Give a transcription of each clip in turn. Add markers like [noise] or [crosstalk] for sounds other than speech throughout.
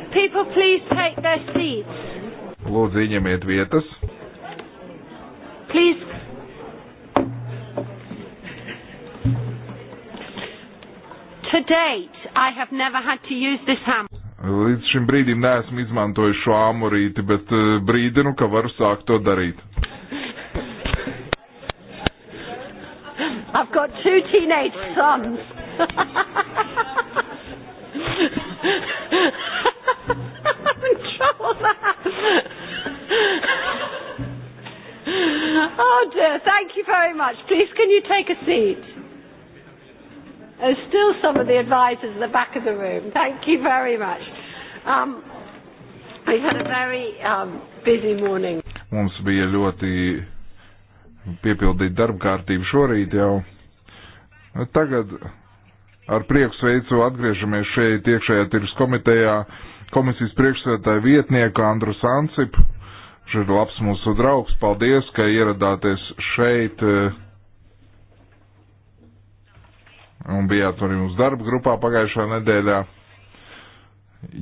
Could people please take their seats? Lūdzu, ieņemiet vietas. Please. To date, I have never had to use this hammer. Līdz šim brīdim neesmu izmantojis šo amorīti, bet eh, brīdinu, ka varu sākt to darīt. I've got two teenage sons. [laughs] much. Please, can you take a seat? There's still some of the advisors at the back of the room. Thank you very much. Um, we've had a very um, busy morning. Mums bija ļoti piepildīta darba kārtība šorīt jau. Tagad ar prieku sveicu atgriežamies šeit iekšējā tirgus komitejā komisijas priekšsēdētāja vietnieku Andru Sansipu Viņš ir labs mūsu draugs. Paldies, ka ieradāties šeit. Eh, un bijāt arī mūsu darba grupā pagājušā nedēļā.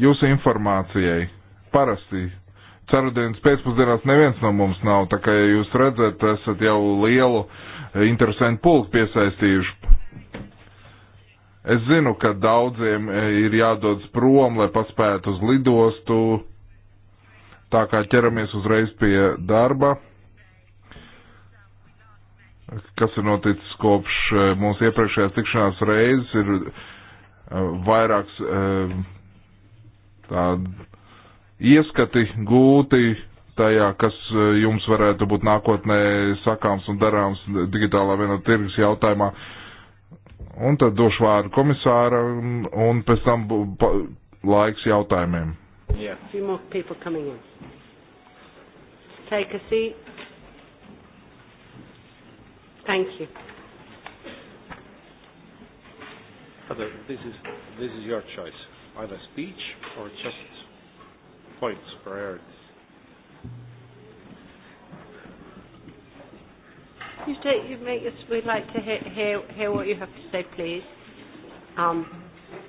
Jūsu informācijai parasti ceturtdienas pēcpusdienās neviens no mums nav, tā kā jūs redzat, esat jau lielu interesantu pulku piesaistījuši. Es zinu, ka daudziem ir jādodas prom, lai paspētu uz lidostu Tā kā ķeramies uzreiz pie darba, kas ir noticis kopš eh, mūsu iepriekšējās tikšanās reizes, ir eh, vairāks eh, tādi ieskati gūti tajā, kas jums varētu būt nākotnē sakāms un darāms digitālā vienotā tirgus jautājumā. Un tad došu vārdu komisāram un pēc tam laiks jautājumiem. Yeah. A few more people coming in. Take a seat. Thank you. Heather, this is, this is your choice. Either speech or just points, priorities. You, take, you make us, we'd like to hear, hear, hear what you have to say, please. Um,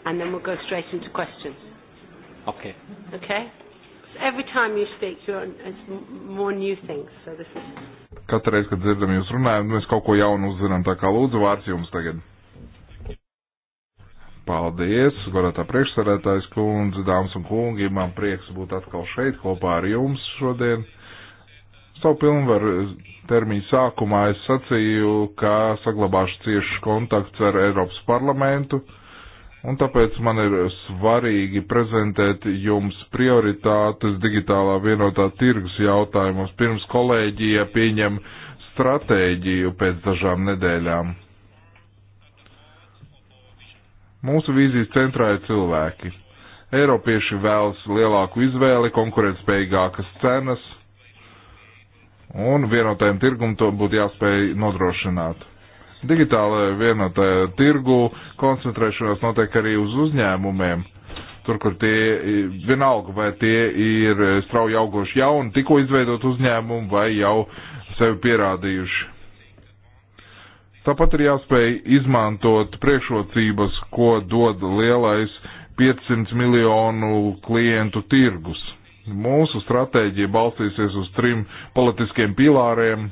and then we'll go straight into questions. Okay. Okay. Every time you speak, you're on, it's more new things. So this is. Katru reizi, kad dzirdam jūs runājam, mēs nu, kaut ko jaunu uzzinām. Tā kā lūdzu vārds jums tagad. Paldies, godātā priekšsarētājs kundze, dāmas un kungi, man prieks būt atkal šeit kopā ar jums šodien. Savu pilnvaru termiņu sākumā es sacīju, ka saglabāšu ciešas kontakts ar Eiropas parlamentu. Uh, Un tāpēc man ir svarīgi prezentēt jums prioritātes digitālā vienotā tirgus jautājumos, pirms kolēģija pieņem stratēģiju pēc dažām nedēļām. Mūsu vīzijas centrā ir cilvēki. Eiropieši vēlas lielāku izvēli, konkurētspējīgākas cenas, un vienotajam tirgum to būtu jāspēj nodrošināt. Digitālajā vienotajā tirgu koncentrēšanās notiek arī uz uzņēmumiem. Tur, kur tie vienalga, vai tie ir strauji augoši jauni, tikko izveidot uzņēmumu vai jau sevi pierādījuši. Tāpat ir jāspēj izmantot priekšrocības, ko dod lielais 500 miljonu klientu tirgus. Mūsu stratēģija balstīsies uz trim politiskiem pilāriem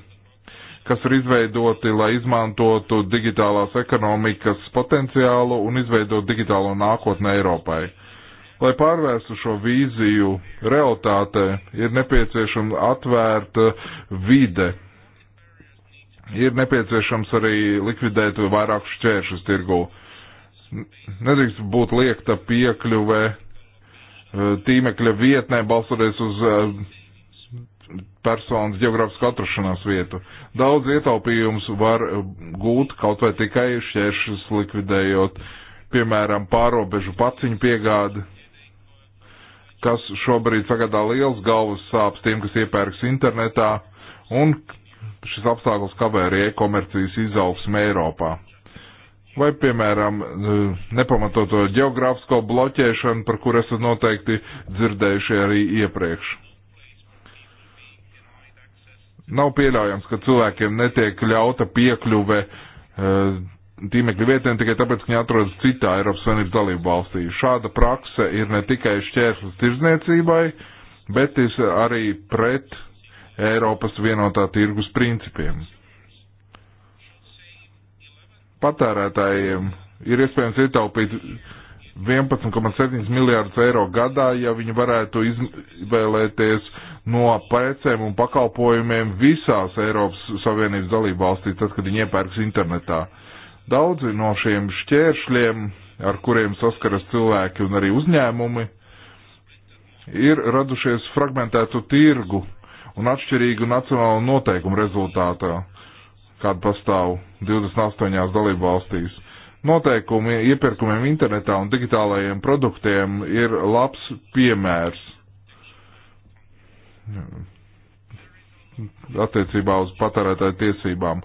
kas ir izveidoti, lai izmantotu digitālās ekonomikas potenciālu un izveidotu digitālo nākotni Eiropai. Lai pārvērstu šo vīziju realitātē, ir nepieciešama atvērta vide. Ir nepieciešams arī likvidēt vairāk šķēršus tirgu. Nedrīkst būt liekta piekļuve e, tīmekļa vietnē, balstoties uz e, personas geogrāfisku atrašanās vietu. Daudz ietaupījums var eh, gūt kaut vai tikai šķēršļus likvidējot, piemēram, pārobežu paciņu piegādi, kas šobrīd sagādā liels galvas sāpes tiem, kas iepērks internetā, un šis apstākļus kavē arī e-komercijas izaugsmē Eiropā. Vai, piemēram, eh, nepamatoto geogrāfisko bloķēšanu, par kur esat noteikti dzirdējuši arī iepriekš. Nav pieļaujams, ka cilvēkiem netiek ļauta piekļuve eh, tīmekļa vietēm tikai tāpēc, ka viņi atrodas citā Eiropas Savienības dalību valstī. Šāda prakse ir ne tikai šķērslis tirzniecībai, bet arī pret Eiropas vienotā tirgus principiem. Patērētājiem ir iespējams ietaupīt 11,7 miljārdus eiro gadā, ja viņi varētu izvēlēties no pēcēm un pakalpojumiem visās Eiropas Savienības dalību valstīs, tad, kad viņi iepērks internetā. Daudzi no šiem šķēršļiem, ar kuriem saskaras cilvēki un arī uzņēmumi, ir radušies fragmentētu tirgu un atšķirīgu nacionālu noteikumu rezultātā, kāda pastāv 28 dalību valstīs noteikumi iepirkumiem internetā un digitālajiem produktiem ir labs piemērs attiecībā uz patērētāju tiesībām.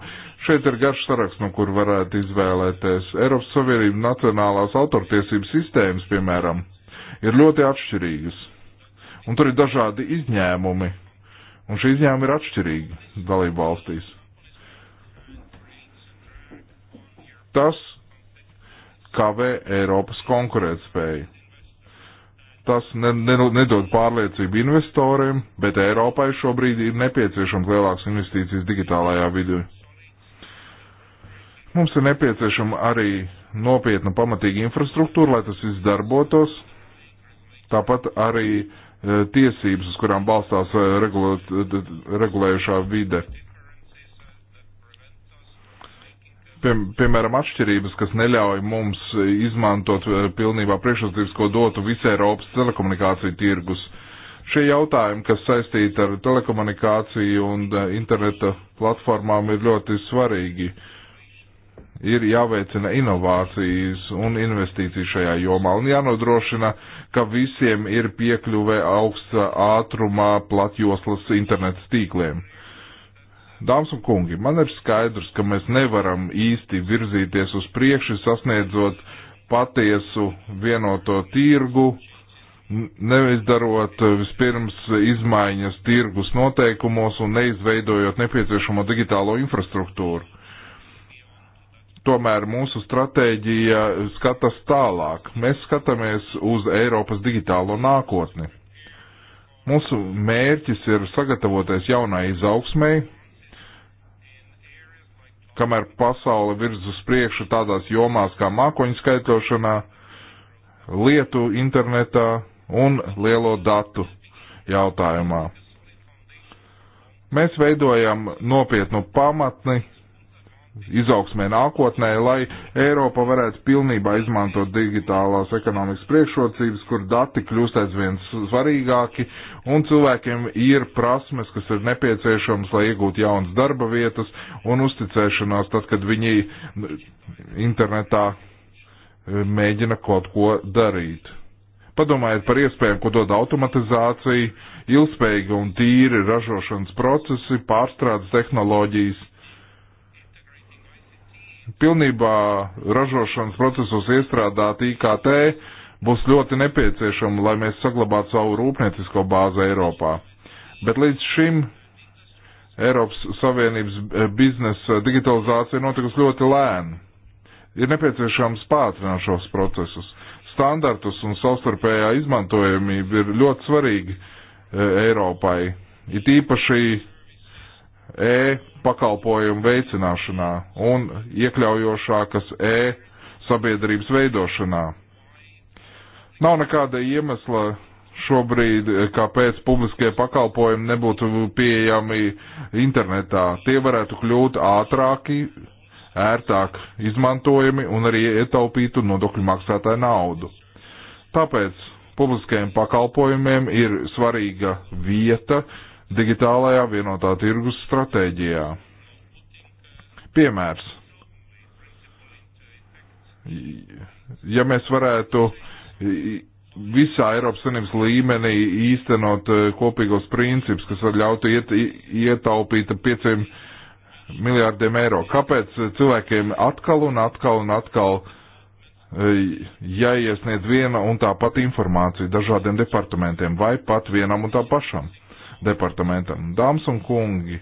Šeit ir garš saraksts, no kur varētu izvēlēties. Eiropas Savienība nacionālās autortiesības sistēmas, piemēram, ir ļoti atšķirīgas. Un tur ir dažādi izņēmumi. Un šie izņēmumi ir atšķirīgi dalību valstīs. Tas kavē Eiropas konkurētspēju. Tas ne, ne, nedod pārliecību investoriem, bet Eiropai šobrīd ir nepieciešams lielāks investīcijas digitālajā vidū. Mums ir nepieciešama arī nopietna pamatīga infrastruktūra, lai tas viss darbotos. Tāpat arī e, tiesības, uz kurām balstās e, regulēt, regulējušā vide. pie, piemēram, atšķirības, kas neļauj mums izmantot eh, pilnībā priekšrocības, ko dotu visai Eiropas telekomunikāciju tirgus. Šie jautājumi, kas saistīti ar telekomunikāciju un eh, interneta platformām, ir ļoti svarīgi. Ir jāveicina inovācijas un investīcijas šajā jomā un jānodrošina, ka visiem ir piekļuve augsta ātrumā platjoslas internets tīkliem. Uh, Dāmas un kungi, man ir skaidrs, ka mēs nevaram īsti virzīties uz priekšu, sasniedzot patiesu vienoto tirgu, neizdarot eh, vispirms izmaiņas tirgus noteikumos un neizveidojot nepieciešamo digitālo infrastruktūru. Tomēr mūsu stratēģija skatās tālāk. Mēs skatāmies uz Eiropas digitālo nākotni. Mūsu mērķis ir sagatavoties jaunai izaugsmai, kamēr pasaule virz uz priekšu tādās jomās kā mākoņu skaitļošanā, lietu internetā un lielo datu jautājumā. Mēs veidojam nopietnu pamatni izaugsmē nākotnē, lai Eiropa varētu pilnībā izmantot digitālās ekonomikas priekšrocības, kur dati kļūst aizvien svarīgāki un cilvēkiem ir prasmes, kas ir nepieciešams, lai iegūtu jaunas darba vietas un uzticēšanās tad, kad viņi internetā e, mēģina kaut ko darīt. Padomājiet par iespējām, ko dod automatizācija, ilgspējīga un tīri ražošanas procesi, pārstrādes tehnoloģijas pilnībā ražošanas procesos iestrādāt IKT būs ļoti nepieciešama, lai mēs saglabātu savu rūpniecisko bāzi Eiropā. Bet līdz šim Eiropas Savienības eh, biznesa digitalizācija ir notikusi ļoti lēni. Ir nepieciešams pātrināt šos procesus. Standartus un savstarpējā izmantojamība ir ļoti svarīgi eh, Eiropai. It īpaši e pakalpojumu veicināšanā un iekļaujošākas e sabiedrības veidošanā. Nav nekāda iemesla šobrīd, kāpēc publiskie pakalpojumi nebūtu pieejami internetā. Tie varētu kļūt ātrāki, ērtāk izmantojami un arī ietaupītu nodokļu maksātāju naudu. Tāpēc publiskajiem pakalpojumiem ir svarīga vieta digitālajā vienotā tirgus stratēģijā. Piemērs. Ja mēs varētu visā Eiropas Savienības līmenī īstenot eh, kopīgos principus, kas var ļaut iet, ietaupīt 5 miljārdiem eiro. Kāpēc cilvēkiem atkal un atkal un atkal eh, jāiesniedz viena un tā pati informācija dažādiem departamentiem vai pat vienam un tā pašam? departamentam. Dāmas un kungi,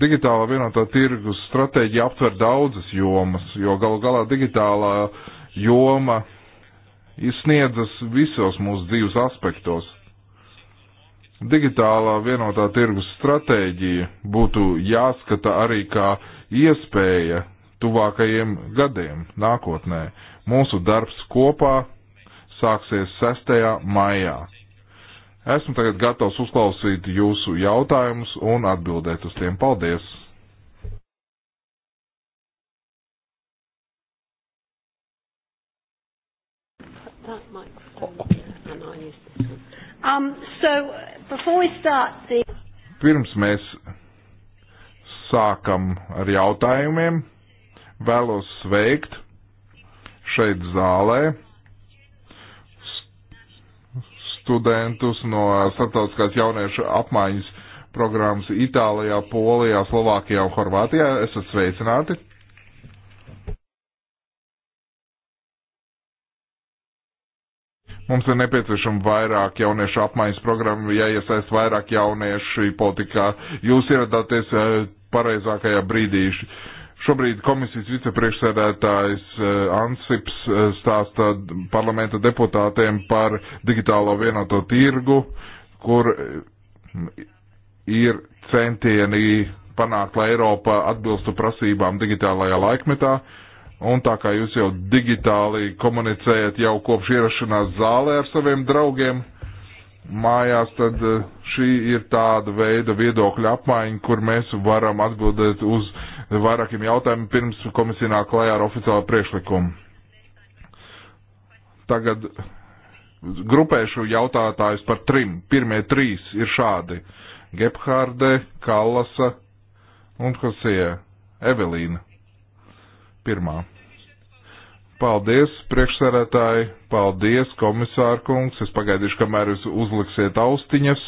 digitālā vienotā tirgus stratēģija aptver daudzas jomas, jo galu galā digitālā joma izsniedzas visos mūsu dzīves aspektos. Digitālā vienotā tirgus stratēģija būtu jāskata arī kā iespēja tuvākajiem gadiem nākotnē. Mūsu darbs kopā sāksies 6. maijā. Esmu tagad gatavs uzklausīt jūsu jautājumus un atbildēt uz tiem. Paldies! Oh, um, so the... Pirms mēs sākam ar jautājumiem, vēlos sveikt šeit zālē studentus no starptautiskās jauniešu apmaiņas programmas Itālijā, Polijā, Slovākijā un Horvātijā. Esat sveicināti! Mums ir nepieciešama vairāk jauniešu apmaiņas programma, jāiesaist vairāk jauniešu politikā. Jūs ieradāties eh, pareizākajā brīdī. Uh, Šobrīd komisijas vicepriekšsēdētājs eh, Ansips eh, stāsta parlamenta deputātiem par digitālo vienoto tirgu, kur eh, ir centieni panākt, lai Eiropa atbilstu prasībām digitālajā laikmetā. Un tā kā jūs jau digitāli komunicējat jau kopš ierašanās zālē ar saviem draugiem mājās, tad šī ir tāda veida viedokļa apmaiņa, kur mēs varam atbildēt uz uh, vairākiem jautājumiem pirms komisija nāk klajā ar oficiālu priekšlikumu. Tagad grupēšu jautātājus par trim. Pirmie trīs ir šādi. Gebhārde, Kallasa un Hosija. Evelīna. Pirmā. Paldies, priekšsarētāji, paldies, komisārkungs. Es pagaidīšu, kamēr jūs uzliksiet austiņas.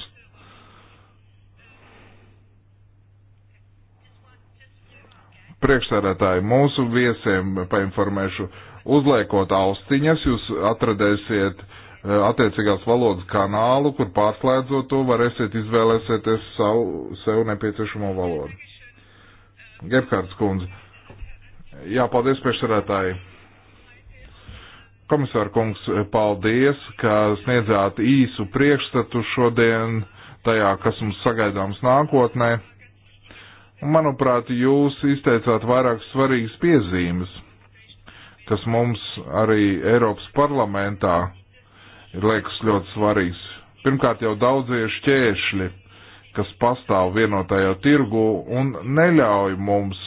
priekšsēdētāji, mūsu viesiem painformēšu, uzliekot austiņas, jūs atradēsiet eh, attiecīgās valodas kanālu, kur pārslēdzot to varēsiet izvēlēsieties savu, sev nepieciešamo valodu. Gebhards kundze. Jā, paldies priekšsēdētāji. Komisāra kungs, paldies, ka sniedzāt īsu priekšstatu šodien tajā, kas mums sagaidāms nākotnē Manuprāt, jūs izteicāt vairākas svarīgas piezīmes, kas mums arī Eiropas parlamentā ir liekas ļoti svarīgs. Pirmkārt, jau daudzie šķēršļi, kas pastāv vienotajā tirgu un neļauj mums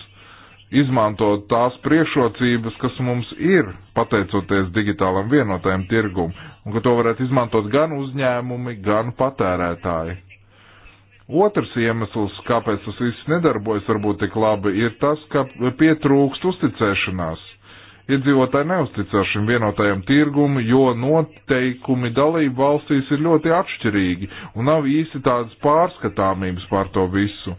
izmantot tās priekšrocības, kas mums ir, pateicoties digitālam vienotajam tirgum, un ka to varētu izmantot gan uzņēmumi, gan patērētāji. Otrs iemesls, kāpēc tas viss nedarbojas varbūt tik labi, ir tas, ka pietrūkst uzticēšanās. Iedzīvotāji neuzticās šim vienotajam tirgumu, jo noteikumi dalību valstīs ir ļoti atšķirīgi un nav īsti tādas pārskatāmības pār to visu.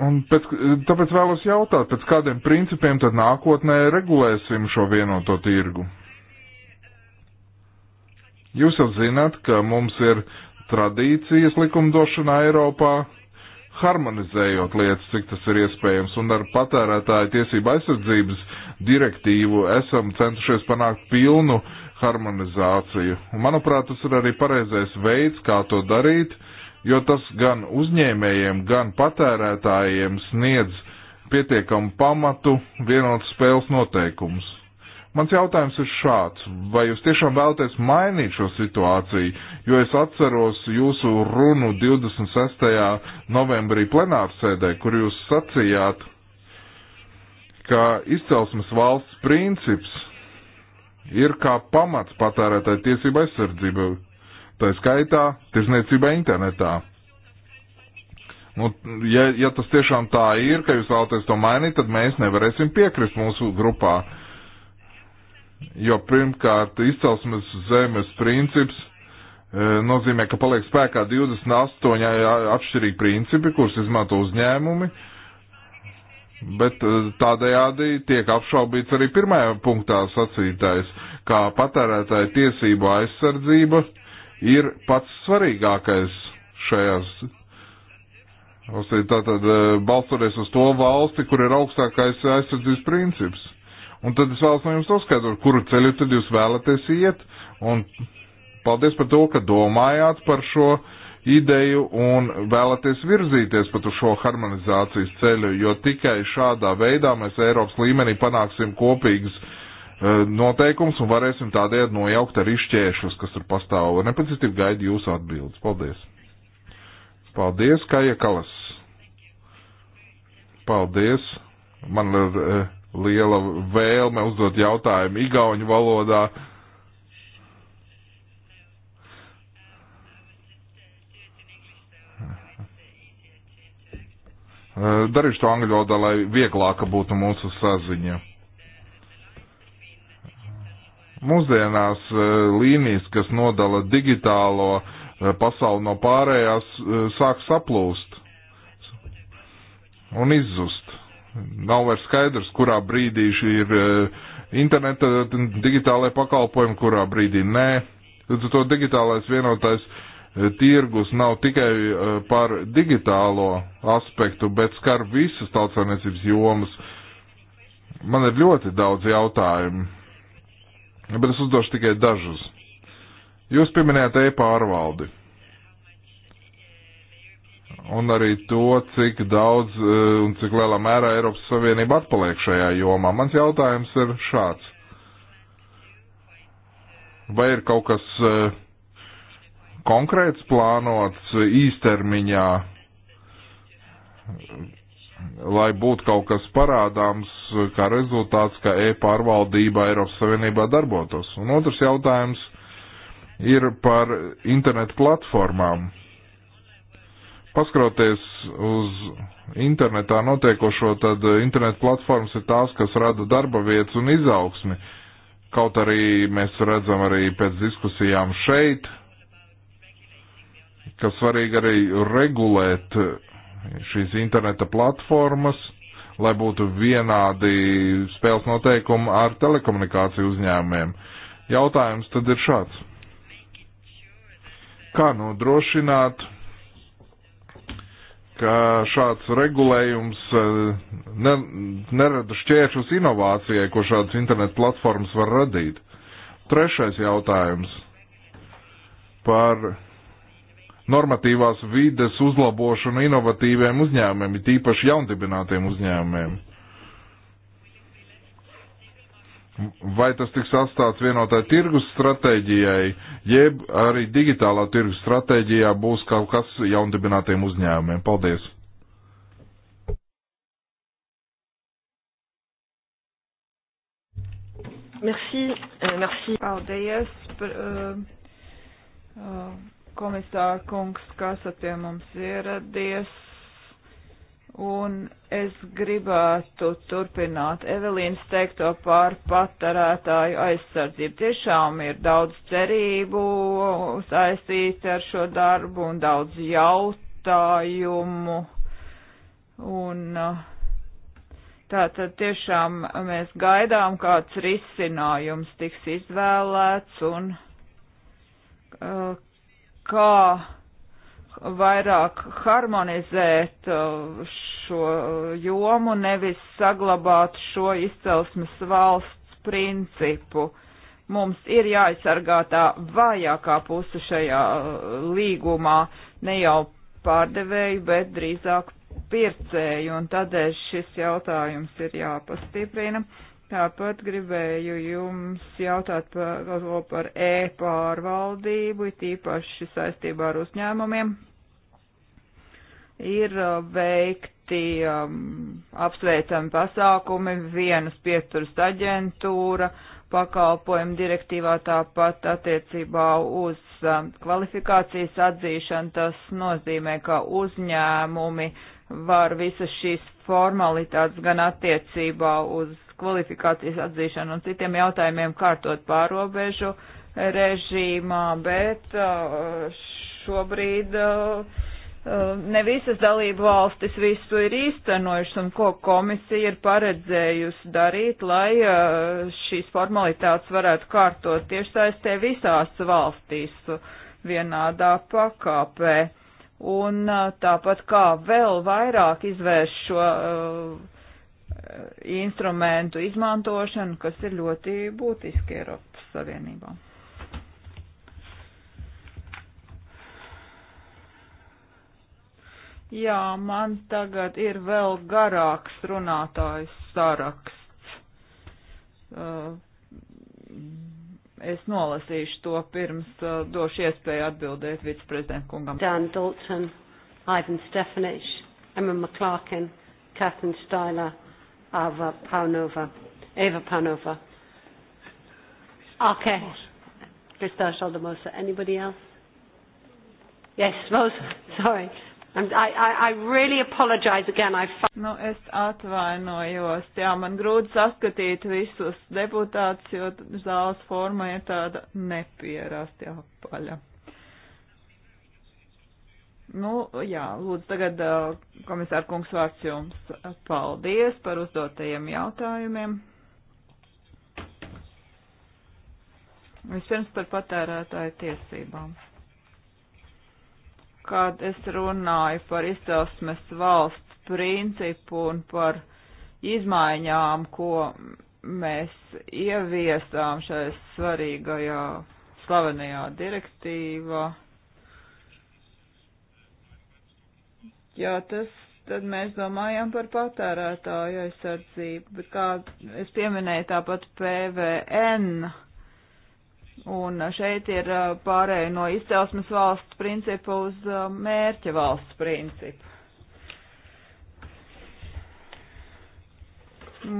Un pēc, tāpēc vēlos jautāt, pēc kādiem principiem tad nākotnē regulēsim šo vienoto tirgu? Jūs jau zināt, ka mums ir uh, tradīcijas likumdošanā Eiropā, harmonizējot lietas, cik tas ir iespējams, un ar patērētāju tiesību aizsardzības direktīvu esam centušies panākt pilnu harmonizāciju. Un, manuprāt, tas ir arī pareizais veids, kā to darīt, jo tas gan uzņēmējiem, gan patērētājiem sniedz pietiekamu pamatu vienot spēles noteikumus. Mans jautājums ir šāds, vai jūs tiešām vēlaties mainīt šo situāciju, jo es atceros jūsu runu 26. novembrī plenārsēdē, kur jūs sacījāt, ka izcelsmes valsts princips ir kā pamats patērētāju tiesību aizsardzību, tā skaitā tirzniecība internetā. Nu, ja, ja tas tiešām tā ir, ka jūs vēlaties to mainīt, tad mēs nevarēsim piekrist mūsu grupā. Uh, jo pirmkārt izcelsmes zemes princips e, nozīmē, ka paliek spēkā 28 atšķirīgi principi, kurus izmanto uzņēmumi, bet e, tādējādi tiek apšaubīts arī pirmajā punktā sacītais, kā patērētāja tiesību aizsardzība ir pats svarīgākais šajās. Tātad e, balstoties uz to valsti, kur ir augstākais aizsardzības princips. Un tad es vēlos no jums noskaidrot, kuru ceļu tad jūs vēlaties iet. Un paldies par to, ka domājāt par šo ideju un vēlaties virzīties pat uz šo harmonizācijas ceļu, jo tikai šādā veidā mēs Eiropas līmenī panāksim kopīgas uh, noteikums un varēsim tādējādi nojaukt arī šķēršus, kas tur pastāv. Nepacitīgi gaidu jūsu atbildes. Paldies! Paldies, Kaja Kalas! Paldies! Man ir uh, liela vēlme uzdot jautājumu igauņu valodā. Darīšu to angļu valodā, lai vieglāka būtu mūsu saziņa. Mūsdienās eh, līnijas, kas nodala digitālo eh, pasauli no pārējās, eh, sāk saplūst un izzust. Nav vairs skaidrs, kurā brīdī šī ir e, interneta digitālai pakalpojumi, kurā brīdī nē. Tad to digitālais vienotais e, tirgus nav tikai e, par digitālo aspektu, bet skar visas tautsāniecības jomas. Man ir ļoti daudz jautājumu, bet es uzdošu tikai dažus. Jūs pieminējāt e-pārvaldi un arī to, cik daudz eh, un cik lielā mērā Eiropas Savienība atpaliek šajā jomā. Mans jautājums ir šāds. Vai ir kaut kas eh, konkrēts plānots īstermiņā, lai būtu kaut kas parādāms, eh, kā rezultāts, ka e-pārvaldība Eiropas Savienībā darbotos? Un otrs jautājums ir par internetu platformām paskroties uz internetā notiekošo, tad eh, internet platformas ir tās, kas rada darba vietas un izaugsmi. Kaut arī mēs redzam arī pēc diskusijām šeit, ka svarīgi arī regulēt eh, šīs interneta platformas, lai būtu vienādi spēles noteikumi ar telekomunikāciju uzņēmumiem. Jautājums tad ir šāds. Kā nodrošināt ka šāds regulējums e, ne, nerada šķēršus inovācijai, ko šādas internetu platformas var radīt. Trešais jautājums par normatīvās vides uzlabošanu inovatīviem uzņēmumiem, it īpaši jaundibinātiem uzņēmumiem. vai tas tiks atstāts vienotai tirgus stratēģijai, jeb arī digitālā tirgus stratēģijā būs kaut kas jaundibinātiem uzņēmumiem. Paldies! Merci, eh, merci. Paldies, eh, eh, komisār kungs, kas pie mums ieradies. Un es gribētu turpināt Evelīnas teikto par patērētāju aizsardzību. Tiešām ir daudz cerību saistīti ar šo darbu un daudz jautājumu. Un uh, tātad tiešām mēs gaidām, kāds risinājums tiks izvēlēts un uh, kā vairāk harmonizēt uh, šo jomu, nevis saglabāt šo izcelsmes valsts principu. Mums ir jāaizsargā tā vājākā puse šajā uh, līgumā, ne jau pārdevēju, bet drīzāk pircēju, un tādēļ šis jautājums ir jāpastiprina. Tāpat gribēju jums jautāt par, par e-pārvaldību, tīpaši saistībā ar uzņēmumiem ir uh, veikti um, apsveicami pasākumi, vienas pieturas aģentūra, pakalpojumu direktīvā tāpat attiecībā uz um, kvalifikācijas atzīšanu. Tas nozīmē, ka uzņēmumi var visas šīs formalitātes gan attiecībā uz kvalifikācijas atzīšanu un citiem jautājumiem kārtot pārobežu režīmā, bet uh, šobrīd uh, Um, ne visas dalību valstis visu ir īstenojušas un ko komisija ir paredzējusi darīt, lai uh, šīs formalitātes varētu kārtot tiešsaistē visās valstīs vienādā pakāpē. Un uh, tāpat kā vēl vairāk izvērš šo uh, instrumentu izmantošanu, kas ir ļoti būtiski Eiropas Savienībām. Jā, man tagad ir vēl garāks runātājs saraksts. Uh, es nolasīšu to pirms uh, došu iespēju atbildēt viceprezidentu kungam. Dan Dalton, Ivan Stefanich, Emma McClarkin, Catherine Styler, Ava Paunova, Eva Paunova. Okay. Christos Aldemosa. Anybody else? Yes, Rosa. [laughs] Sorry. And I, I, I really apologize again. I nu, es atvainojos, jā, man grūti saskatīt visus deputātus, jo zāles forma ir tāda nepierasti apaļa. Nu, jā, lūdzu, tagad komisāra kungs vārds jums. Paldies par uzdotajiem jautājumiem. Vispirms par patērētāju tiesībām kad es runāju par izcelsmes valsts principu un par izmaiņām, ko mēs ieviesām šajā svarīgajā slavenajā direktīvā. Jā, tas, tad mēs domājam par patērētāju aizsardzību, bet kā es pieminēju tāpat PVN Un šeit ir uh, pārēja no izcelsmes valsts principu uz uh, mērķa valsts principu.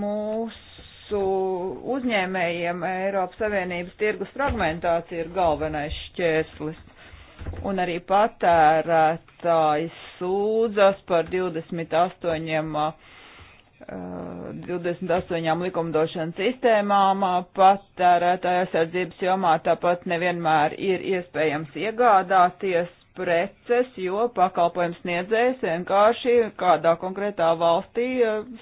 Mūsu uzņēmējiem Eiropas Savienības tirgus fragmentācija ir galvenais šķērslis. Un arī patērētājs sūdzas par 28 28 likumdošanas sistēmām patērētāja aizsardzības jomā tāpat nevienmēr ir iespējams iegādāties preces, jo pakalpojums sniedzējs vienkārši kādā konkrētā valstī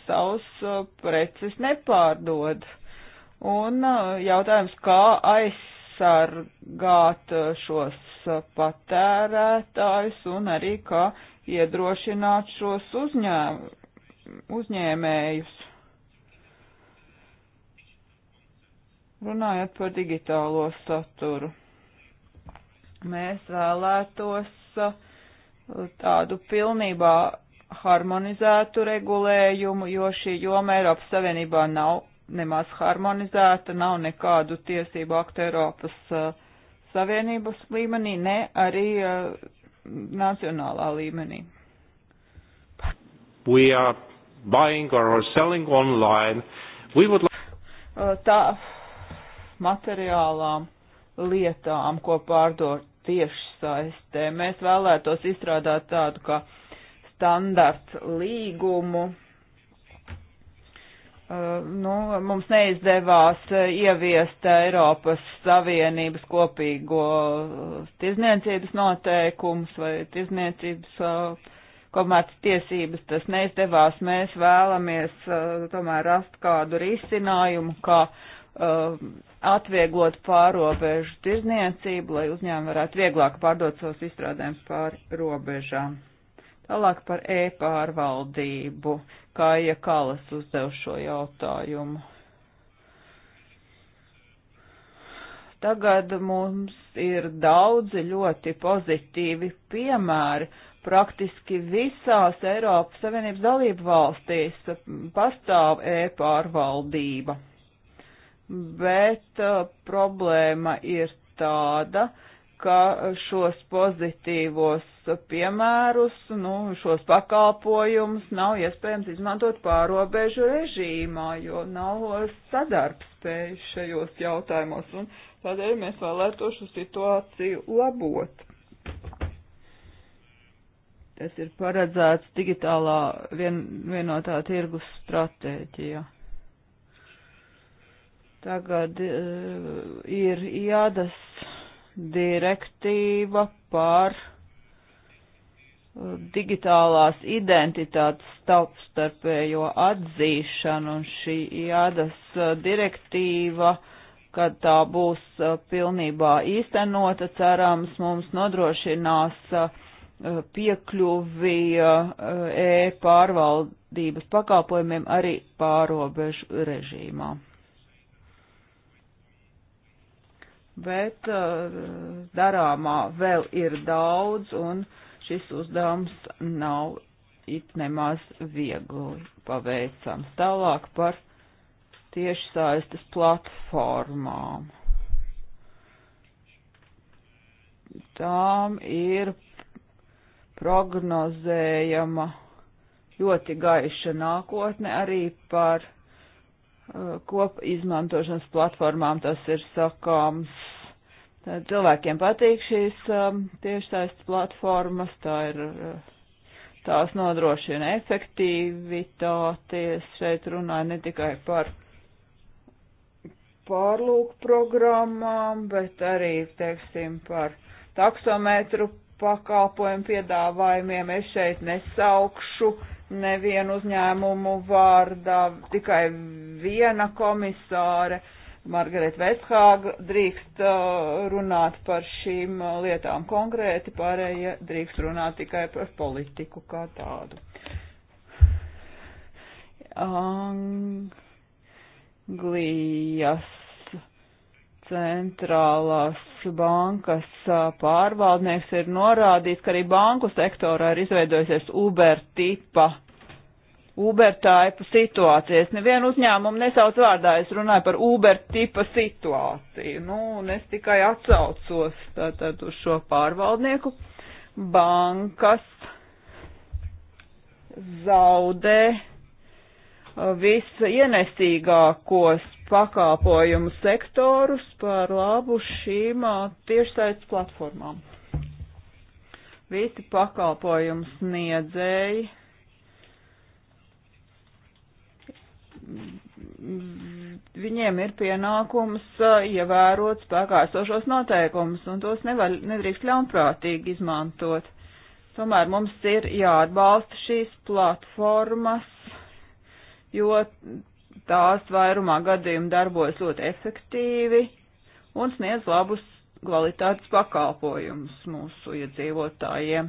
savus preces nepārdod. Un jautājums, kā aizsargāt šos patērētājus un arī kā iedrošināt šos uzņēmumus uzņēmējus. Runājot par digitālo saturu, mēs vēlētos uh, tādu pilnībā harmonizētu regulējumu, jo šī joma Eiropas Savienībā nav nemaz harmonizēta, nav nekādu tiesību aktu Eiropas uh, Savienības līmenī, ne arī uh, nacionālā līmenī. We are buying or selling online, we would like. Uh, tā materiālām lietām, ko pārdod tiešsaistē, mēs vēlētos izstrādāt tādu kā standarts līgumu. Uh, nu, mums neizdevās ieviest Eiropas Savienības kopīgo tirzniecības noteikumus vai tirzniecības uh, komats tiesības tas neizdevās, mēs vēlamies uh, tomēr rast kādu risinājumu, kā uh, atvieglot pārobežu tirzniecību, lai uzņēmumi varētu vieglāk pārdot savus izstrādājumus pāri robežām. Tālāk par e-pārvaldību, kā iekalas uzdev šo jautājumu. Tagad mums ir daudzi ļoti pozitīvi piemēri praktiski visās Eiropas Savienības dalību valstīs pastāv e-pārvaldība. Bet uh, problēma ir tāda, ka šos pozitīvos piemērus, nu, šos pakalpojumus nav iespējams izmantot pārobežu režīmā, jo nav sadarbspēju šajos jautājumos, un tādēļ mēs vēlētos šo situāciju labot tas ir paredzēts digitālā vien, vienotā tirgus stratēģijā. Tagad uh, ir jādas direktīva par eh, digitālās identitātes starpstarpējo atzīšanu, un šī jādas eh, direktīva uh, kad tā būs pilnībā īstenota, cerams, mums nodrošinās Eh, piekļuvi eh, e-pārvaldības pakalpojumiem arī pārobežu režīmā. Bet eh, darāmā vēl ir daudz, un šis uzdevums nav it nemaz viegli paveicams. Tālāk par tiešsaistes platformām. Tām ir prognozējama ļoti gaiša nākotne arī par uh, kopu izmantošanas platformām, tas ir sakāms. Tad cilvēkiem patīk šīs um, tiešsaistes platformas, tā ir, uh, tās nodrošina efektivitāti. Es šeit runāju ne tikai par pārlūk programmām, bet arī, teiksim, par taksometru pakalpojumu piedāvājumiem. Es šeit nesaukšu nevienu uzņēmumu vārdā, tikai viena komisāre, Margareta Vesthāga, drīkst uh, runāt par šīm uh, lietām konkrēti, pārējie drīkst runāt tikai par politiku kā tādu. Anglijas centrālās bankas pārvaldnieks ir norādījis, ka arī banku sektorā ir izveidojusies Uber tipa. Uber taipa situācijas. Nevienu uzņēmumu nesauc vārdā, es runāju par Uber tipa situāciju. Nu, un es tikai atsaucos tātad uz šo pārvaldnieku. Bankas zaudē viss ienesīgākos pakāpojumu sektorus par labu šīm tiešsaistes platformām. Visi pakāpojumu sniedzēji viņiem ir pienākums ievērot spēkā esošos noteikumus, un tos nevar, nedrīkst ļaunprātīgi izmantot. Tomēr mums ir jāatbalsta šīs platformas, jo tās vairumā gadījumu darbojas ļoti efektīvi un sniedz labus kvalitātes pakalpojumus mūsu iedzīvotājiem.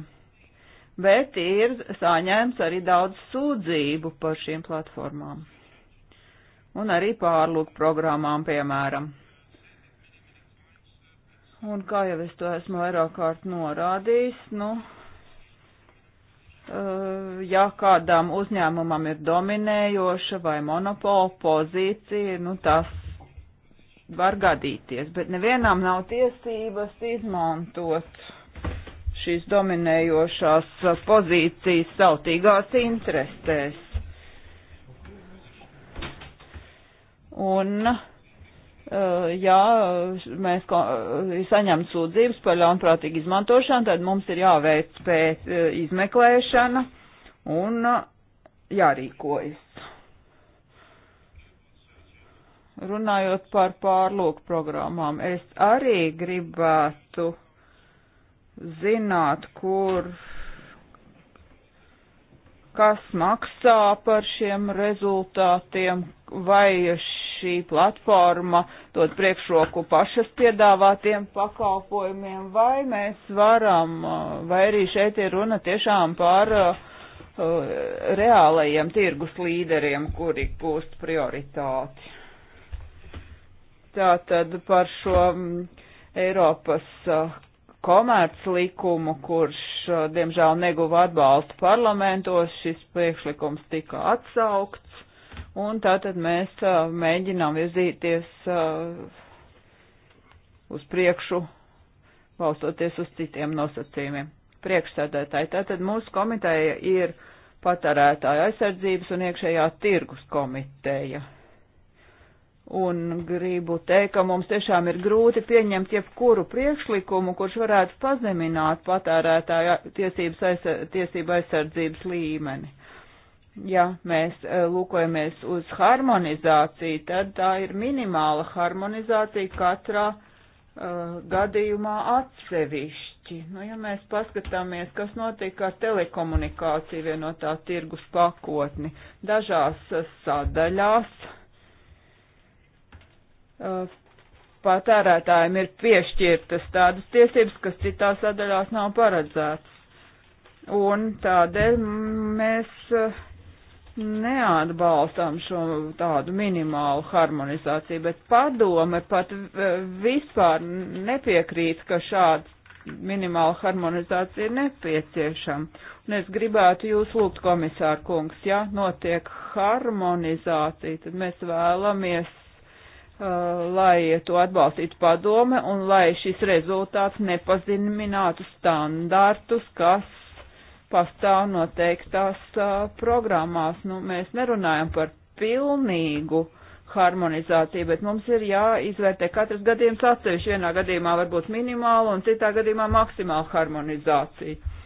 Bet ir saņēmts arī daudz sūdzību par šīm platformām un arī pārlūk programmām, piemēram. Un kā jau es to esmu vairāk kārt norādījis, nu, Eh, ja kādam uzņēmumam ir dominējoša vai monopola pozīcija, nu tas var gadīties, bet nevienam nav tiesības izmantot šīs dominējošās pozīcijas sautīgās interesēs. Un uh, Eh, ja mēs eh, saņem sūdzības par ļaunprātīgu izmantošanu, tad mums ir jāveic pēc eh, izmeklēšana un jārīkojas. Runājot par pārlūku programmām, es arī gribētu zināt, kur kas maksā par šiem rezultātiem, vai šī platforma dot priekšroku pašas piedāvātiem pakalpojumiem, vai mēs varam, vai arī šeit ir runa tiešām par uh, uh reālajiem tirgus līderiem, kuri gūst prioritāti. Tātad par šo mm, Eiropas uh, komerclikumu, kurš, uh, diemžēl, neguva atbalstu parlamentos, šis priekšlikums tika atsaukts un tātad mēs mēģinām virzīties uz priekšu, balstoties uz citiem nosacījumiem. Priekšsēdētāji, tātad mūsu komiteja ir patērētāja aizsardzības un iekšējā tirgus komiteja. Un gribu teikt, ka mums tiešām ir grūti pieņemt jebkuru priekšlikumu, kurš varētu pazemināt patērētāja tiesības aizsardzības līmeni ja mēs e, lūkojamies uz harmonizāciju, tad tā ir minimāla harmonizācija katrā uh, gadījumā atsevišķi. Nu, ja mēs paskatāmies, kas notika ar telekomunikāciju vienotā tirgus pakotni, dažās sadaļās uh, patērētājiem ir piešķirtas tādas tiesības, kas citās sadaļās nav paredzētas. Un tādēļ mēs uh, neatbalstām šo tādu minimālu harmonizāciju, bet padome pat e, vispār nepiekrīt, ka šāds minimāla harmonizācija ir nepieciešama. Un es gribētu jūs lūgt, komisāra kungs, ja notiek harmonizācija, tad mēs vēlamies, uh, lai to atbalstītu padome un lai šis rezultāts nepazinminātu standartus, kas pastāv noteiktās uh, programmās. Nu, mēs nerunājam par pilnīgu harmonizāciju, bet mums ir jāizvērtē katrs gadījums atsevišķi. Vienā gadījumā varbūt minimāla un citā gadījumā maksimāla harmonizācija.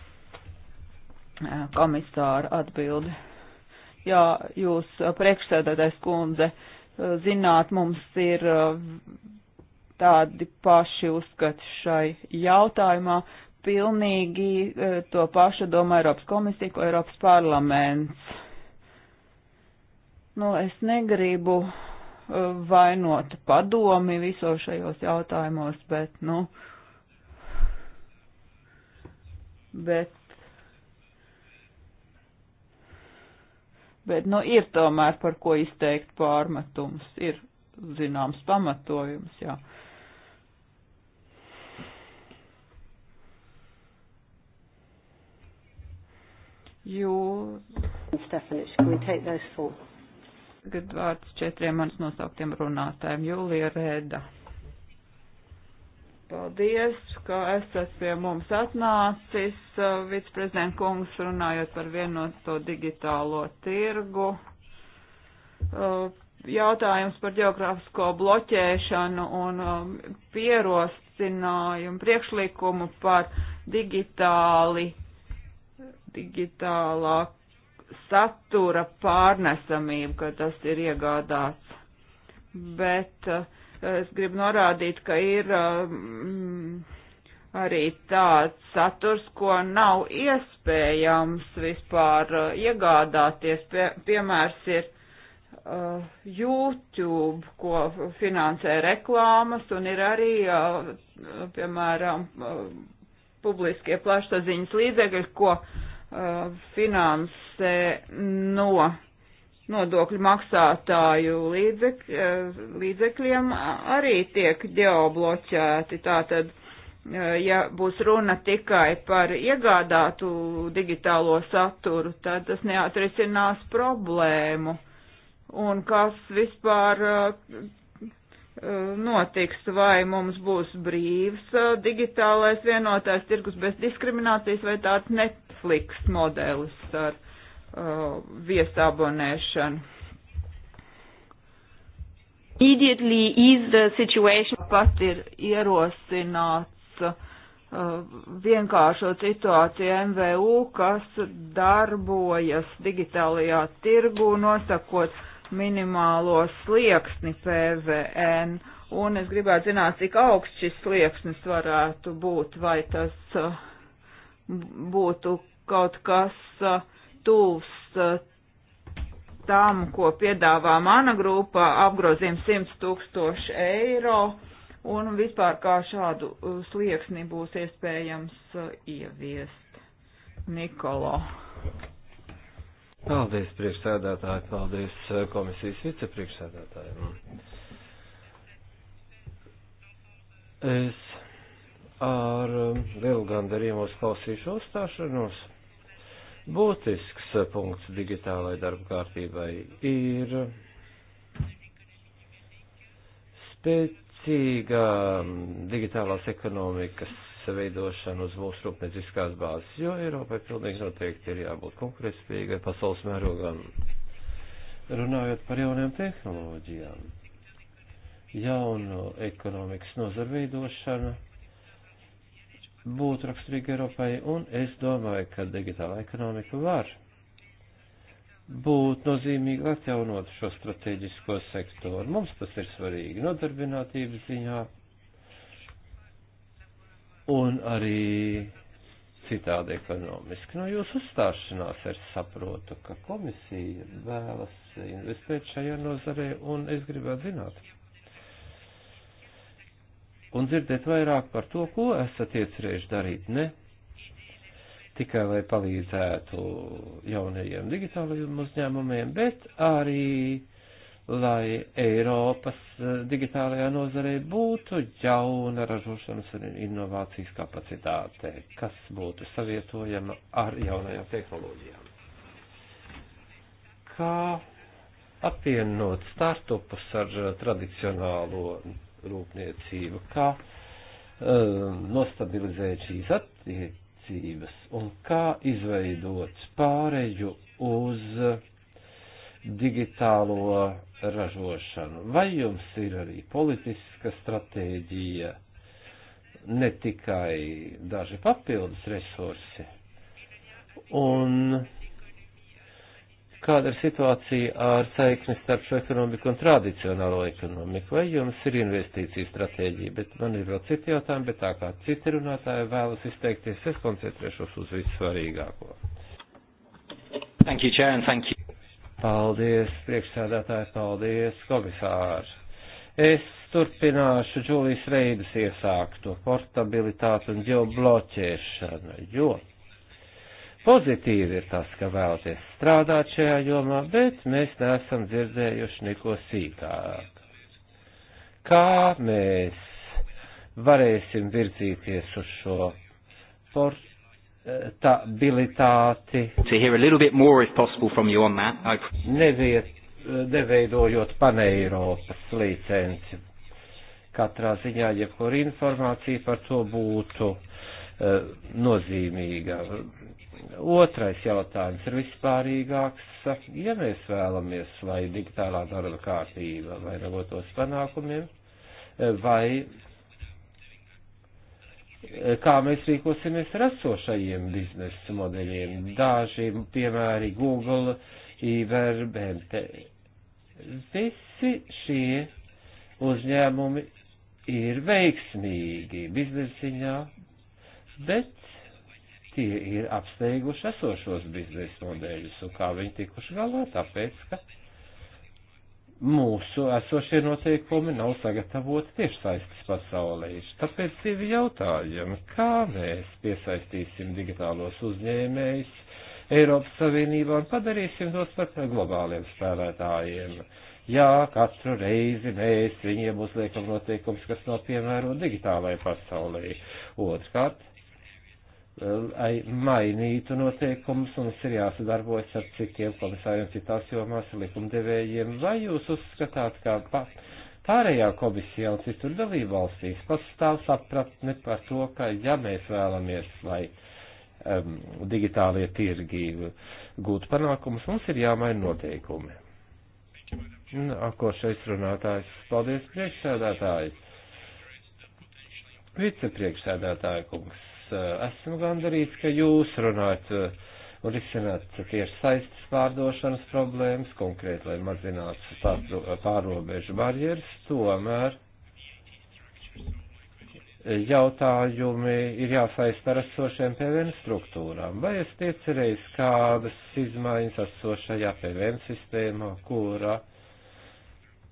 Komisāra atbildi. Jā, jūs priekšsēdētājs kundze zināt, mums ir tādi paši uzskati šai jautājumā pilnīgi e, to pašu domā Eiropas komisija, ko Eiropas parlaments. Nu, es negribu e, vainot padomi visos šajos jautājumos, bet, nu, bet, bet, nu, ir tomēr par ko izteikt pārmetums, ir zināms pamatojums, jā. Uh, jo. Tagad vārds četriem manas nosauktiem runātājiem. Jūlija Rēda. Paldies, ka esat pie mums atnācis, uh, viceprezident kungs, runājot par vienoto digitālo tirgu. Uh, jautājums par geogrāfisko bloķēšanu un um, pierostinājumu priekšlikumu par digitāli digitālā satura pārnesamību, ka tas ir iegādāts. Bet eh, es gribu norādīt, ka ir eh, mm, arī tāds saturs, ko nav iespējams vispār eh, iegādāties. Pie, piemērs ir uh, YouTube, ko finansē reklāmas, un ir arī, uh, piemēram, uh, publiskie plašsaziņas līdzekļi, ko uh, finansē no nodokļu maksātāju līdzek, uh, līdzekļiem, arī tiek geobloķēti. Tātad, uh, ja būs runa tikai par iegādātu digitālo saturu, tad tas neatrisinās problēmu. Un kas vispār uh, notiks, vai mums būs brīvs uh, digitālais vienotājs tirgus bez diskriminācijas vai tāds Netflix modelis ar uh, viesabonēšanu. Immediately is the situation. Pat ir ierosināts uh, vienkāršo situāciju MVU, kas darbojas digitālajā tirgu, nosakot uh, minimālo slieksni PVN, un es gribētu zināt, cik augsts šis slieksnis varētu būt, vai tas eh, būtu kaut kas eh, tūls eh, tam, ko piedāvā mana grupa, apgrozījum 100 tūkstoši eiro, un vispār kā šādu slieksni būs iespējams ieviest. Nikolo. Paldies, priekšsēdētāji, paldies eh, komisijas vicepriekšsēdētājiem. Es ar eh, lielu gandarījumu uzklausīšu uzstāšanos. Būtisks eh, punkts digitālai darba kārtībai ir spēcīga mm, digitālās ekonomikas veidošanu uz mūsu rūpnieciskās bāzes, jo Eiropai pilnīgi noteikti ir jābūt konkurētspējīgai pasaules mērogam. Runājot par jaunajām tehnoloģijām, jaunu ekonomikas nozaru veidošana būtu raksturīga Eiropai, un es domāju, ka digitāla ekonomika var būt nozīmīgi atjaunot šo strateģisko sektoru. Mums tas ir svarīgi nodarbinātības ziņā, un arī citādi ekonomiski. No nu, jūsu uzstāšanās es saprotu, ka komisija vēlas investēt šajā nozarē, un es gribētu zināt. Un dzirdēt vairāk par to, ko esat iecerējuši darīt, ne tikai lai palīdzētu jaunajiem digitālajiem uzņēmumiem, bet arī lai Eiropas eh, digitālajā nozarē būtu jauna ražošanas un inovācijas kapacitāte, kas būtu savietojama ar jaunajām tehnoloģijām. Kā apvienot startupus ar eh, tradicionālo rūpniecību, kā um, nostabilizēt šīs attiecības un kā izveidot pāreju uz uh, digitālo ražošanu. Vai jums ir arī politiska stratēģija, ne tikai daži papildus resursi? Un kāda ir situācija ar saikni starp šo ekonomiku un tradicionālo ekonomiku? Vai jums ir investīcija stratēģija? Bet man ir vēl citi jautājumi, bet tā kā citi runātāji vēlas izteikties, es koncentrēšos uz vissvarīgāko. Thank you, Chair, and thank Paldies, priekšsēdētāji, paldies, komisārs. Es turpināšu Džulijas Veidas iesākto portabilitāti un ģeobloķēšanu, jo pozitīvi ir tas, ka vēlaties strādāt šajā jomā, bet mēs neesam dzirdējuši neko sīkāk. Kā mēs varēsim virzīties uz šo portu? stabilitāti. Neviet, neveidojot paneiropas licenci. Katrā ziņā jebkur informācija par to būtu uh, nozīmīga. Otrais jautājums ir vispārīgāks. Ja mēs vēlamies, lai digitālā darba kārtība vainagotos panākumiem, eh, vai kā mēs rīkosimies ar esošajiem biznesa modeļiem. Daži piemēri Google, Uber, BMT. Visi šie uzņēmumi ir veiksmīgi biznesiņā, bet tie ir apsteiguši esošos biznesa modeļus un kā viņi tikuši galā, tāpēc, ka mūsu esošie noteikumi nav sagatavoti tiešsaistes pasaulē. Tāpēc divi jautājumi. Kā mēs piesaistīsim digitālos uzņēmējus Eiropas Savienībā un padarīsim tos par globāliem spēlētājiem? Jā, katru reizi mēs viņiem uzliekam noteikums, kas nav piemēro digitālajai pasaulē. Otrkārt, lai mainītu noteikumus, mums ir jāsadarbojas ar citiem komisāriem citās jomās, likumdevējiem. Vai jūs uzskatāt, ka pa, pārējā komisijā un citur dalībvalstīs pastāv sapratne par to, ka ja mēs vēlamies, lai um, digitālie tirgi gūtu panākumus, mums ir jāmaina noteikumi? Nākošais runātājs. Paldies, priekšsēdētājs. Vicepriekšsēdētāja kungs Eh, esmu gandarīts, ka jūs runājat eh, un risināt tieši saistas pārdošanas problēmas, konkrēti, lai mazinātu pārobežu barjeras, tomēr jautājumi ir jāsaista ar esošiem PVN struktūrām. Vai esat iecerējis kādas izmaiņas esošajā PVN sistēmā, kurā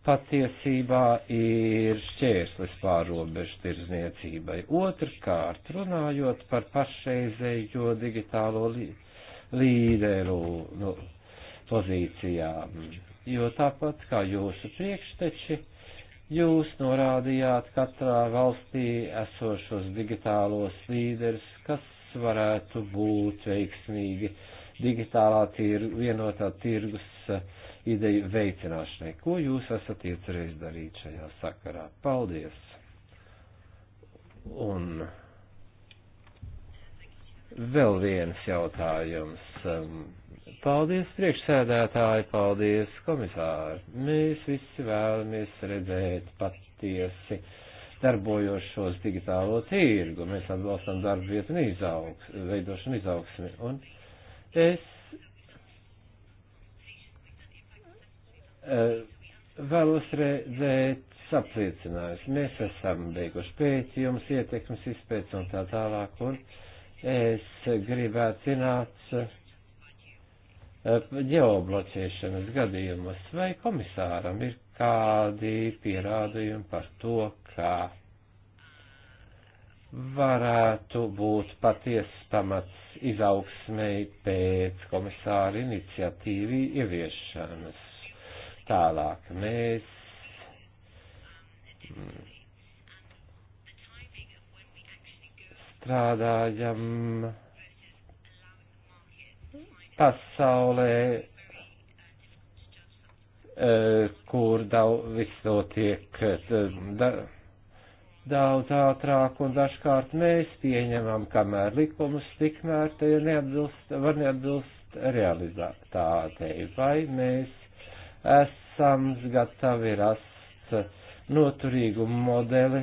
patiesībā ir šķērslis pārobežu tirzniecībai. Otrkārt, runājot par pašreizējo digitālo līderu nu, pozīcijām, jo tāpat kā jūsu priekšteči, jūs norādījāt katrā valstī esošos digitālos līderus, kas varētu būt veiksmīgi digitālā tirgu, vienotā tirgus uh, ideju veicināšanai. Ko jūs esat iecerējis darīt šajā sakarā? Paldies! Un vēl viens jautājums. Um, paldies, priekšsēdētāji, paldies, komisāri. Mēs visi vēlamies redzēt patiesi darbojošos digitālo tirgu. Mēs atbalstam darba vietu izaugs, veidošanu izaugsmi. Un es vēlos redzēt apliecinājusi. Mēs esam beiguši pētījums, ietekmes izpēc un tā tālāk, un es gribētu zināt eh, ģeobloķēšanas gadījumus, vai komisāram ir kādi pierādījumi par to, kā varētu būt patiesas pamats izaugsmei pēc komisāra iniciatīvi ieviešanas Tālāk mēs mm, strādājam pasaulē, eh, kur daudz, viss notiek eh, da, daudz ātrāk, un dažkārt mēs pieņemam, kamēr likumus, tikmēr tie neatbilst, var neatbilst realitātei, vai mēs esam gatavi rast noturīgu modeli.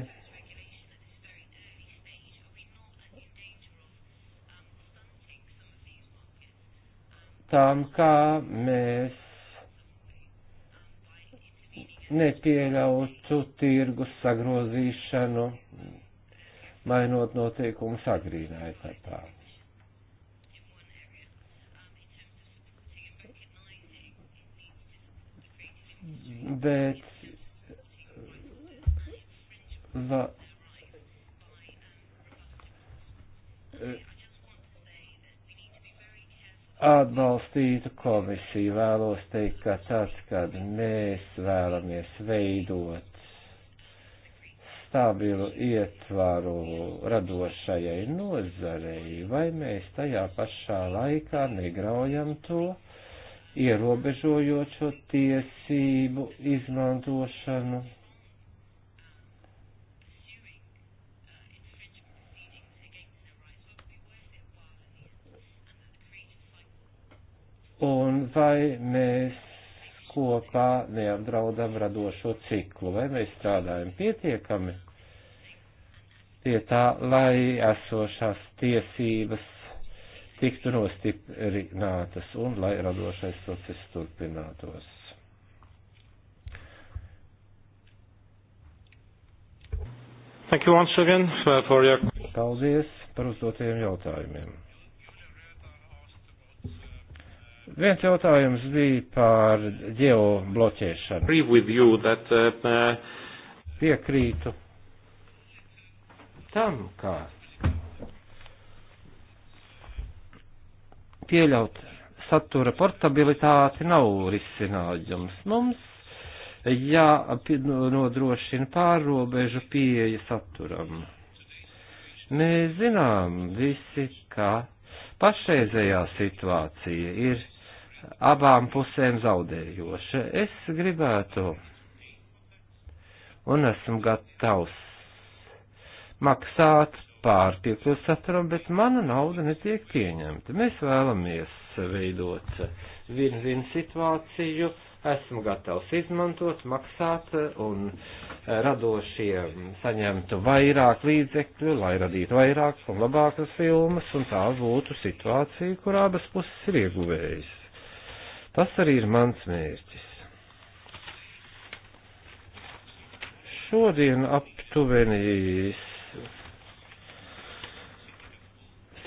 Tām, kā mēs nepieļautu tirgus sagrozīšanu, mainot noteikumus agrīnā etapā. bet va, atbalstītu komisiju. Vēlos teikt, ka tad, kad mēs vēlamies veidot stabilu ietvaru radošajai nozarei, vai mēs tajā pašā laikā negraujam to, ierobežojot šo tiesību izmantošanu. Un vai mēs kopā neapdraudam radošo ciklu, vai mēs strādājam pietiekami pie tā, lai esošās tiesības tiktu nostiprinātas un lai radošais process turpinātos. Thank you once again for your... Paldies par uzdotajiem jautājumiem. Viens jautājums bija par ģeobloķēšanu. That, uh, uh, Piekrītu tam, kā pieļaut satura portabilitāti nav risinājums. Mums jānodrošina pārrobežu pieeja saturam. Mēs zinām visi, ka pašreizējā situācija ir abām pusēm zaudējoša. Es gribētu un esmu gatavs maksāt pārtiek no saturam, bet mana nauda netiek pieņemta. Mēs vēlamies veidot vien-vien situāciju, esmu gatavs izmantot, maksāt un radošie saņemtu vairāk līdzekļu, lai radītu vairākas un labākas filmas, un tā būtu situācija, kur abas puses ir ieguvējis. Tas arī ir mans mērķis. Šodien aptuveni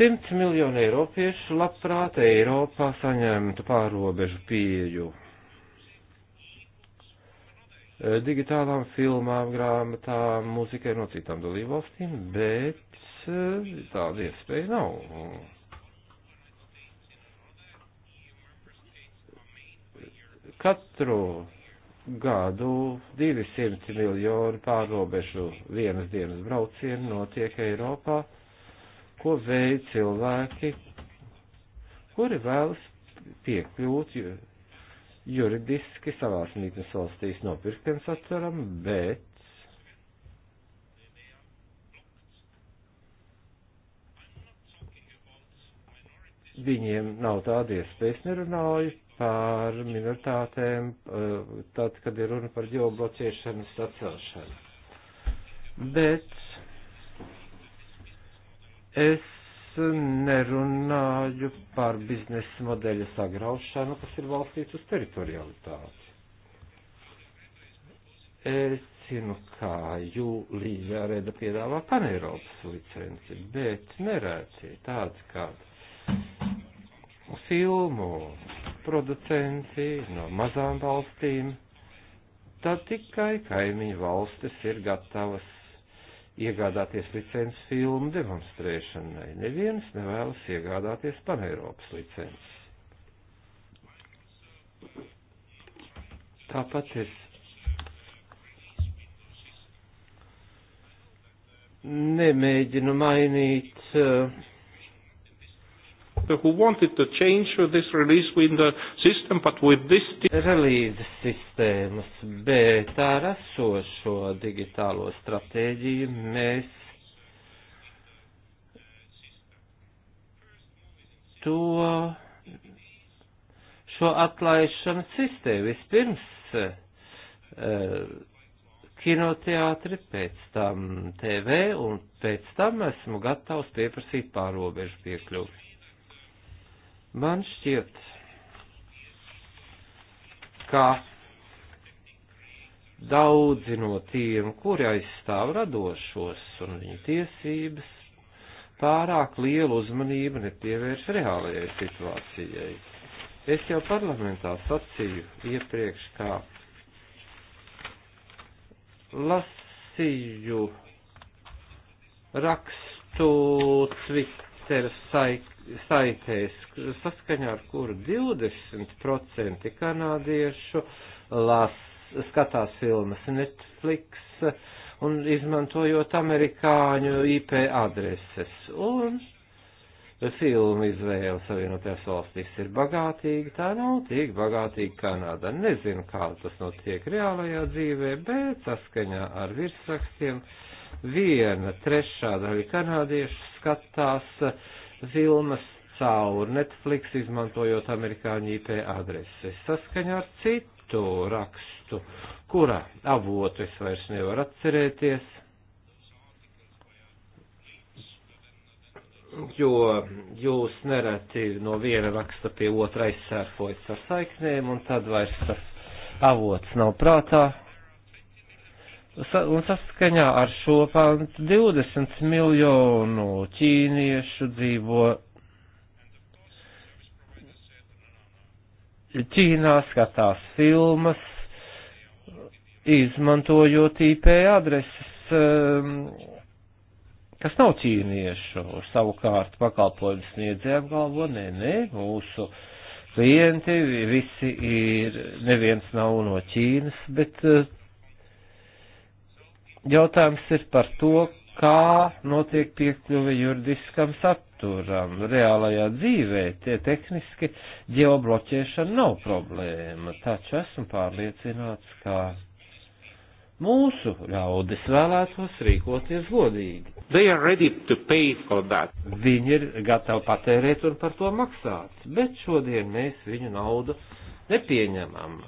100 miljoni eiropiešu labprāt Eiropā saņemtu pārobežu pieju eh, digitālām filmām, grāmatām, mūzikai no citām dalībvalstīm, bet eh, tāda iespēja nav. Katru gadu 200 miljonu pārobežu vienas dienas braucienu notiek Eiropā ko veic cilvēki, kuri vēlas piekļūt juridiski savās mītnes valstīs nopirktiem saturam, bet viņiem nav tāda iespējas nerunāju par minoritātēm, eh, tad, kad ir runa par ģeobloķēšanas atcelšanu. Bet Es nerunāju par biznesa modeļa sagraušanu, kas ir balstīts uz teritorialitāti. Es zinu, kā Jūlija Reda piedāvā paneiropas licenci, bet nerēci tāds kā filmu producenti no mazām valstīm, tad tikai kaimiņu valstis ir gatavas iegādāties licences filmu demonstrēšanai. Neviens nevēlas iegādāties paneiropas licences. Tāpat es nemēģinu mainīt uh, who wanted to change this release window system, but with this... Relīzes sistēmas, bet ar esošo digitālo stratēģiju mēs to šo atlaišanu sistēmu vispirms eh, kinoteātri, pēc tam TV un pēc tam esmu gatavs pieprasīt pārobežu piekļuvi. Man šķiet, ka daudzi no tiem, kuri aizstāv radošos un viņu tiesības, pārāk lielu uzmanību nepievērš reālajai situācijai. Es jau parlamentā sacīju iepriekš, kā lasīju rakstu Twitter saikni saitēs, saskaņā ar kuru 20% kanādiešu las, skatās filmas Netflix un izmantojot amerikāņu IP adreses. Un filmu izvēle Savienotajās valstīs ir bagātīga, tā nav tik bagātīga Kanāda. Nezinu, kā tas notiek reālajā dzīvē, bet saskaņā ar virsrakstiem viena trešā daļa kanādiešu skatās uh, Vilmas caur Netflix, izmantojot amerikāņu IP adreses. Saskaņā ar citu rakstu, kura avotu es vairs nevaru atcerēties, jo jūs nereti no viena raksta pie otra aizsērfojat ar saiknēm, un tad vairs tas avots nav prātā un saskaņā ar šo pantu 20 miljonu ķīniešu dzīvo Ķīnā, skatās filmas, izmantojot IP adreses, um, kas nav ķīniešu, savukārt pakalpojums sniedzējiem galvo, nē, nē, mūsu klienti visi ir, neviens nav no Ķīnas, bet uh, Jautājums ir par to, kā notiek piekļuve juridiskam saturam. Reālajā dzīvē tie tehniski ģeobloķēšana nav problēma, taču esmu pārliecināts, ka mūsu ļaudis vēlētos rīkoties godīgi. Viņi ir gatavi patērēt un par to maksāt, bet šodien mēs viņu naudu nepieņemam.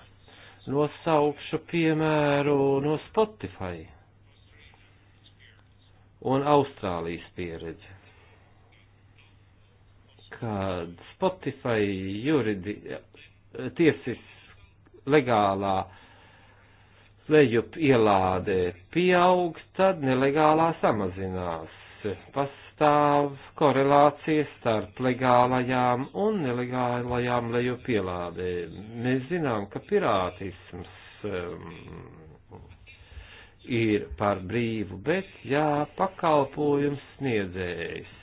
Nosaukšu piemēru no Spotify un Austrālijas pieredze. Kad Spotify juridi, tiesis legālā lejup ielādē pieaug, tad nelegālā samazinās. Pastāv korelācija starp legālajām un nelegālajām lejup ielādēm. Mēs zinām, ka pirātisms um, ir par brīvu, bet jā, pakalpojums sniedzējs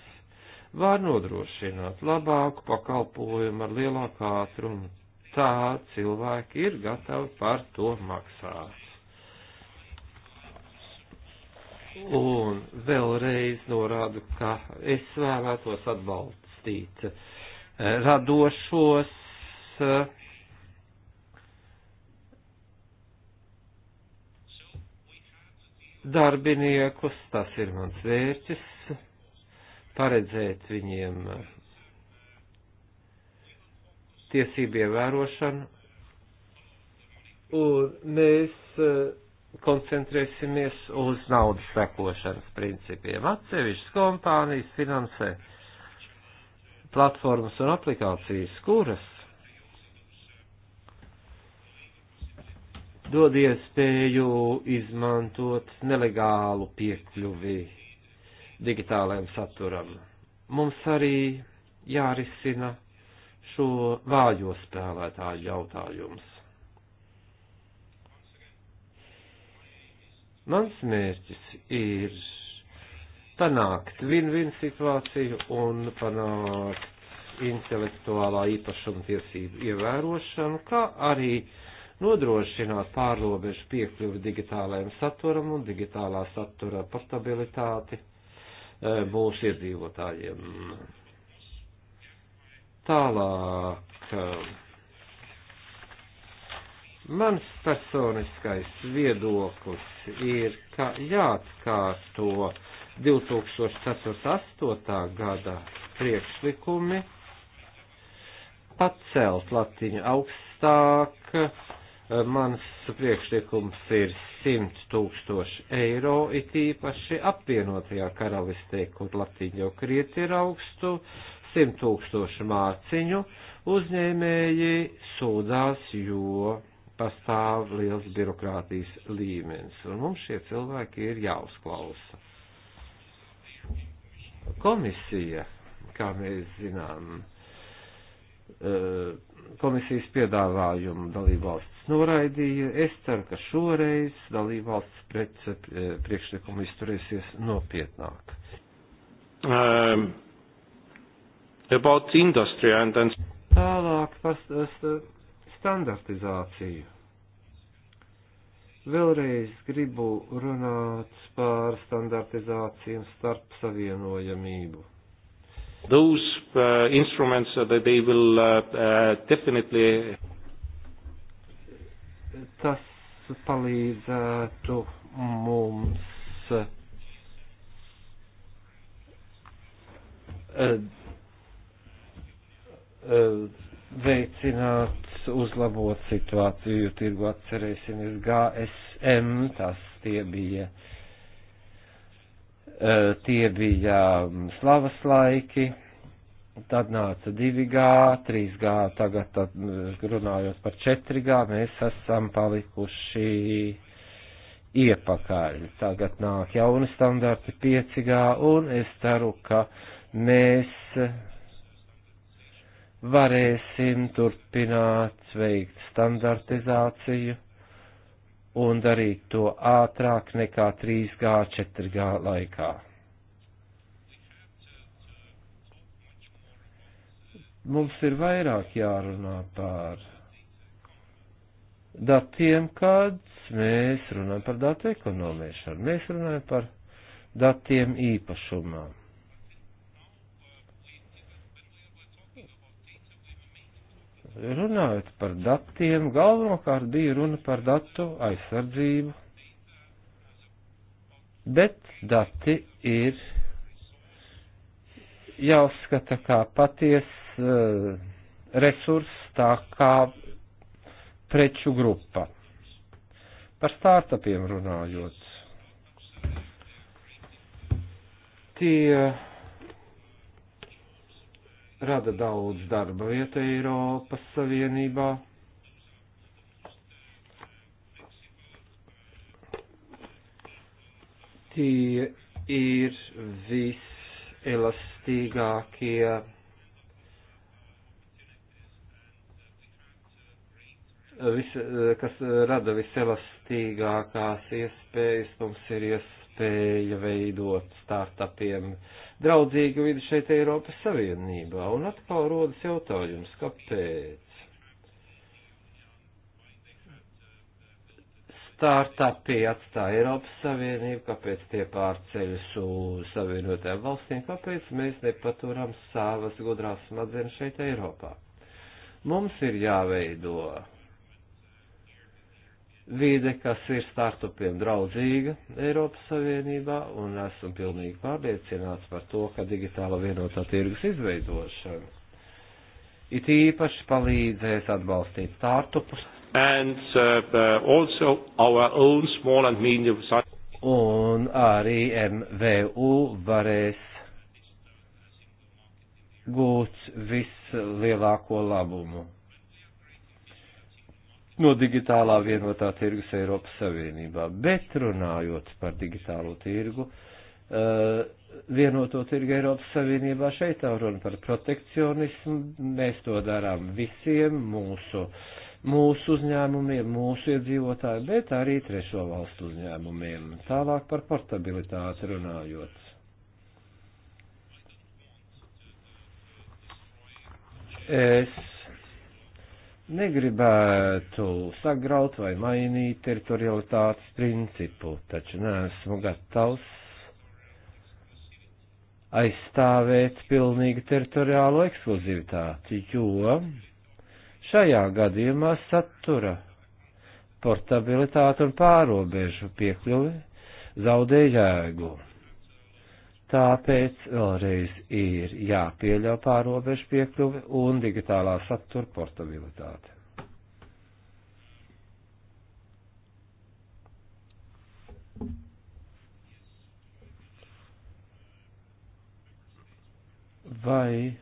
var nodrošināt labāku pakalpojumu ar lielāku ātrumu. Tā cilvēki ir gatavi par to maksāt. Un vēlreiz norādu, ka es vēlētos atbalstīt radošos uh, darbiniekus, tas ir mans vērķis, paredzēt viņiem tiesību ievērošanu, un mēs eh, koncentrēsimies uz naudas sekošanas principiem. Atsevišķas kompānijas finansē platformas un aplikācijas, kuras dod iespēju izmantot nelegālu piekļuvi digitālajam saturam. Mums arī jārisina šo vājo spēlētāju jautājums. Mans mērķis ir panākt win-win situāciju un panākt intelektuālā īpašuma tiesību ievērošanu, kā arī uh, nodrošināt pārrobežu piekļuvi digitālajiem saturam un digitālā satura portabilitāti e, mūsu iedzīvotājiem. Tālāk. E, mans personiskais viedoklis ir, ka jāatkārto 2008. gada priekšlikumi pacelt latiņu augstāk, Mans priekšlikums ir 100 tūkstoši eiro, it īpaši apvienotajā karalistē, kur latiņa jau krieti ir augstu, 100 tūkstoši māciņu, uzņēmēji sūdās, jo pastāv liels birokrātijas līmenis, un mums šie cilvēki ir jāuzklausa. Komisija, kā mēs zinām, uh, komisijas piedāvājumu dalībvalsts noraidīja. Es ceru, ka šoreiz dalībvalsts pret eh, priekšlikumu izturēsies nopietnāk. Um, about industry and then... Tālāk par standartizāciju. Vēlreiz gribu runāt par standartizāciju un starp savienojamību. Those uh, instruments uh, that they will uh, uh, definitely. Tas palīdzētu uh, mums uh, uh, veicināt, uzlabot situāciju tirgu. Atcerēsimies GSM, tas tie bija uh, Eh, tie bija mm, slavas laiki, tad nāca 2G, 3G, tagad tad, mm, runājot par 4G, mēs esam palikuši iepakaļ. Tagad nāk jauni standarti 5G, un es ceru, ka mēs varēsim turpināt veikt standartizāciju un darīt to ātrāk nekā 3G, 4G laikā. Mums ir vairāk jārunā par datiem, kad mēs runājam par datu ekonomēšanu, mēs runājam par datiem īpašumā. Runājot par datiem, galvenokārt bija runa par datu aizsardzību, bet dati ir jāuzskata kā paties uh, resurs, tā kā preču grupa. Par startupiem runājot. Tie uh, rada daudz darba vietu Eiropas Savienībā. Tie ir viselastīgākie vis, kas rada viselastīgākās iespējas, mums ir iespēja veidot startupiem uh, draudzīga vidi šeit Eiropas Savienībā. Un atkal rodas jautājums, kāpēc? Startupi atstāja Eiropas Savienību, kāpēc tie pārceļas uz Savienotēm valstīm, kāpēc mēs nepaturam savas gudrās smadzenes šeit Eiropā. Mums ir jāveido vide, kas ir startupiem draudzīga Eiropas Savienībā, un esmu pilnīgi pārliecināts par to, ka digitāla vienotā tirgus izveidošana it īpaši palīdzēs atbalstīt startupus. And, uh, uh medium... Un arī MVU varēs gūt vislielāko labumu no digitālā vienotā tirgus Eiropas Savienībā. Bet runājot par digitālo tirgu, eh, vienoto tirgu Eiropas Savienībā šeit nav runa par protekcionismu. Mēs to darām visiem mūsu, mūsu uzņēmumiem, mūsu iedzīvotājiem, bet arī trešo valstu uzņēmumiem. Tālāk par portabilitāti runājot. Es negribētu sagraut vai mainīt teritorialitātes principu, taču neesmu gatavs aizstāvēt pilnīgi teritoriālo ekskluzivitāti, jo šajā gadījumā satura portabilitāte un pārobežu piekļuve zaudē jēgu. Tāpēc vēlreiz ir jāpieļau pārobežu piekļuvi un digitālā satura portabilitāte. Vai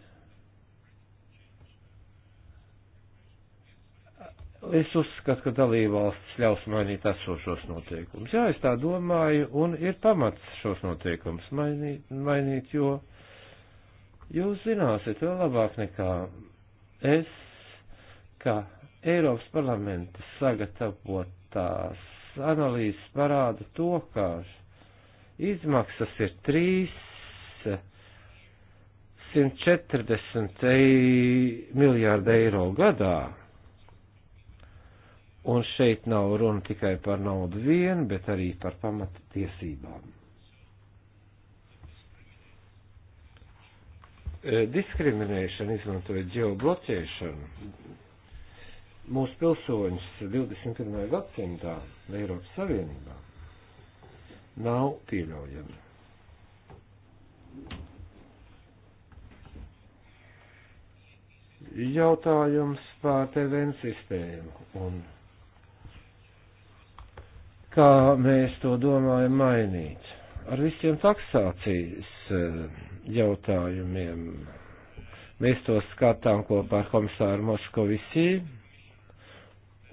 Es uzskatu, ka dalībvalstis ļaus mainīt esošos noteikumus. Jā, es tā domāju, un ir pamats šos noteikumus mainīt, mainīt, jo jūs zināsiet vēl labāk nekā es, ka Eiropas parlamenta sagatavotās analīzes parāda to, ka izmaksas ir 340 miljārdi eiro gadā Un šeit nav runa tikai par naudu vien, bet arī par pamata tiesībām. E, diskriminēšana, izmantojot ģeobloķēšanu, mūsu pilsoņus 21. gadsimtā Eiropas Savienībā nav pieļaujama. Jautājums par TVN sistēmu un kā mēs to domājam mainīt. Ar visiem taksācijas eh, jautājumiem mēs to skatām kopā ar komisāru Moškovisī,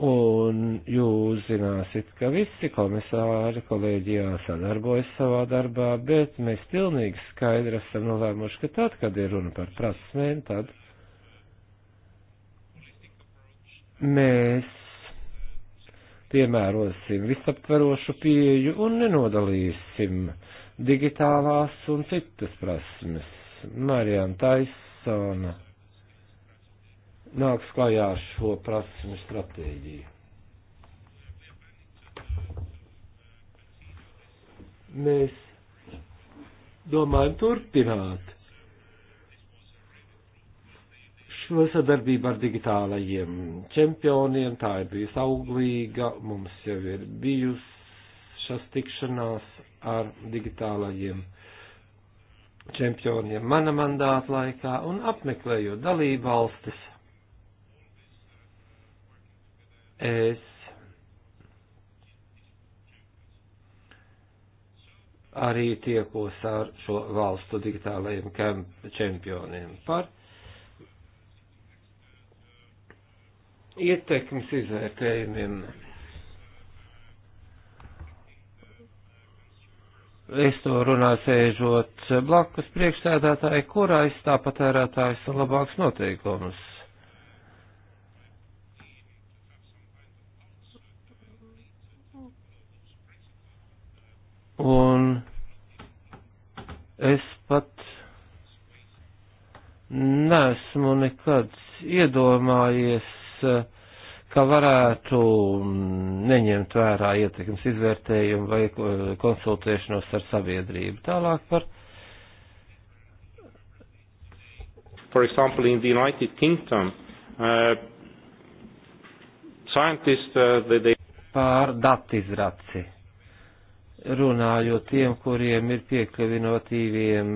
un jūs zināsiet, ka visi komisāri kolēģijā sadarbojas savā darbā, bet mēs pilnīgi skaidri esam nolēmuši, ka tad, kad ir runa par prasmēm, tad mēs piemērosim visaptverošu pieju un nenodalīsim digitālās un citas prasmes. Marijām Taisona nāks klajā ar šo prasmu stratēģiju. Mēs domājam turpināt Šo sadarbību ar digitālajiem čempioniem, tā ir bijusi auglīga, mums jau ir bijušas tikšanās ar digitālajiem čempioniem mana mandāta laikā un apmeklējot dalību valstis. Es arī tiekos ar šo valstu digitālajiem čempioniem par ietekmes izvērtējumiem. Es to runāju sēžot blakus priekšsēdētāji, kurā aizstā patērētājs un labāks noteikums. Un es pat nesmu nekad iedomājies Eh, ka varētu mm, neņemt vērā ietekmes izvērtējumu vai eh, konsultēšanos ar sabiedrību. Tālāk par. For example, in the United Kingdom, uh, scientists, uh, they, they... Pār datizraci. Runājot tiem, kuriem ir piekļuvinotīviem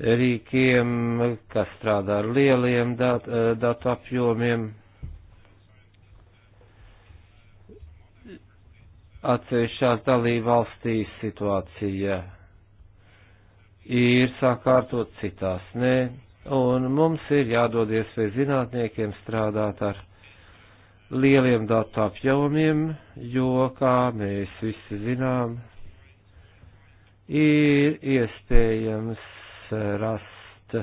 rīkiem, kas strādā ar lieliem dat, eh, datu apjomiem. Atsevišķās dalībvalstīs situācija ir sakārtot, citās nē, un mums ir jādodies pie zinātniekiem strādāt ar lieliem datu apjomiem, jo, kā mēs visi zinām, ir iespējams rast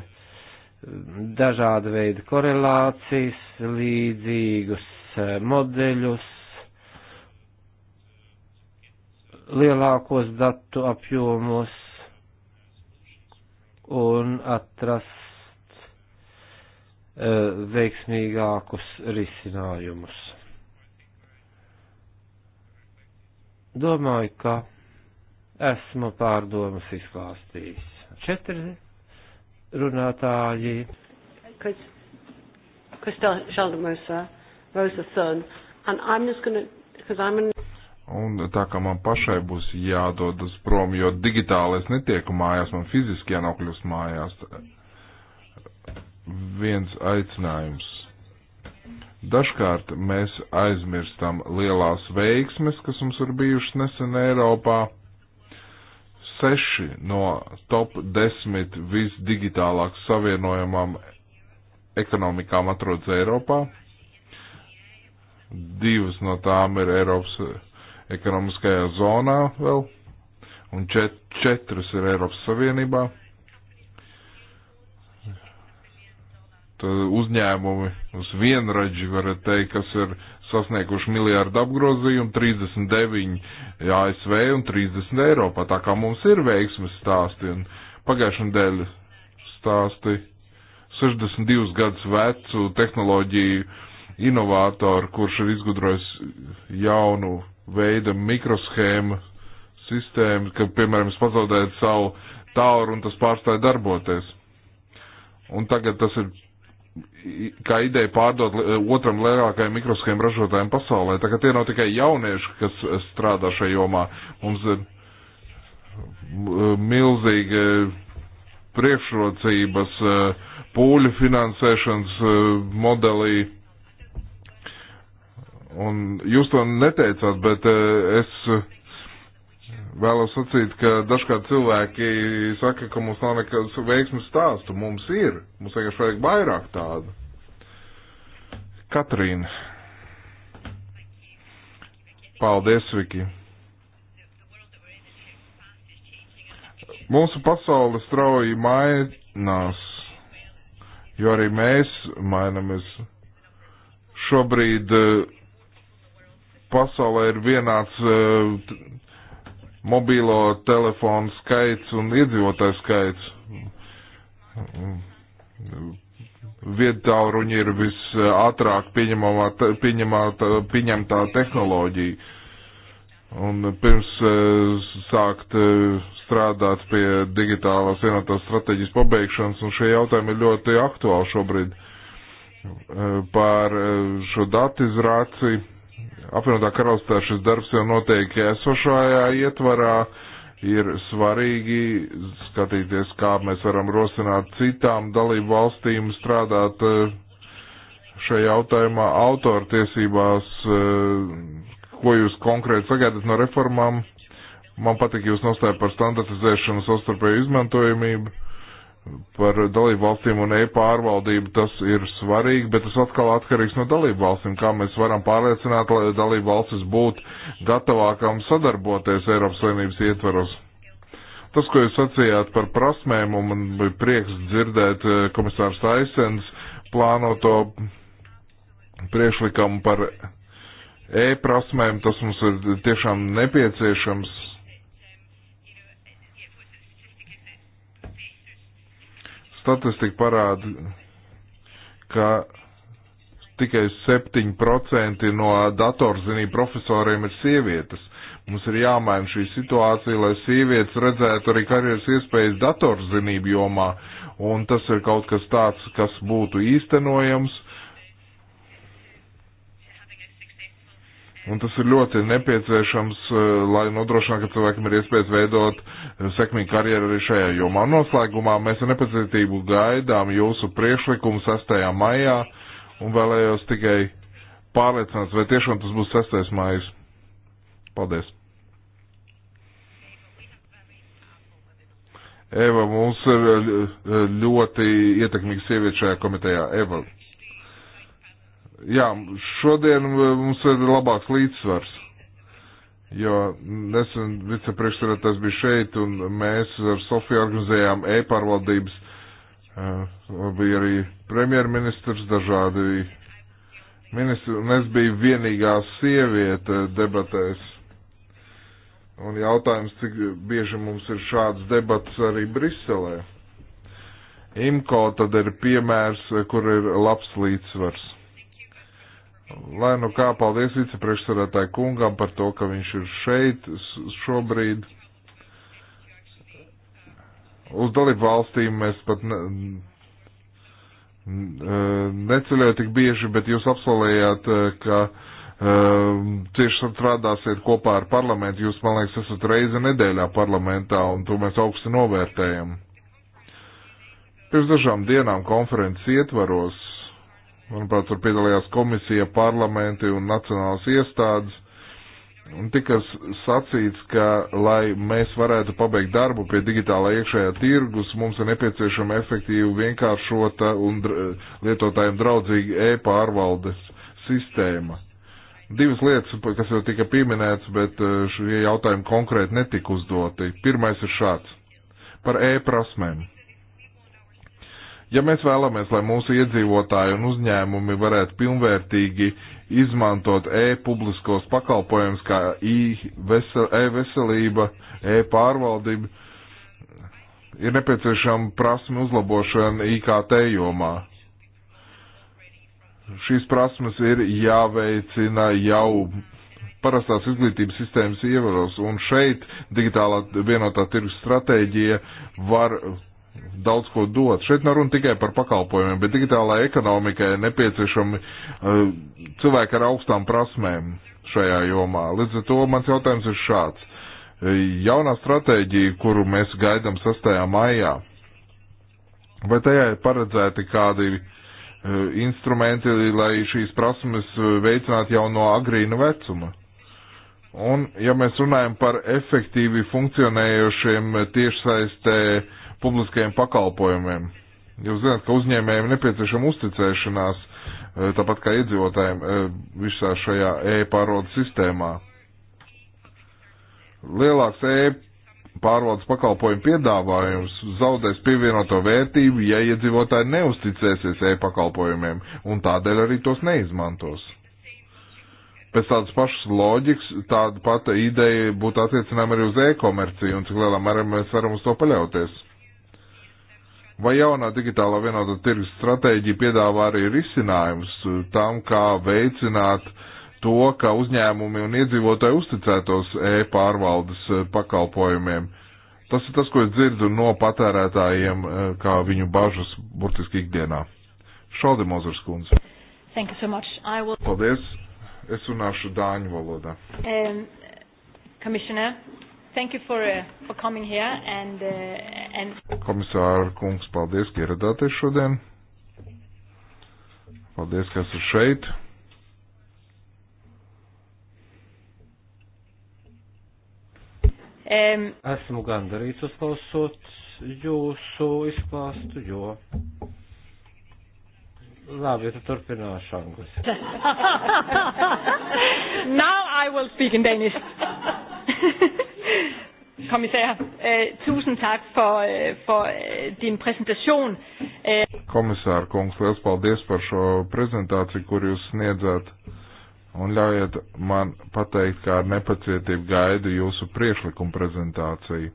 dažāda veida korelācijas, līdzīgus eh, modeļus, lielākos datu apjomos un atrast uh, veiksmīgākus risinājumus. Domāju, ka esmu pārdomas izklāstījis četri runātāji. Un tā kā man pašai būs jādodas prom, jo digitāli es netieku mājās, man fiziski jānokļūst mājās. Viens aicinājums. Dažkārt mēs aizmirstam lielās veiksmes, kas mums ir bijušas nesen Eiropā seši no top desmit visdigitālāk savienojamām ekonomikām atrodas Eiropā. Divas no tām ir Eiropas ekonomiskajā zonā vēl, un čet četras ir Eiropas Savienībā. Uh, uzņēmumi uz vienraģi, varētu teikt, kas ir sasnieguši miljārdu apgrozījumu, 39 ASV un 30 Eiropā. Tā kā mums ir veiksmes stāsti un pagājušajā nedēļa stāsti 62 gadus vecu tehnoloģiju inovātoru, kurš ir izgudrojis jaunu veidu mikroshēmu sistēmu, ka, piemēram, es pazaudēju savu tauru un tas pārstāja darboties. Un tagad tas ir kā ideja pārdot eh, otram lielākajam mikroskopiem ražotājiem pasaulē. Tā kā tie nav tikai jaunieši, kas eh, strādā šajā jomā. Mums ir eh, milzīga priekšrocības pūļu finansēšanas modelī. Un jūs to neteicāt, bet es Vēlos sacīt, ka dažkārt cilvēki saka, ka mums nav nekādas veiksmes stāstu. Mums ir. Mums vienkārši vajag vairāk tādu. Katrīna. Paldies, Viki. Mūsu pasaule strauji mainās, jo arī mēs mainamies. Šobrīd eh, pasaulē ir vienāds eh, mobīlo telefonu skaits un iedzīvotāju skaits. Viedtāluruņi ir visātrāk pieņemamā, pieņemā, pieņemtā tehnoloģija. Un pirms eh, sākt eh, strādāt pie digitālās vienotās stratēģijas pabeigšanas, un šie jautājumi ir ļoti aktuāli šobrīd eh, par šo datu izrāciju apvienotā karalistē šis darbs jau notiek esošajā ietvarā, ir svarīgi skatīties, kā mēs varam rosināt citām dalību valstīm strādāt eh, šajā jautājumā autortiesībās, eh, ko jūs konkrēti sagaidat no reformām. Man patīk jūs nostāja par standartizēšanu, sastarpēju izmantojamību par dalību valstīm un e-pārvaldību tas ir svarīgi, bet tas atkal atkarīgs no dalību valstīm, kā mēs varam pārliecināt, lai dalību valstis būtu gatavākam sadarboties Eiropas Savienības ietveros. Tas, ko jūs sacījāt par prasmēm, un man bija prieks dzirdēt eh, komisārs Aisens plānoto priekšlikumu par e-prasmēm, tas mums ir tiešām nepieciešams Statistika parāda, ka tikai 7% no datorzinību profesoriem ir sievietes. Mums ir jāmaina šī situācija, lai sievietes redzētu arī karjeras iespējas datorzinību jomā, un tas ir kaut kas tāds, kas būtu īstenojams Un tas ir ļoti nepieciešams, eh, lai nodrošinātu, ka cilvēkam ir iespējas veidot eh, sekmīgu karjeru arī šajā jomā. Noslēgumā mēs ar nepacietību gaidām jūsu priekšlikumu 6. maijā un vēlējos tikai pārliecināts, vai tiešām tas būs 6. maijas. Paldies! Eva, mums ir eh, ļoti ietekmīga sieviete šajā komitejā. Eva jā, šodien eh, mums ir labāks līdzsvars. Jo nesen vicepriekšsēdētājs bija šeit, un mēs ar Sofiju organizējām e-pārvaldības. Eh, bija arī premjerministrs, dažādi ministri, un es biju vienīgā sieviete debatēs. Un jautājums, cik bieži mums ir šāds debats arī Briselē. IMCO tad ir piemērs, eh, kur ir labs līdzsvars. Lai nu kā, paldies vicepriekšsarētāju kungam par to, ka viņš ir šeit šobrīd. Uz dalību valstīm mēs pat ne, e, neceļoju tik bieži, bet jūs apsolējāt, e, ka e, cieši strādāsiet kopā ar parlamentu. Jūs, man liekas, esat reizi nedēļā parlamentā, un to mēs augsti novērtējam. Pirms dažām dienām konferences ietvaros Manuprāt, tur piedalījās komisija, parlamenti un nacionālas iestādes. Un tika sacīts, ka, lai mēs varētu pabeigt darbu pie digitālā iekšējā tirgus, mums ir nepieciešama efektīva, vienkāršota un lietotājiem draudzīga e-pārvaldes sistēma. Divas lietas, kas jau tika pieminētas, bet e, šie jautājumi konkrēti netika uzdoti. Pirmais ir šāds. Par e-prasmēm. Ja mēs vēlamies, lai mūsu iedzīvotāji un uzņēmumi varētu pilnvērtīgi izmantot e-publiskos pakalpojumus kā e-veselība, e-pārvaldība, ir nepieciešama prasme uzlabošana IKT jomā. Šīs prasmes ir jāveicina jau parastās izglītības sistēmas ievaros, un šeit digitālā vienotā tirgus stratēģija var daudz ko dot. Šeit nav runa tikai par pakalpojumiem, bet digitālā ekonomikai nepieciešami uh, cilvēki ar augstām prasmēm šajā jomā. Līdz ar to mans jautājums ir šāds. Jaunā stratēģija, kuru mēs gaidām 6. maijā, vai tajā ir paredzēti kādi uh, instrumenti, lai šīs prasmes eh, veicinātu jau no agrīna vecuma? Un, ja mēs runājam par efektīvi funkcionējošiem tiešsaistē uh, publiskajiem pakalpojumiem. Jūs zināt, ka uzņēmējiem nepieciešama uzticēšanās, e, tāpat kā iedzīvotājiem e, visā šajā e-pārvaldes sistēmā. Lielāks e-pārvaldes pakalpojumu piedāvājums zaudēs pievienoto vērtību, ja iedzīvotāji neusticēsies e-pakalpojumiem un tādēļ arī tos neizmantos. Pēc tādas pašas loģikas tāda pata ideja būtu attiecināma arī uz e-komerciju un cik lielā mērā mēs varam uz to paļauties Vai jaunā digitālā vienotā tirgus stratēģija piedāvā arī risinājumus eh, tam, kā veicināt to, ka uzņēmumi un iedzīvotāji uzticētos e-pārvaldes eh, pakalpojumiem? Tas ir tas, ko es dzirdu no patērētājiem, eh, kā viņu bažas burtiski ikdienā. Šaldi Mozars kundze. So much. I will... Paldies. Es runāšu Dāņu valodā. Um, Thank you for, uh, for coming here and, uh, and... Komisāra kungs, paldies, ka ieradāties šodien. Paldies, ka esat šeit. Um, Esmu gandarīts uzklausot jūsu izklāstu, jo Labi, tad turpināšu angliski. [laughs] Now I will speak in Danish. [laughs] Kommissær, eh, tusind tak for, eh, for eh, din præsentation. Eh. Kommissār kungs, liels paldies par šo prezentāciju, kur jūs sniedzat. Un ļaujiet man pateikt, kā ar nepacietību gaidu jūsu priekšlikumu prezentāciju.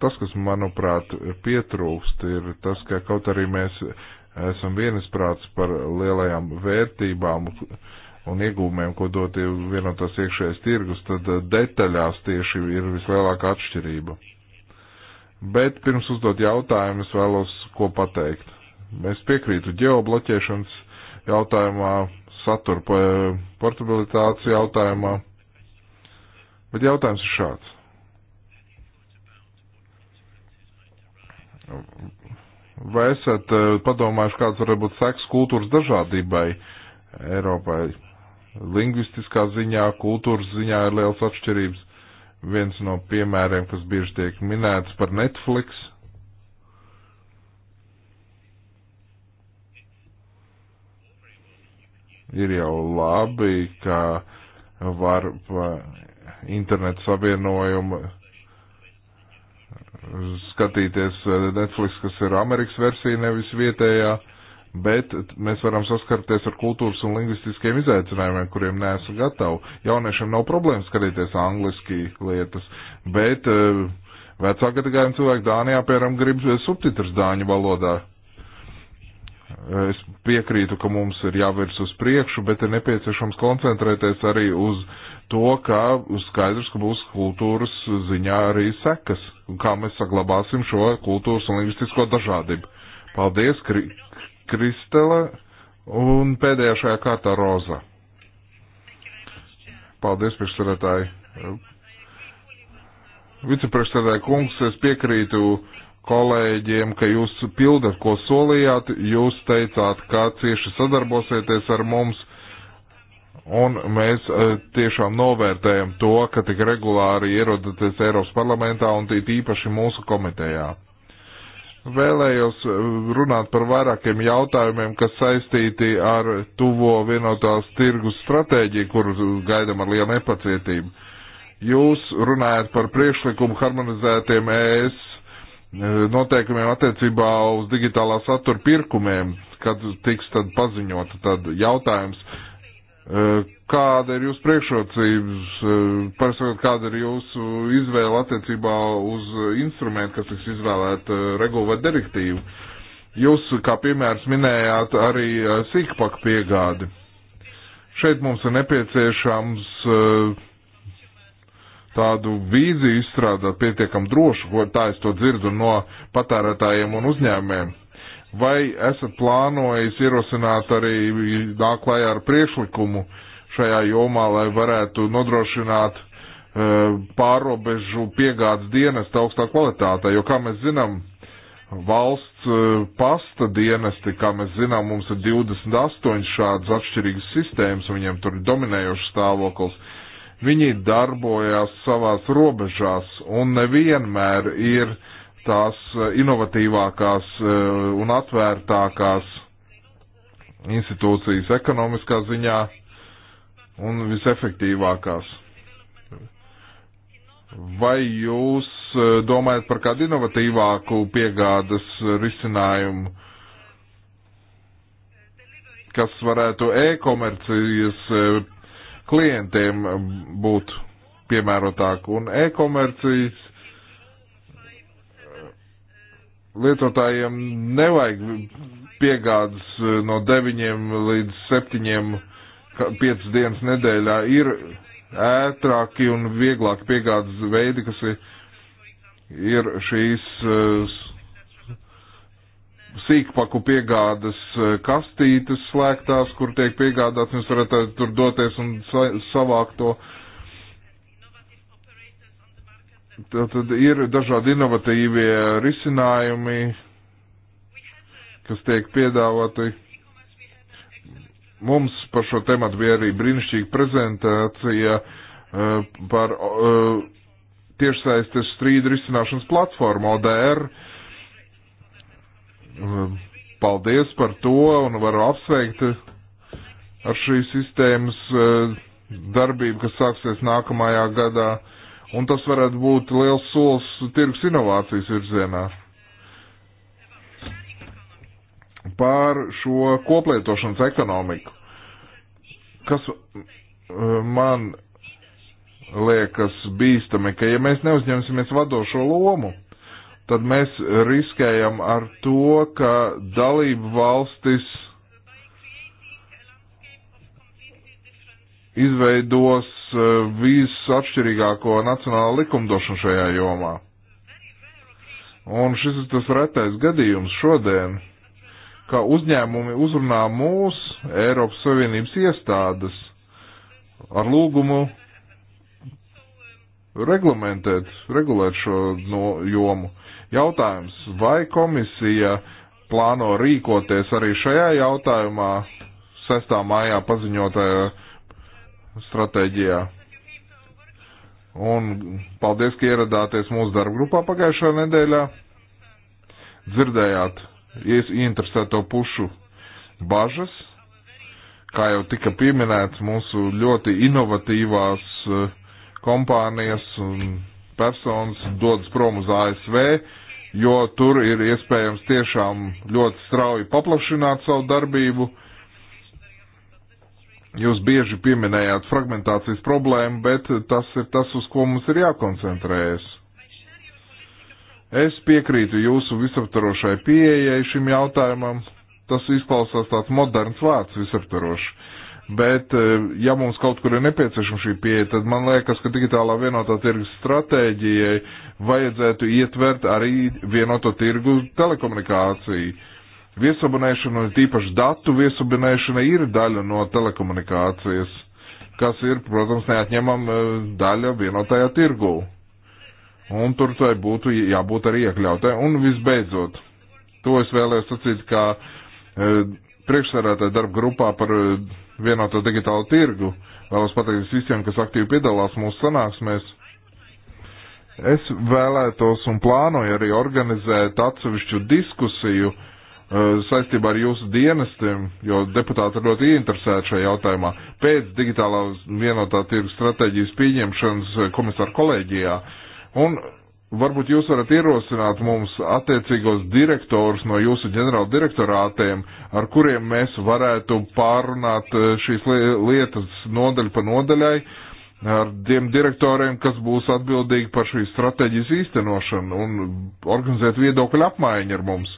Tas, kas manuprāt pietrūkst, ir tas, ka kaut arī mēs esam vienisprāts par lielajām vērtībām un iegūmēm, ko dot vienotās iekšējais tirgus, tad eh, detaļās tieši ir vislielākā atšķirība. Bet pirms uzdot jautājumu, es vēlos ko pateikt. Es piekrītu ģeobloķēšanas jautājumā, satura portabilitātes jautājumā, bet jautājums ir šāds. Vai esat eh, padomājuši, kāds var būt seks kultūras dažādībai Eiropai? Lingvistiskā ziņā, kultūras ziņā ir liels atšķirības. Viens no piemēriem, kas bieži tiek minēts par Netflix, ir jau labi, ka var internetu savienojumu skatīties eh, Netflix, kas ir Amerikas versija, nevis vietējā, bet mēs varam saskarties ar kultūras un lingvistiskiem izaicinājumiem, kuriem neesam gatavi. Jauniešiem nav problēma skatīties angliski lietas, bet eh, vecāka gadagājuma cilvēki Dānijā, piemēram, grib subtitrus Dāņu valodā. Es piekrītu, ka mums ir jāvirs uz priekšu, bet ir nepieciešams koncentrēties arī uz to, ka skaidrs, ka būs kultūras ziņā arī sekas un kā mēs saglabāsim šo kultūras un lingvistisko dažādību. Paldies, Kri Kristela, un pēdējā šajā kārtā Roza. Paldies, priekšsēdētāji. Vicepriekšsēdētāji kungs, es piekrītu kolēģiem, ka jūs pildat, ko solījāt. Jūs teicāt, ka cieši sadarbosieties ar mums Un mēs e, tiešām novērtējam to, ka tik regulāri ierodaties Eiropas parlamentā un tīpaši mūsu komitejā. Vēlējos e, runāt par vairākiem jautājumiem, kas saistīti ar tuvo vienotās tirgus stratēģiju, kuru gaidam ar lielu nepacietību. Jūs runājat par priekšlikumu harmonizētiem ES e, noteikumiem attiecībā uz digitālā satura pirkumiem, kad tiks tad paziņota tad jautājums Eh, kāda ir jūsu priekšrocības, eh, parasakot, kāda ir jūsu izvēle attiecībā uz instrumentu, kas tiks izvēlēta eh, regula vai direktīva? Jūs, kā piemērs, minējāt arī sīkpaku piegādi. Šeit mums ir nepieciešams tādu vīziju izstrādāt pietiekam drošu, ko tā es to dzirdu no patērētājiem un uzņēmēm Vai esat plānojis ierosināt arī nāklājā ar priešlikumu šajā jomā, lai varētu nodrošināt uh, pārobežu piegādes dienestu augstā kvalitātē, jo, kā mēs zinām, valsts uh, pasta dienesti, kā mēs zinām, mums ir 28 šādas atšķirīgas sistēmas, viņiem tur ir dominējošs stāvoklis. Viņi darbojās savās robežās un nevienmēr ir uh, tās eh, inovatīvākās eh, un atvērtākās institūcijas ekonomiskā ziņā un visefektīvākās. Vai jūs eh, domājat par kādu inovatīvāku piegādas risinājumu, kas varētu e-komercijas klientiem būt piemērotāk un e-komercijas lietotājiem nevajag piegādes e, no 9 līdz 7, 5 dienas nedēļā. Ir ētrāki un vieglāki piegādes veidi, kas ir šīs e, sīkpaku piegādes e, kastītes slēgtās, kur tiek piegādāts, jūs varat tur doties un savākt to. Uh, Tātad ir dažādi inovatīvie risinājumi, kas tiek piedāvāti. Mums par šo tematu bija arī brīnišķīga prezentācija eh, par eh, tiešsaistes strīdu risināšanas platformu ODR. Eh, paldies par to un varu apsveikt ar šīs sistēmas darbību, kas sāksies nākamajā gadā. Un tas varētu būt liels solis tirgus inovācijas virzienā. Pār šo koplietošanas ekonomiku, kas eh, man liekas bīstami, ka ja mēs neuzņemsimies vadošo lomu, tad mēs riskējam ar to, ka dalību valstis izveidos Eh, visatšķirīgāko nacionālo likumdošanu šajā jomā. Un šis ir tas retais gadījums šodien, ka uzņēmumi uzrunā mūs, Eiropas Savienības iestādes, ar lūgumu reglamentēt, regulēt šo no, jomu. Jautājums, vai komisija plāno rīkoties arī šajā jautājumā, 6. mājā paziņotajā stratēģijā. Un paldies, ka ieradāties mūsu darba grupā pagājušā nedēļā. Dzirdējāt interesēto pušu bažas. Kā jau tika pieminēts, mūsu ļoti inovatīvās eh, kompānijas un personas dodas prom uz ASV, jo tur ir iespējams tiešām ļoti strauji paplašināt savu darbību Jūs bieži pieminējāt fragmentācijas problēmu, bet tas ir tas, uz ko mums ir jākoncentrējas. Es piekrītu jūsu visaptarošai pieejai šim jautājumam. Tas izklausās tāds moderns vārds visaptarošs. Bet, eh, ja mums kaut kur ir nepieciešama šī pieeja, tad man liekas, ka digitālā vienotā tirgus stratēģijai vajadzētu ietvert arī vienoto tirgu telekomunikāciju Viesabunēšana, tīpaši datu viesabunēšana, ir daļa no telekomunikācijas, kas ir, protams, neatņemama eh, daļa vienotajā tirgū. Un tur tai būtu jābūt arī iekļautai. Un visbeidzot, to es vēlēju sacīt, kā e, eh, priekšsarētāja darba grupā par e, vienoto digitālu tirgu. Vēlos pateikt visiem, kas aktīvi piedalās mūsu sanāksmēs. Es vēlētos un plānoju arī organizēt atsevišķu diskusiju Eh, saistībā ar jūsu dienestiem, jo deputāti ir ļoti ieinteresēti šajā jautājumā. Pēc digitālā vienotā tirgus stratēģijas pieņemšanas eh, komisāra kolēģijā. Un varbūt jūs varat ierosināt mums attiecīgos direktorus no jūsu ģenerāla direktorātiem, ar kuriem mēs varētu pārunāt eh, šīs lietas nodaļa pa nodaļai ar tiem direktoriem, kas būs atbildīgi par šīs stratēģijas īstenošanu un organizēt viedokļu apmaiņu ar mums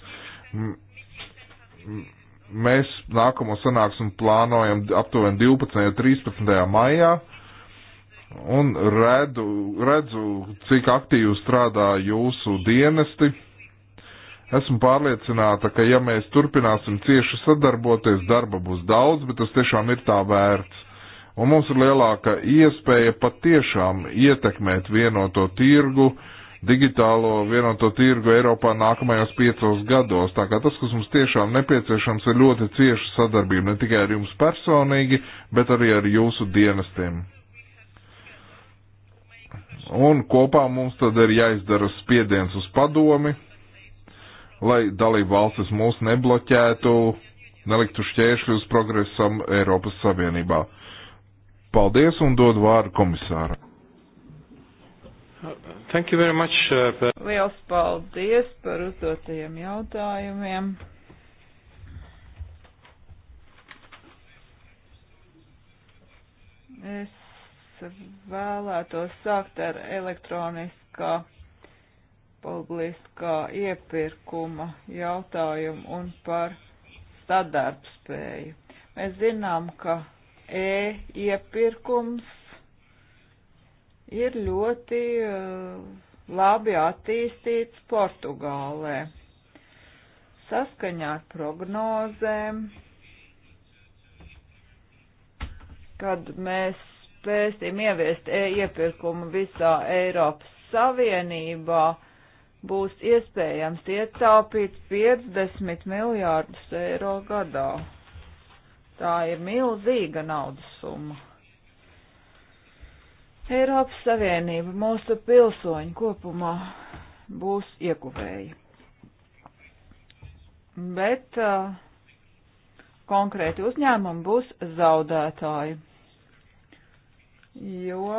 mēs nākamo sanāksmu plānojam aptuveni 12. un 13. maijā. Un redzu, redzu, cik aktīvi strādā jūsu dienesti. Esmu pārliecināta, ka ja mēs turpināsim cieši sadarboties, darba būs daudz, bet tas tiešām ir tā vērts. Un mums ir lielāka iespēja patiešām ietekmēt vienoto tirgu, uh, digitālo vienoto tirgu Eiropā nākamajos piecos gados. Tā kā tas, kas mums tiešām nepieciešams, ir ļoti cieša sadarbība ne tikai ar jums personīgi, bet arī ar jūsu dienestiem. Un kopā mums tad ir jāizdara spiediens uz padomi, lai dalību valstis mūs nebloķētu, neliktu šķēršļi uz progresam Eiropas Savienībā. Paldies un dod vārdu komisāram. Thank you very much. Uh, Liels paldies par uzdotajiem jautājumiem. Es vēlētos sākt ar elektroniskā publiskā iepirkuma jautājumu un par sadarbspēju. Mēs zinām, ka e-iepirkums ir ļoti uh, labi attīstīts Portugālē. Saskaņā ar prognozēm, kad mēs spēsim ieviest e-iepirkumu visā Eiropas Savienībā, būs iespējams ietaupīt 50 miljārdus eiro gadā. Tā ir milzīga naudas summa. Eiropas Savienība, mūsu pilsoņi kopumā būs ieguvēji. Bet uh, konkrēti uzņēmumi būs zaudētāji, jo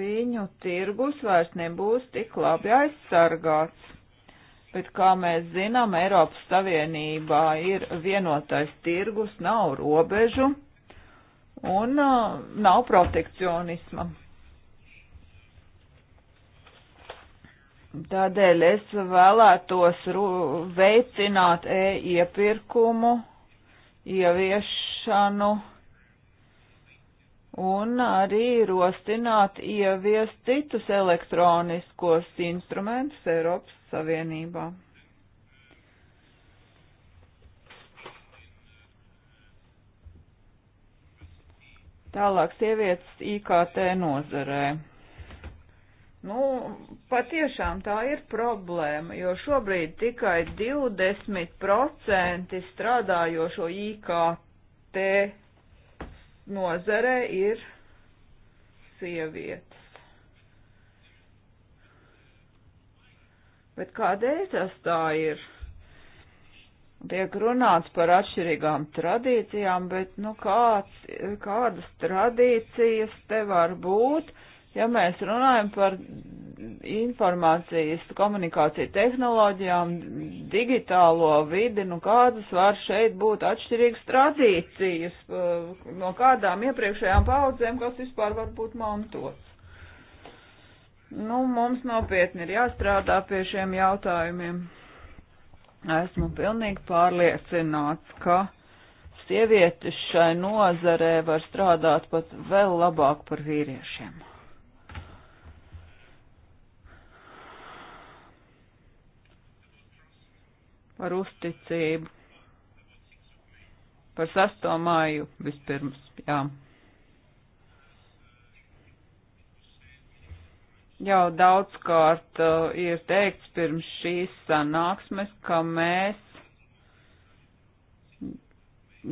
viņu tirgus vairs nebūs tik labi aizsargāts. Bet, kā mēs zinām, Eiropas Savienībā ir vienotais tirgus, nav robežu un uh, nav protekcionisma. Tādēļ es vēlētos veicināt e-iepirkumu, ieviešanu un arī rostināt ieviest citus elektroniskos instrumentus Eiropas Savienībā. Tālāk sievietes IKT nozarē. Nu, patiešām tā ir problēma, jo šobrīd tikai 20% strādājošo IKT nozarē ir sievietes. Bet kādēļ tas tā ir? Tiek runāts par atšķirīgām tradīcijām, bet nu kāds, kādas tradīcijas te var būt? Ja mēs runājam par informācijas komunikāciju tehnoloģijām, digitālo vidi, nu kādas var šeit būt atšķirīgas tradīcijas, eh, no kādām iepriekšējām paudzēm, kas vispār var būt mantots. Nu, mums nopietni ir jāstrādā pie šiem jautājumiem. Esmu pilnīgi pārliecināts, ka sievietes šai nozarē var strādāt pat vēl labāk par vīriešiem. par uzticību. Par 6. māju vispirms, jā. Jau daudzkārt uh, ir teikts pirms šīs sanāksmes, ka mēs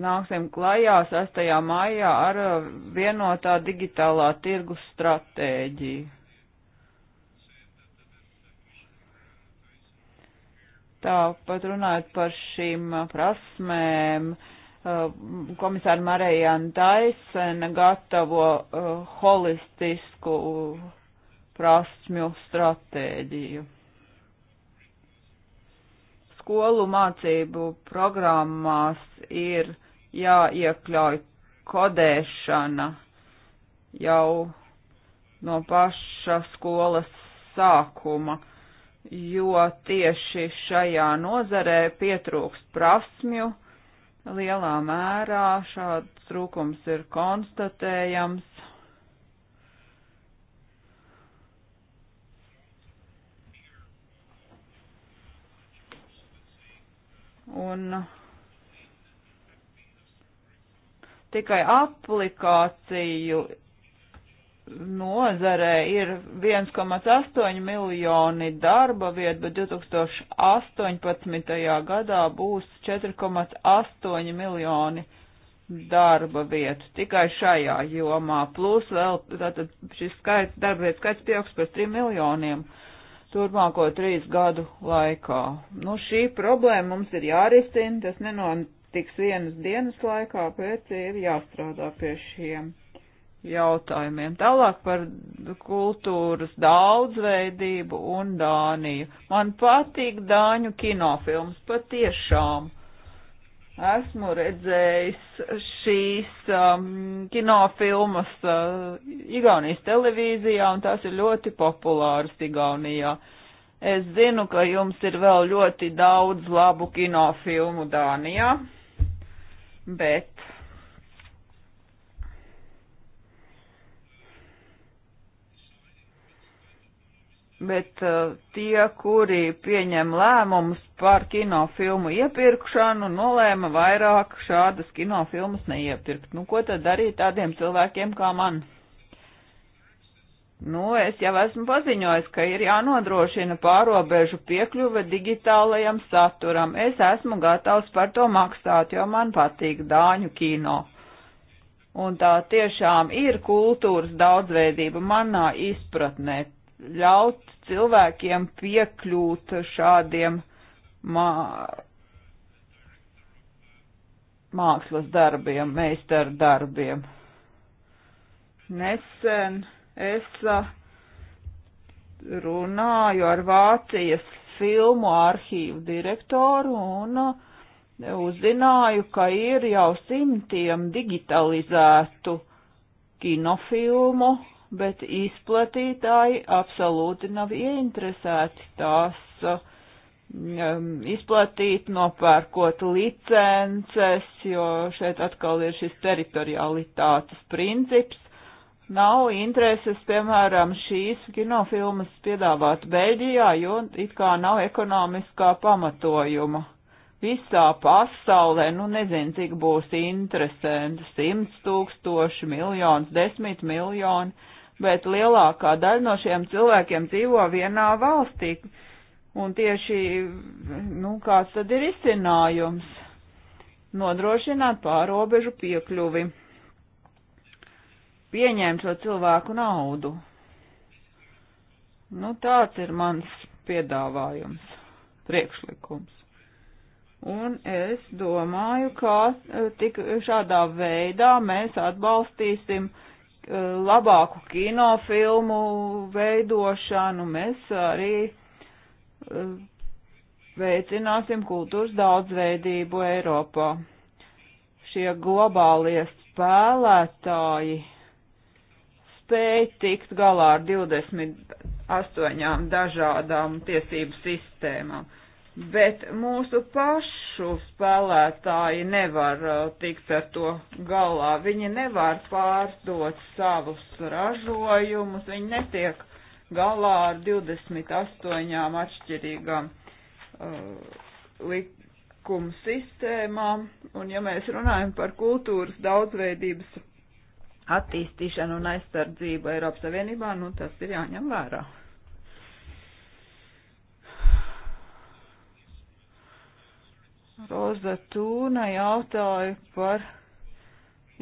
nāksim klajā 6. maijā ar uh, vienotā digitālā tirgus stratēģiju Tāpat runājot par šīm prasmēm, eh, komisāra Marijana Taisena gatavo eh, holistisku prasmju stratēģiju. Skolu mācību programmās ir jāiekļauj kodēšana jau no paša skolas sākuma jo tieši šajā nozarē pietrūkst prasmju. Lielā mērā šāds trūkums ir konstatējams. Un tikai aplikāciju nozarē ir 1,8 miljoni darba vietu, bet 2018. gadā būs 4,8 miljoni darba vietu tikai šajā jomā. Plus vēl tātad šis skaits, darba vietu skaits pieaugs par 3 miljoniem turpmāko trīs gadu laikā. Nu, šī problēma mums ir jārisina, tas nenotiks vienas dienas laikā, bet ir jāstrādā pie šiem jautājumiem. Tālāk par kultūras daudzveidību un Dāniju. Man patīk Dāņu kinofilms, patiešām. Esmu redzējis šīs um, kinofilmas uh, Igaunijas televīzijā, un tās ir ļoti populāras Igaunijā. Es zinu, ka jums ir vēl ļoti daudz labu kinofilmu Dānijā, bet bet uh, tie, kuri pieņem lēmumus par kinofilmu iepirkšanu, nolēma vairāk šādas kinofilmas neiepirkt. Nu, ko tad darīt tādiem cilvēkiem kā man? Nu, es jau esmu paziņojis, ka ir jānodrošina pārobežu piekļuve digitālajam saturam. Es esmu gatavs par to maksāt, jo man patīk dāņu kino. Un tā tiešām ir kultūras daudzveidība manā izpratnē ļaut cilvēkiem piekļūt šādiem mā mākslas darbiem, meistaru darbiem. Nesen es runāju ar Vācijas filmu arhīvu direktoru un uzzināju, ka ir jau simtiem digitalizētu kinofilmu bet izplatītāji absolūti nav ieinteresēti tās um, izplatīt, nopērkot licences, jo šeit atkal ir šis teritorialitātes princips. Nav intereses, piemēram, šīs kinofilmas piedāvāt Beļģijā, jo it kā nav ekonomiskā pamatojuma. Visā pasaulē, nu nezinu, cik būs interesanti, simts tūkstoši, miljons, desmit miljoni bet lielākā daļa no šiem cilvēkiem dzīvo vienā valstī. Un tieši, nu, kāds tad ir izcinājums? Nodrošināt pārobežu piekļuvi. Pieņemt šo cilvēku naudu. Nu, tāds ir mans piedāvājums, priekšlikums. Un es domāju, ka eh, tik šādā veidā mēs atbalstīsim uh, Eh, labāku kinofilmu veidošanu, mēs arī eh, veicināsim kultūras daudzveidību Eiropā. Šie globālie spēlētāji spēj tikt galā ar 28 dažādām tiesību sistēmām bet mūsu pašu spēlētāji nevar uh, tikt ar to galā. Viņi nevar pārdot savus ražojumus, viņi netiek galā ar 28 atšķirīgām uh, likuma sistēmām. Un ja mēs runājam par kultūras daudzveidības attīstīšanu un aizsardzību Eiropas Savienībā, nu tas ir jāņem vērā. Roza Tūna jautāja par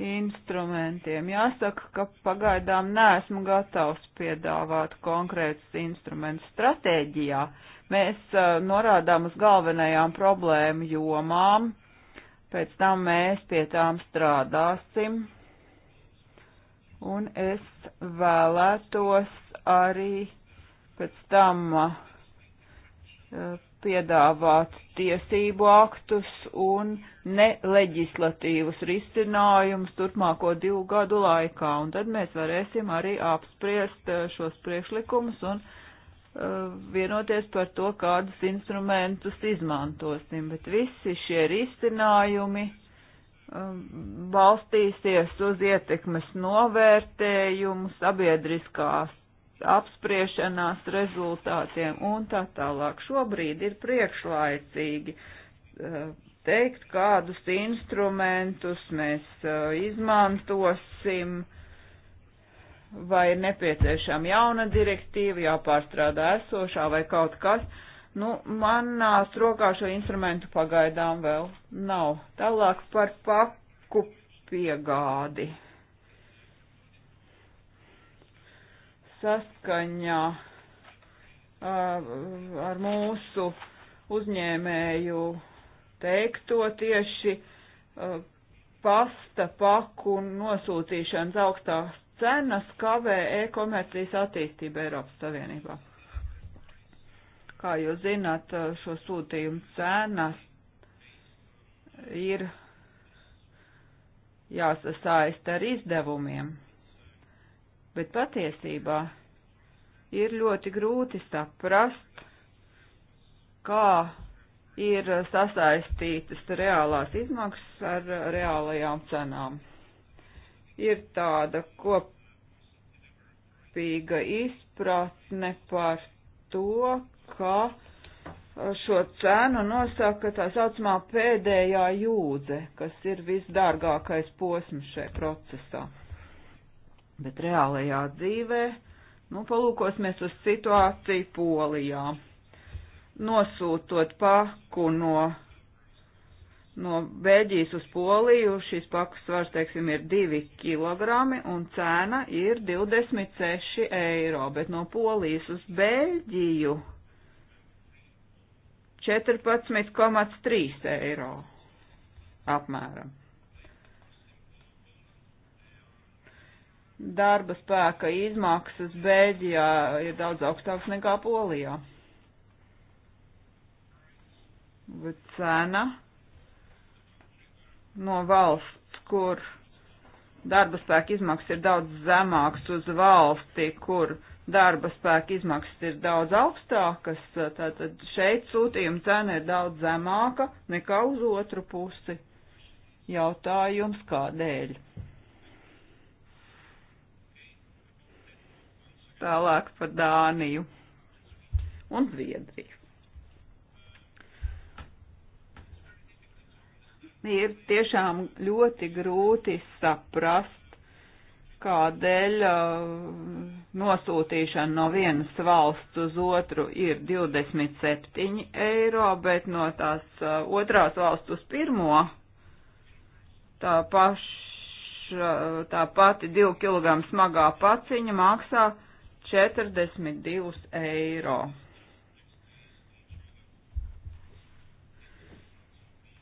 instrumentiem. Jāsaka, ka pagaidām neesmu gatavs piedāvāt konkrētus instrumentus stratēģijā. Mēs uh, norādām uz galvenajām problēmu jomām, pēc tam mēs pie tām strādāsim. Un es vēlētos arī pēc tam uh, piedāvāt tiesību aktus un neleģislatīvus risinājumus turpmāko divu gadu laikā, un tad mēs varēsim arī apspriest eh, šos priekšlikumus un uh, vienoties par to, kādus instrumentus izmantosim, bet visi šie risinājumi eh, balstīsies uz ietekmes novērtējumu, sabiedriskās apspriešanās rezultātiem un tā tālāk. Šobrīd ir priekšlaicīgi eh, teikt, kādus instrumentus mēs eh, izmantosim, vai ir nepieciešama jauna direktīva, jāpārstrādā esošā vai kaut kas. Nu, manās rokā šo instrumentu pagaidām vēl nav. Tālāk par paku piegādi. saskaņā uh, ar mūsu uzņēmēju teikto tieši uh, pasta paku nosūtīšanas augstās cenas kavē e-komercijas attīstība Eiropas Savienībā. Kā jūs zināt, uh, šo sūtījumu cenas ir jāsasaista ar izdevumiem bet patiesībā ir ļoti grūti saprast, kā ir sasaistītas reālās izmaksas ar reālajām cenām. Ir tāda kopīga izpratne par to, ka šo cenu nosaka tā saucamā pēdējā jūdze, kas ir visdārgākais posms šajā procesā. Bet reālajā dzīvē, nu, palūkosimies uz situāciju Polijā. Nosūtot paku no, no Bēļģijas uz Poliju, šis pakas svars, teiksim, ir 2 kg un cena ir 26 eiro, bet no Polijas uz Bēļģiju 14,3 eiro apmēram. darba spēka izmaksas Bēļģijā ir daudz augstāks nekā Polijā. Bet cena no valsts, kur darba spēka izmaksas ir daudz zemāks uz valsti, kur darba spēka izmaksas ir daudz augstākas, tātad šeit sūtījuma cena ir daudz zemāka nekā uz otru pusi. Jautājums kādēļ? tālāk par Dāniju un Zviedriju. Ir tiešām ļoti grūti saprast, kādēļ uh, nosūtīšana no vienas valsts uz otru ir 27 eiro, bet no tās uh, otrās valsts uz pirmo tā paša, tā pati 2 kg smagā paciņa maksā 42 eiro.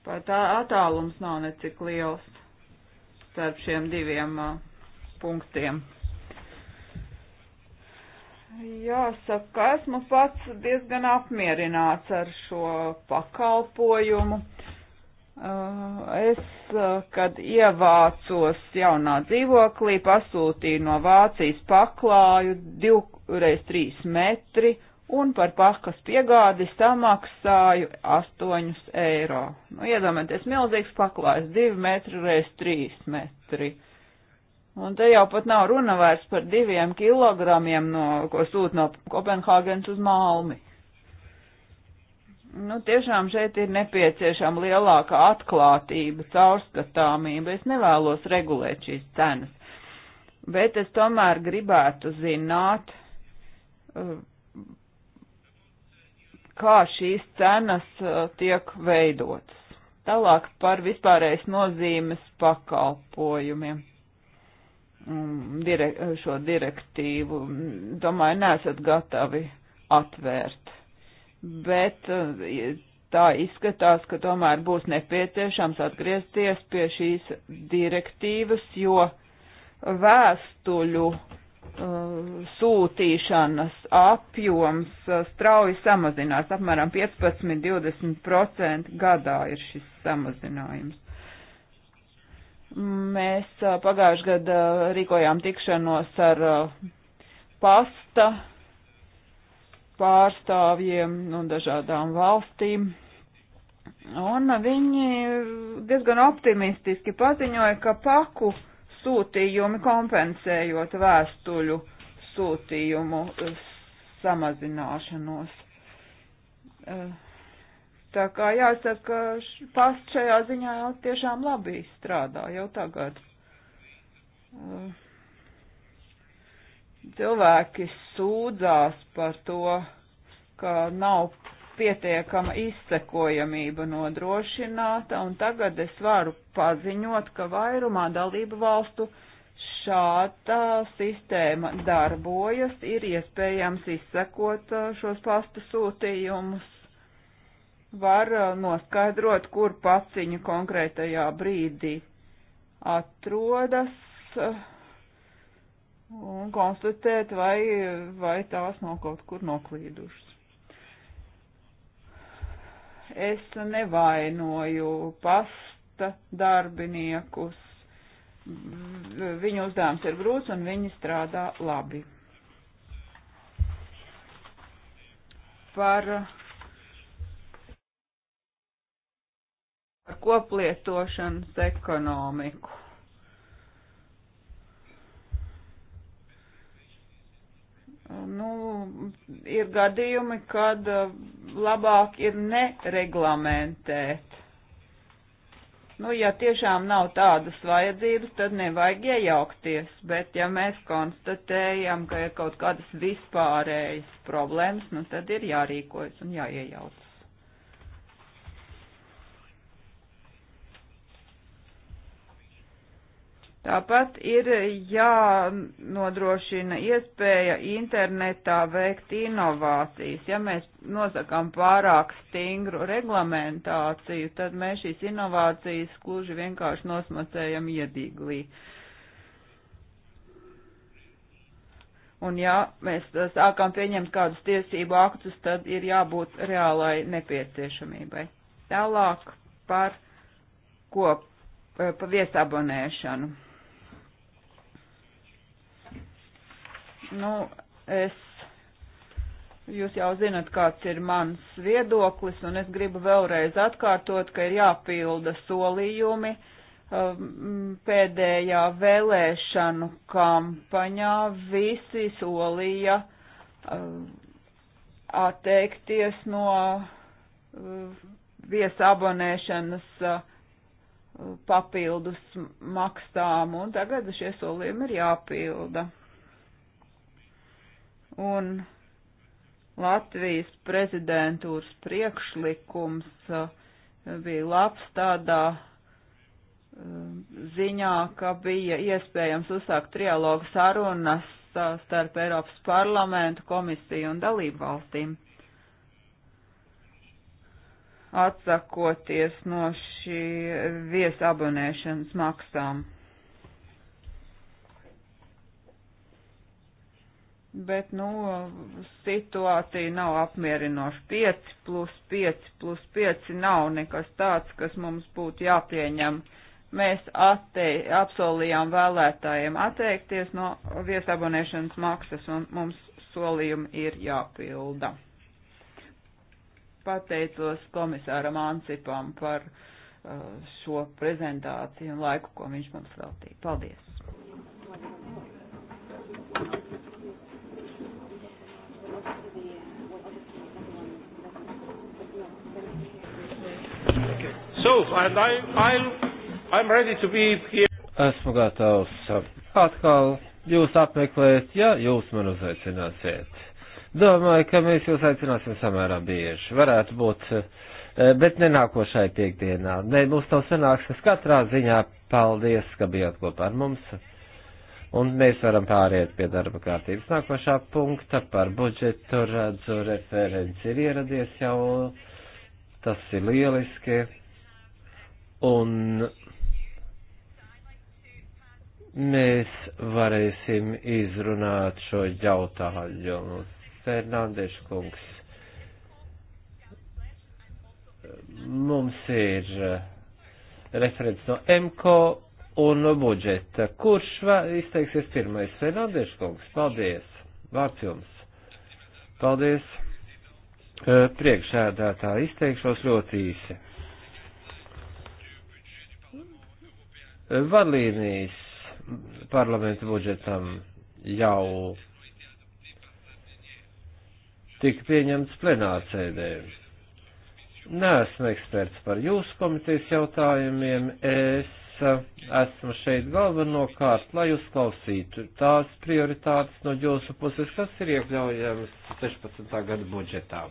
Pat tā attālums nav necik liels starp šiem diviem uh, punktiem. Jāsaka, esmu pats diezgan apmierināts ar šo pakalpojumu. Uh, Eh, es, eh, kad ievācos jaunā dzīvoklī, pasūtīju no Vācijas paklāju divreiz trīs metri un par pakas piegādi samaksāju 8 eiro. Nu, iedomājieties, milzīgs paklājs, 2 metri reiz 3 metri. Un te jau pat nav runa vairs par diviem kilogramiem, no, ko sūt no Kopenhāgenes uz Malmi. Nu, tiešām šeit ir nepieciešama lielāka atklātība, caurskatāmība. Es nevēlos regulēt šīs cenas, bet es tomēr gribētu zināt, eh, kā šīs cenas eh, tiek veidotas. Tālāk par vispārējais nozīmes pakalpojumiem mm, direk, šo direktīvu. Mm, domāju, nesat gatavi atvērt bet eh, tā izskatās, ka tomēr būs nepieciešams atgriezties pie šīs direktīvas, jo vēstuļu eh, sūtīšanas apjoms eh, strauji samazinās, apmēram 15-20% gadā ir šis samazinājums. Mēs pagājušajā gadā rīkojām tikšanos ar pasta pārstāvjiem no dažādām valstīm. Un viņi diezgan optimistiski paziņoja, ka paku sūtījumi kompensējot vēstuļu sūtījumu samazināšanos. Eh, tā kā jāsaka, pasts šajā ziņā jau tiešām labi strādā jau tagad. Uh cilvēki sūdzās par to, ka nav pietiekama izsekojamība nodrošināta, un tagad es varu paziņot, ka vairumā dalību valstu šāda sistēma darbojas, ir iespējams izsekot šos pastu sūtījumus, var noskaidrot, kur paciņa konkrētajā brīdī atrodas un konstatēt, vai, vai tās nav kaut kur noklīdušas. Es nevainoju pasta darbiniekus. Viņu uzdevums ir grūts un viņi strādā labi. Par, par koplietošanas ekonomiku nu, ir gadījumi, kad eh, labāk ir nereglamentēt. Nu, ja tiešām nav tādas vajadzības, tad nevajag iejaukties, bet ja mēs konstatējam, ka ir kaut kādas vispārējas problēmas, nu, tad ir jārīkojas un jāiejauc. Tāpat ir jānodrošina iespēja internetā veikt inovācijas. Ja mēs nosakām pārāk stingru reglamentāciju, tad mēs šīs inovācijas kluži vienkārši nosmacējam iedīglī. Un ja mēs sākam pieņemt kādus tiesību aktus, tad ir jābūt reālai nepieciešamībai. Tālāk par ko pa viesabonēšanu Nu, es, jūs jau zinat, kāds ir mans viedoklis, un es gribu vēlreiz atkārtot, ka ir jāpilda solījumi um, pēdējā vēlēšanu kampaņā visi solīja um, atteikties no um, viesabonēšanas uh, papildus makstām, un tagad šie solījumi ir jāpilda un Latvijas prezidentūras priekšlikums uh, bija labs tādā uh, ziņā, ka bija iespējams uzsākt trialogu sarunas uh, starp Eiropas parlamentu, komisiju un dalību valstīm. Atsakoties no šī viesabonēšanas maksām. bet, nu, situācija nav apmierinoša. 5 plus 5 plus 5 nav nekas tāds, kas mums būtu jāpieņem. Mēs attei, apsolījām vēlētājiem atteikties no viesabonēšanas maksas, un mums solījumi ir jāpilda. Pateicos komisāram Ancipam par uh, šo prezentāciju un laiku, ko viņš mums veltīja. Paldies! So, and I, I'm, I'm ready to be here. Esmu gatavs atkal jūs apmeklēt, ja jūs man uzaicināsiet. Domāju, ka mēs jūs aicināsim samērā bieži. Varētu būt, eh, bet nenākošai piekdienā. Ne, mums nav sanāksmes katrā ziņā. Paldies, ka bijāt kopā ar mums. Un mēs varam pāriet pie darba kārtības nākošā punkta par budžetu redzu referents ir ieradies jau. Tas ir lieliski. Un mēs varēsim izrunāt šo jautājumu. Fernandeša kungs, mums ir referents no MKO un budžeta. Kurš izteiksies pirmais? Fernandes kungs, paldies. Vārds jums. Paldies. E, Priekšēdētā izteikšos ļoti īsi. E, vadlīnijas parlamentu budžetam jau tika pieņemts plenārsēdē. Nē, esmu eksperts par jūsu komitejas jautājumiem. Es esmu šeit galvenokārt, lai uzklausītu tās prioritātes no jūsu puses, kas ir iekļaujamas 16. gada budžetā.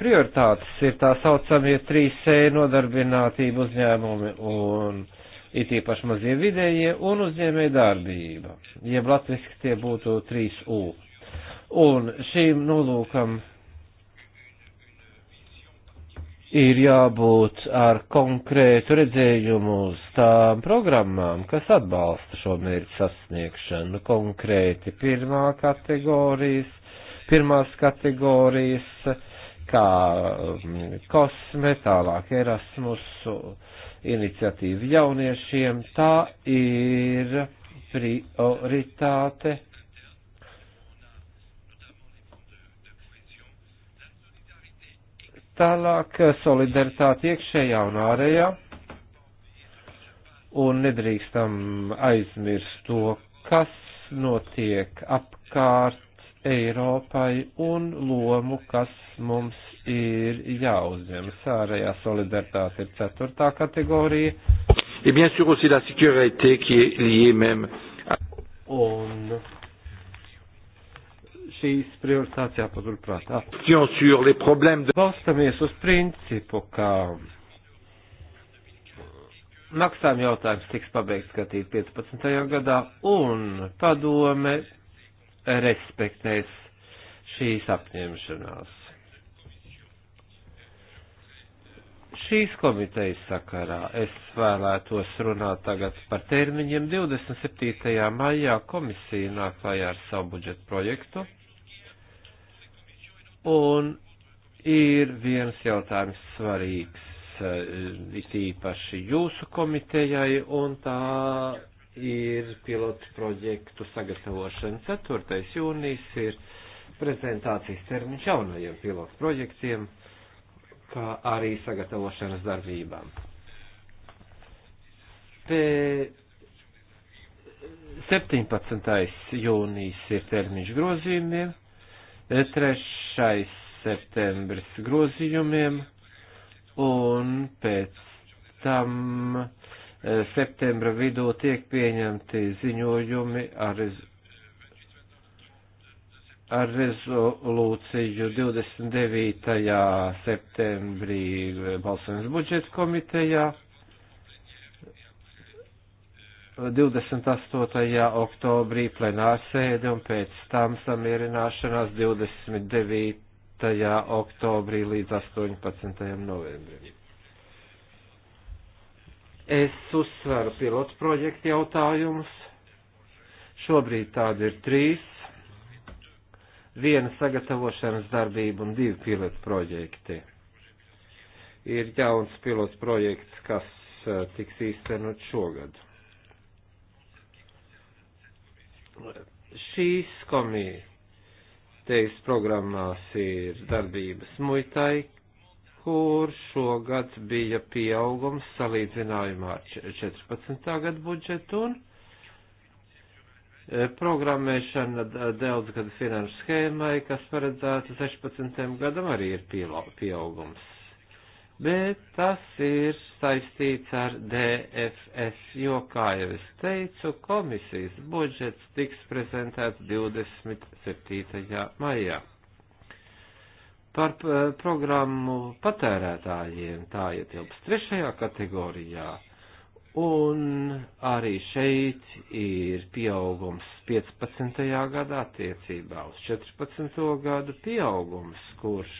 Prioritātes ir tā saucamie 3C nodarbinātība uzņēmumi un it īpaši mazie vidējie un uzņēmē darbība, jeb latviski tie būtu 3U. Un šīm nolūkam ir jābūt ar konkrētu redzējumu uz tām programmām, kas atbalsta šo mērķu sasniegšanu. Konkrēti pirmā kategorijas, pirmās kategorijas, kā um, kosme, tālāk Erasmus, iniciatīva jauniešiem, tā ir prioritāte Tālāk eh, solidaritāte iekšējā un ārējā. Un nedrīkstam aizmirst to, kas notiek apkārt Eiropai un lomu, kas mums ir jāuzņem. Sārējā solidaritāte ir ceturtā kategorija. Et bien sûr aussi la sécurité qui est liée même. Un šīs prioritātes jāpaturprātā. Balstamies uz principu, ka maksājuma jautājums tiks pabeigts skatīt 15. gadā un padome respektēs šīs apņemšanās. Šīs komitejas sakarā es vēlētos runāt tagad par termiņiem. 27. maijā komisija nāk klajā ar savu budžetu projektu. Un ir viens jautājums svarīgs, eh, īpaši jūsu komitejai, un tā ir pilotu projektu sagatavošana. 4. jūnijas ir prezentācijas termiņš jaunajiem pilotu projektiem, kā arī sagatavošanas darbībām. Te 17. jūnijas ir termiņš grozījumiem, 3. Eh, 3. septembris grozījumiem un pēc tam eh, septembra vidū tiek pieņemti ziņojumi ar, rez ar rezolūciju 29. septembrī balsojums budžeta komitejā 28. oktobrī plenārsēde un pēc tam samierināšanās 29. oktobrī līdz 18. novembrim. Es uzsveru pilotu projektu jautājumus. Šobrīd tādi ir trīs. Viena sagatavošanas darbība un divi pilotu projekti. Ir jauns pilotu projekts, kas eh, tiks īstenot šogad. Šīs komitejas programmās ir darbības muitai, kur šogad bija pieaugums salīdzinājumā ar 14. gadu budžetu un e, programmēšana daudzgada finanšu schēmai, kas paredzēta 16. gadam, arī ir pieaugums. Bet tas ir saistīts ar DFS, jo, kā jau es teicu, komisijas budžets tiks prezentēts 27. maijā par eh, programmu patērētājiem, tā ietilps trešajā kategorijā. Un arī šeit ir pieaugums 15. gadā attiecībā uz 14. gadu pieaugums, kurš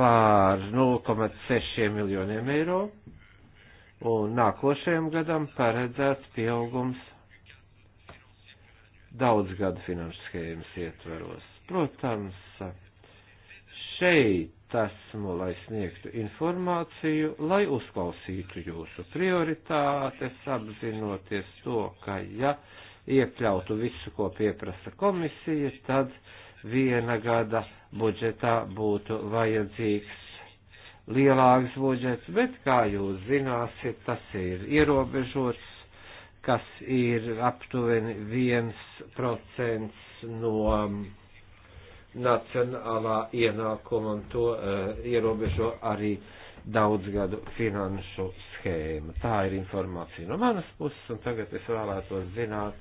pār 0,6 miljoniem eiro, un nākošajam gadam paredzēts pieaugums daudz gadu finanšu schēmas ietveros. Protams, šeit esmu, lai sniegtu informāciju, lai uzklausītu jūsu prioritātes, apzinoties to, ka ja iekļautu visu, ko pieprasa komisija, tad viena gada budžetā būtu vajadzīgs lielāks budžets, bet, kā jūs zināsiet, tas ir ierobežots, kas ir aptuveni 1% no nacionālā ienākuma, un to uh, ierobežo arī daudzgadu finanšu schēma. Tā ir informācija no manas puses, un tagad es vēlētos zināt,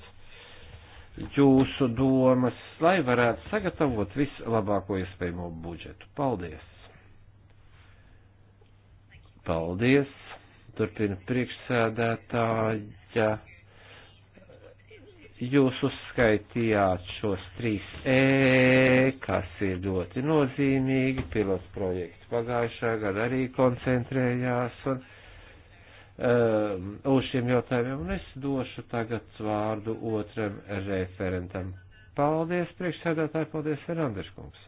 jūsu domas, lai varētu sagatavot vislabāko iespējamo budžetu. Paldies! Paldies! Turpina priekšsēdētāja. Jūs uzskaitījāt šos trīs E, kas ir ļoti nozīmīgi. Pilots projekts pagājušā gada arī koncentrējās. Un Um, uz šiem jautājumiem, un es došu tagad vārdu otram referentam. Paldies, priekšsēdētāji, paldies, Fernandeškungs.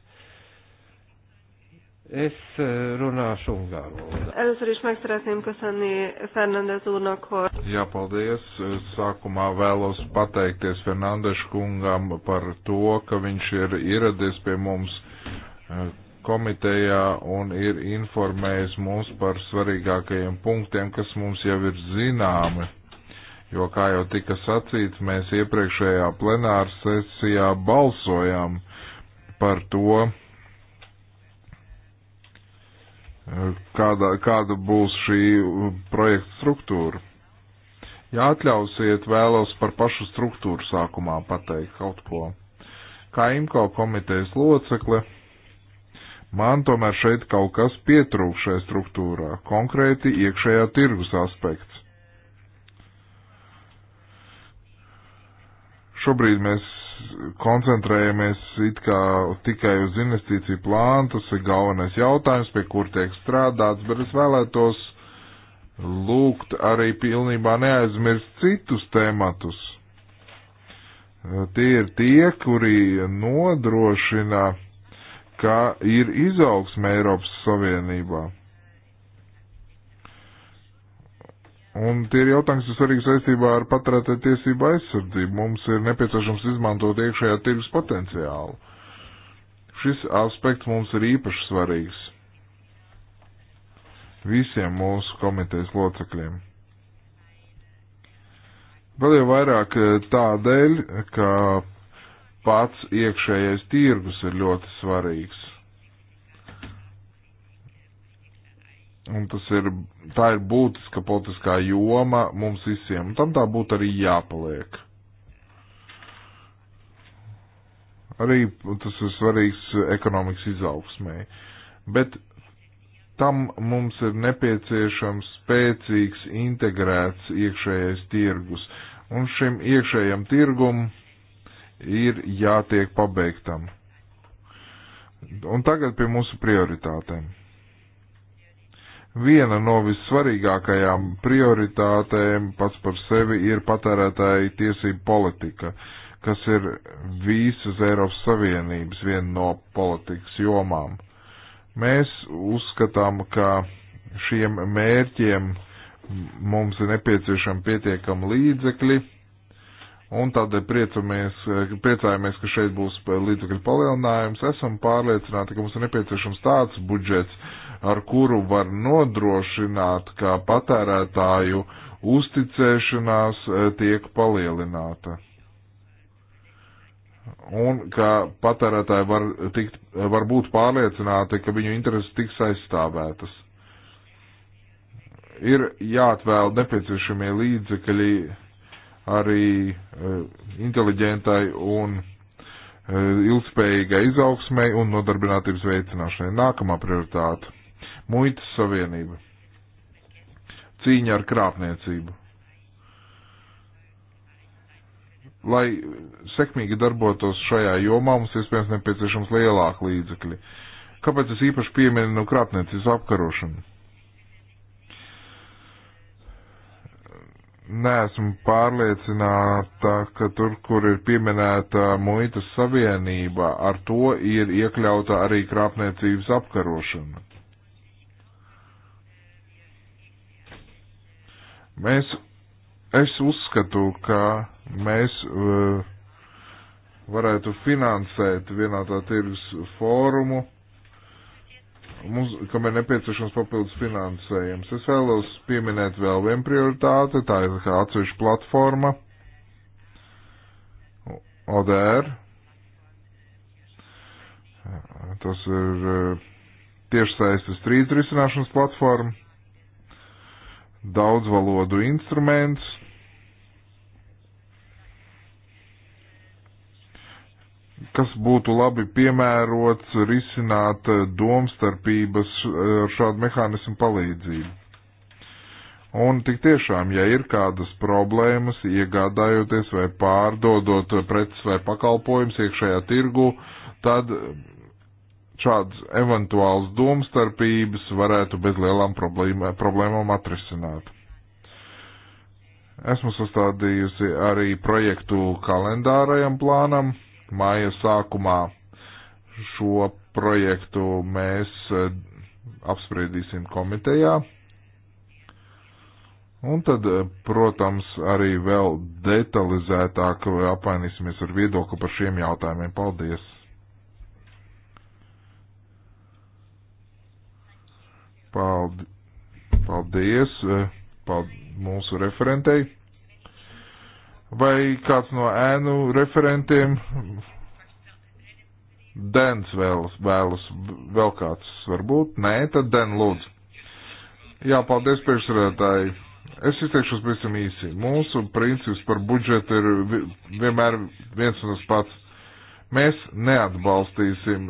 Es uh, runāšu ungāru valodā. Először is meg szeretném köszönni Fernandez úrnak, hogy... Jā, paldies. Sākumā vēlos pateikties Fernandes kungam par to, ka viņš ir ieradies pie mums uh, komitejā un ir informējis mums par svarīgākajiem punktiem, kas mums jau ir zināmi. Jo, kā jau tika sacīts, mēs iepriekšējā plenāra sesijā balsojām par to, kāda, kāda būs šī projekta struktūra. Ja atļausiet, vēlos par pašu struktūru sākumā pateikt kaut ko. Kā IMCO komitejas locekle, Man tomēr šeit kaut kas pietrūk šajā struktūrā, konkrēti iekšējā tirgus aspekts. Šobrīd mēs koncentrējamies it kā tikai uz investīciju plānu, tas ir galvenais jautājums, pie kur tiek strādāts, bet es vēlētos lūgt arī pilnībā neaizmirst citus tematus. Tie ir tie, kuri nodrošina ka ir izaugsme Eiropas Savienībā. Un tie ir jautājums, kas svarīgi saistībā ar patērētāju tiesību aizsardzību. Mums ir nepieciešams izmantot iekšējā tirgus potenciālu. Šis aspekts mums ir īpaši svarīgs visiem mūsu komitejas locekļiem. Vēl jau vairāk eh, tādēļ, ka pats iekšējais tirgus ir ļoti svarīgs. Un tas ir, tā ir būtiska politiskā joma mums visiem, un tam tā būtu arī jāpaliek. Arī tas ir svarīgs ekonomikas izaugsmē. Bet tam mums ir nepieciešams spēcīgs integrēts iekšējais tirgus. Un šim iekšējam tirgumam ir jātiek pabeigtam. Un tagad pie mūsu prioritātēm. Viena no vissvarīgākajām prioritātēm pats par sevi ir patērētāji tiesību politika, kas ir visas Eiropas Savienības viena no politikas jomām. Mēs uzskatām, ka šiem mērķiem mums ir nepieciešami pietiekami līdzekļi, un tādēļ priecājamies, ka šeit būs līdzekļu palielinājums. Esam pārliecināti, ka mums ir nepieciešams tāds budžets, ar kuru var nodrošināt, ka patērētāju uzticēšanās eh, tiek palielināta. Un ka patērētāji var, tikt, var būt pārliecināti, ka viņu intereses tiks aizstāvētas. Ir jāatvēl nepieciešamie līdzekļi arī e, inteliģentai un e, ilgspējīgai izaugsmai un nodarbinātības veicināšanai. Nākamā prioritāte - muitas savienība. Cīņa ar krāpniecību. Lai sekmīgi darbotos šajā jomā, mums iespējams nepieciešams lielāka līdzekļi. Kāpēc es īpaši pieminu krāpniecības apkarošanu? neesmu pārliecināta, ka tur, kur ir pieminēta muitas savienība, ar to ir iekļauta arī krāpniecības apkarošana. Mēs, es uzskatu, ka mēs uh, varētu finansēt vienotā tirgus fórumu mums, kam ir nepieciešams papildus finansējums. Es vēlos pieminēt vēl vienu prioritāti, tā ir atsevišķa platforma ODR. Tas ir eh, tiešsaistes strīdu risināšanas platforma, daudzvalodu instruments, kas būtu labi piemērots risināt eh, domstarpības eh, ar šādu mehānismu palīdzību. Un tik tiešām, ja ir kādas problēmas iegādājoties vai pārdodot preces vai pakalpojums iekšējā tirgu, tad šādas eventuāls domstarpības varētu bez lielām problēma, problēmām atrisināt. Esmu sastādījusi arī projektu kalendārajam plānam Māja sākumā šo projektu mēs eh, apspriedīsim komitejā. Un tad, eh, protams, arī vēl detalizētāk apvainīsimies ar viedokli par šiem jautājumiem. Paldies! Paldies! Paldies, eh, paldies mūsu referentei! Vai kāds no ēnu referentiem? Dens vēlas, vēlas, vēl kāds varbūt? Nē, tad Den lūdzu. Jā, paldies priekšsēdētāji. Es izteikšos pavisam īsi. Mūsu princips par budžetu ir vienmēr viens un tas pats. Mēs neatbalstīsim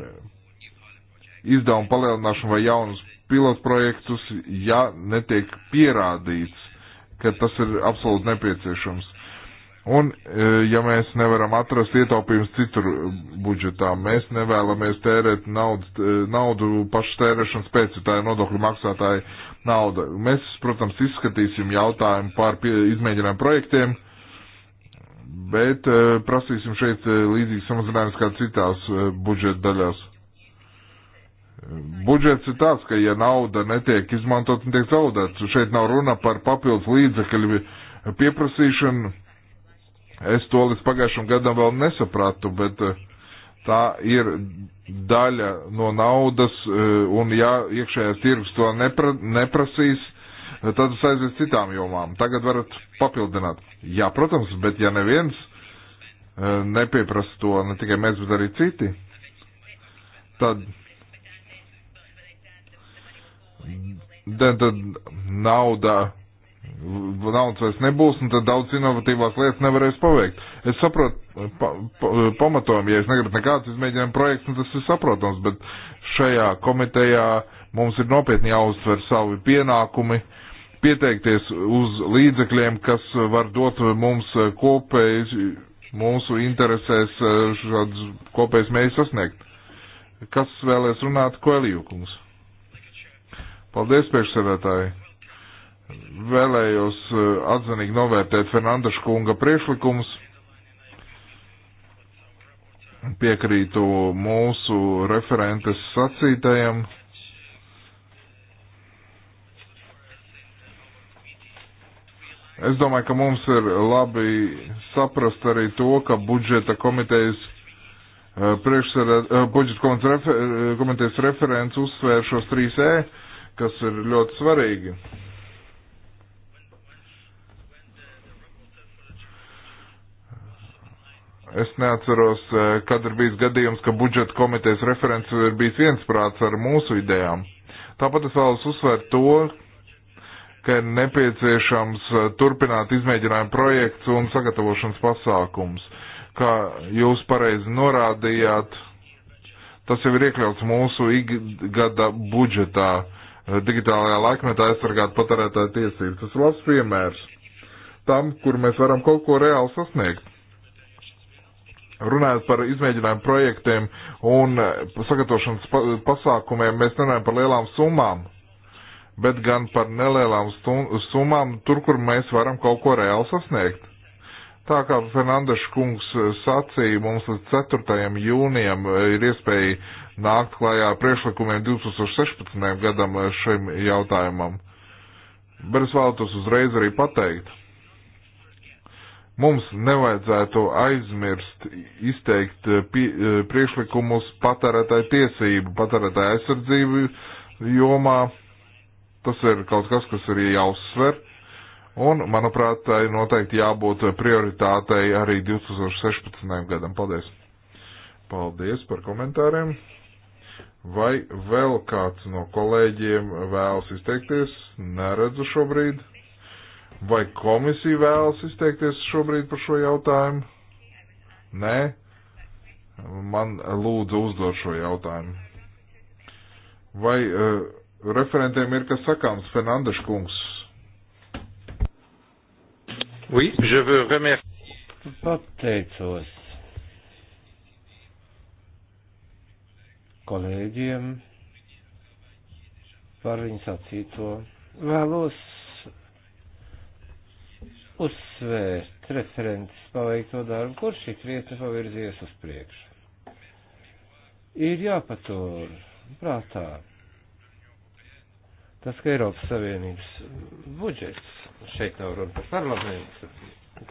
izdevumu palielināšanu vai jaunus pilotprojektus, ja netiek pierādīts, ka tas ir absolūti nepieciešams. Un, e, ja mēs nevaram atrast ietaupījumus citur e, budžetā, mēs nevēlamies tērēt naudu, e, naudu pašu tērēšanas pēc, ja tā ir nodokļu maksātāja nauda. Mēs, protams, izskatīsim jautājumu par izmēģinājumu projektiem, bet prasīsim šeit līdzīgas samazinājumus kā citās budžeta daļās. Budžets ir tāds, ka ja nauda netiek izmantot, netiek zaudēts. Šeit nav runa par papildus līdzekļu pieprasīšanu Es to līdz pagājušam gadam vēl nesapratu, bet eh, tā ir daļa no naudas, eh, un ja iekšējais tirgus to nepra, neprasīs, eh, tad tas aizies citām jomām. Tagad varat papildināt. Jā, protams, bet ja neviens nepieprasa to, ne tikai mēs, bet arī citi, tad tad nauda naudas vairs nebūs, un tad daudz inovatīvās lietas nevarēs paveikt. Es saprotu pa, pa, pamatojumu, ja es negribu nekādus izmēģinājumu projekts, un tas ir saprotams, bet šajā komitejā mums ir nopietni jāuzsver savi pienākumi, pieteikties uz līdzekļiem, kas var dot mums kopēji, mūsu interesēs eh, šādus kopējus mērķus sasniegt. Kas vēlēs runāt, Koelijukums? Paldies, priekšsēdētāji! Vēlējos eh, atzinīgi novērtēt Fernandeša kunga priekšlikumus. Piekrītu mūsu referentes sacītajam. Es domāju, ka mums ir labi saprast arī to, ka budžeta komitejas eh, eh, budžeta komitejas referents uzsvēr šos 3E, kas ir ļoti svarīgi. Es neatceros, eh, kad ir bijis gadījums, ka budžeta komitejas referents ir bijis viensprāts ar mūsu idejām. Tāpat es vēlos uzsvērt to, ka ir nepieciešams eh, turpināt izmēģinājumu projekts un sagatavošanas pasākums. Kā jūs pareizi norādījāt, tas jau ir iekļauts mūsu gada budžetā eh, digitālajā laikmetā aizsargāt patērētāju tiesības. Tas ir labs piemērs tam, kur mēs varam kaut ko reāli sasniegt runājot par izmēģinājumu projektiem un sagatavošanas pasākumiem, mēs nerunājam par lielām summām, bet gan par nelielām summām tur, kur mēs varam kaut ko reāli sasniegt. Tā kā Fernandeša kungs sacīja, mums līdz 4. jūnijam ir iespēja nākt klājā priekšlikumiem 2016. gadam šim jautājumam. Bet es vēlētos uzreiz arī pateikt, Mums nevajadzētu aizmirst izteikt eh, eh, priekšlikumus patērētāju tiesību, patērētāju aizsardzību jomā. Tas ir kaut kas, kas ir jāuzsver. Un, manuprāt, tai noteikti jābūt prioritātei arī 2016. gadam. Paldies! Paldies par komentāriem! Vai vēl kāds no kolēģiem vēlas izteikties? Neredzu šobrīd. Vai komisija vēlas izteikties šobrīd par šo jautājumu? Nē? Man lūdzu uzdot šo jautājumu. Vai uh, referentiem ir kas sakāms, Fernandes kungs? Oui, je veux remercier. Pateicos kolēģiem par viņu sacīto. Vēlos uzsvērt referents paveikto darbu, kurš ir krietni pavirzies uz priekšu. Ir jāpatur prātā tas, ka Eiropas Savienības budžets, šeit nav runa par parlamentu,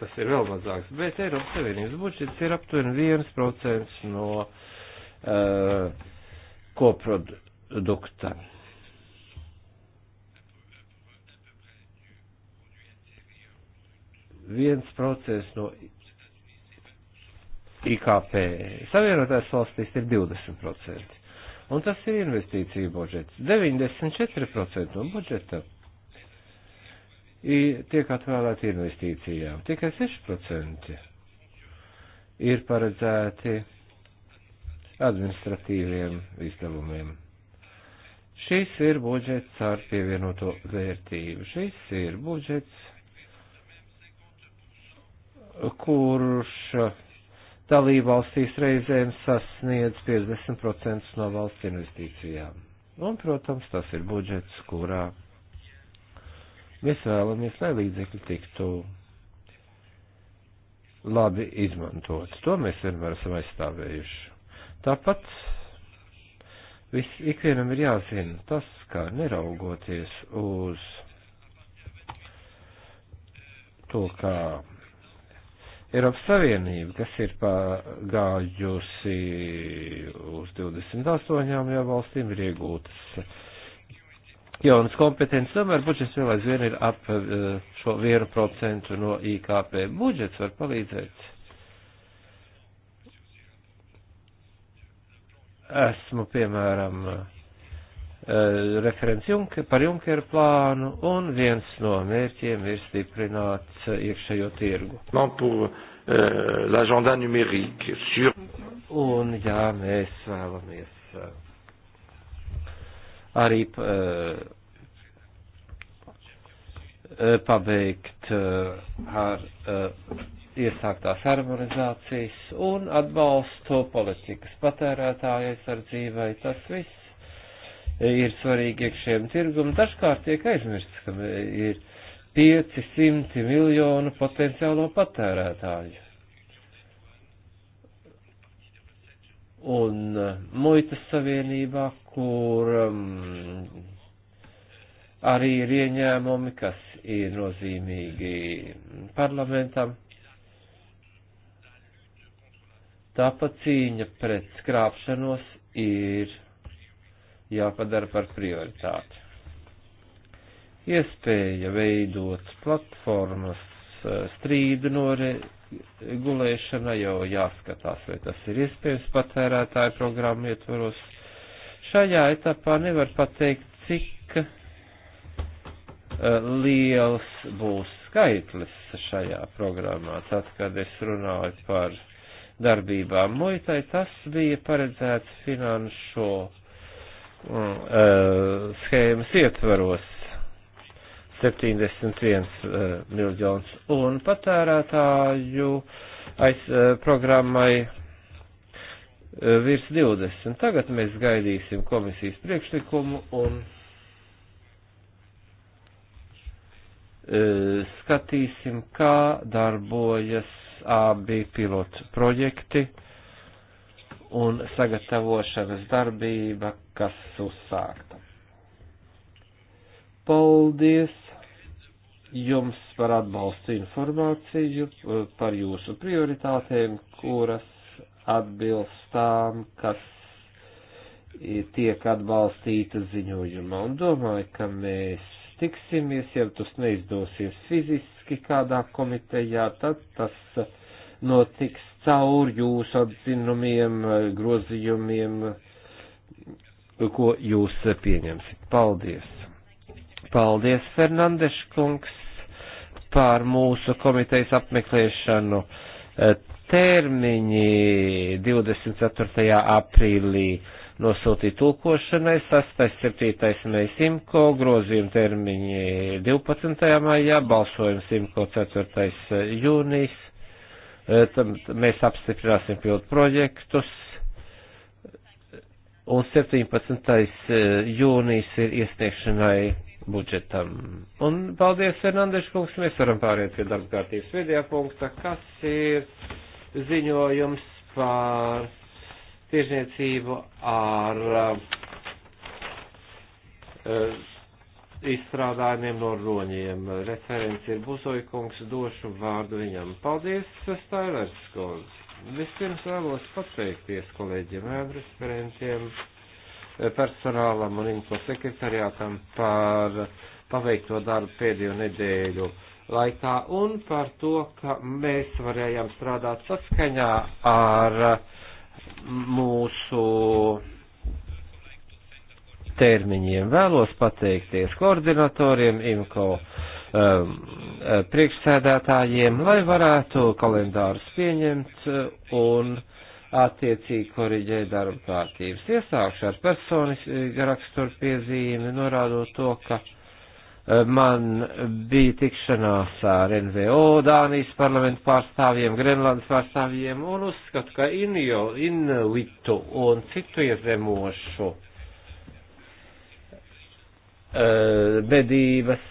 tas ir vēl mazāks, bet Eiropas Savienības budžets ir aptuveni 1% no uh, koprodukta. viens procents no IKP. Savienotās valstīs ir 20%. Un tas ir investīcija budžets. 94% no budžeta tiek atvēlēti investīcijām. Tikai 6% ir paredzēti administratīviem izdevumiem. Šis ir budžets ar pievienoto vērtību. Šis ir budžets kurš dalībvalstīs reizēm sasniedz 50% no valsts investīcijām. Un, protams, tas ir budžets, kurā mēs vēlamies, lai līdzekļi tiktu labi izmantot. To mēs vienmēr esam aizstāvējuši. Tāpat vis, ikvienam ir jāzina tas, kā neraugoties uz to, kā Eiropas Savienība, kas ir pagājusi uz 28 jau valstīm, ir iegūtas jaunas kompetences, tomēr budžets vēl aizvien ir ap eh, šo 1% no IKP. Budžets var palīdzēt. Esmu, piemēram, Eh, referents Junker, par Junkeru plānu, un viens no mērķiem ir stiprināt eh, iekšējo tirgu. Pour, uh, eh, numerique, sur... Un jā, mēs vēlamies arī uh, pabeigt uh, ar uh, iesāktās harmonizācijas un atbalstu politikas patērētāju aizsardzībai. Tas viss ir svarīgi iekšējiem tirgumam. Dažkārt tiek aizmirsts, ka ir 500 miljonu potenciālo patērētāju. Un eh, muitas savienībā, kur um, arī ir ieņēmumi, kas ir nozīmīgi parlamentam. Tāpat cīņa pret skrāpšanos ir jāpadara par prioritāti. Iespēja veidot platformas eh, strīdu noregulēšana jau jāskatās, vai tas ir iespējams patērētāju programmu ietvaros. Šajā etapā nevar pateikt, cik eh, liels būs skaitlis šajā programmā. Tad, kad es runāju par darbībām muitai, tas bija paredzēts finanšu Mm, eh, schēmas ietvaros 71 miljonus eh, un patērētāju aiz eh, programmai virs 20. Tagad mēs gaidīsim komisijas priekšlikumu un skatīsim, kā darbojas abi pilotu projekti un sagatavošanas darbība, kas uzsākta. Paldies jums par atbalstu informāciju, par jūsu prioritātēm, kuras atbilst tām, kas tiek atbalstīta ziņojumā. Un domāju, ka mēs tiksimies, ja tas neizdosies fiziski kādā komitejā, tad tas notiks caur jūsu atzinumiem, grozījumiem, ko jūs pieņemsiet. Paldies! Paldies, Fernandeša kungs, par mūsu komitejas apmeklēšanu termiņi 24. aprīlī nosūtīt tulkošanai, 6. 7. mēs simko, grozījuma termiņi 12. maijā, balsojums simko 4. jūnijas E, mēs apstiprināsim pilotu projektus. Un 17. E, jūnijas ir iesniegšanai budžetam. Un paldies, Fernandeša kungs, mēs varam pāriet pie darba kārtības pēdējā punkta, kas ir ziņojums par tiešniecību ar uh, izstrādājumiem no roņiem. Referents ir Buzoikungs, došu vārdu viņam. Paldies, Stailers Skols. Vispirms vēlos pateikties kolēģiem ēnu referentiem, personālam un info sekretariātam par paveikto darbu pēdējo nedēļu laikā un par to, ka mēs varējām strādāt saskaņā ar mūsu termiņiem. Vēlos pateikties koordinatoriem, IMCO um, priekšsēdētājiem, lai varētu kalendārus pieņemt uh, un attiecīgi koriģēja darba kārtības. Iesākšu ar personisku raksturu piezīmi, norādot to, ka uh, man bija tikšanās ar NVO, Dānijas parlamentu pārstāvjiem, Grenlandes pārstāvjiem un uzskatu, ka Injo, Inuitu un citu iezemošu Eh, medības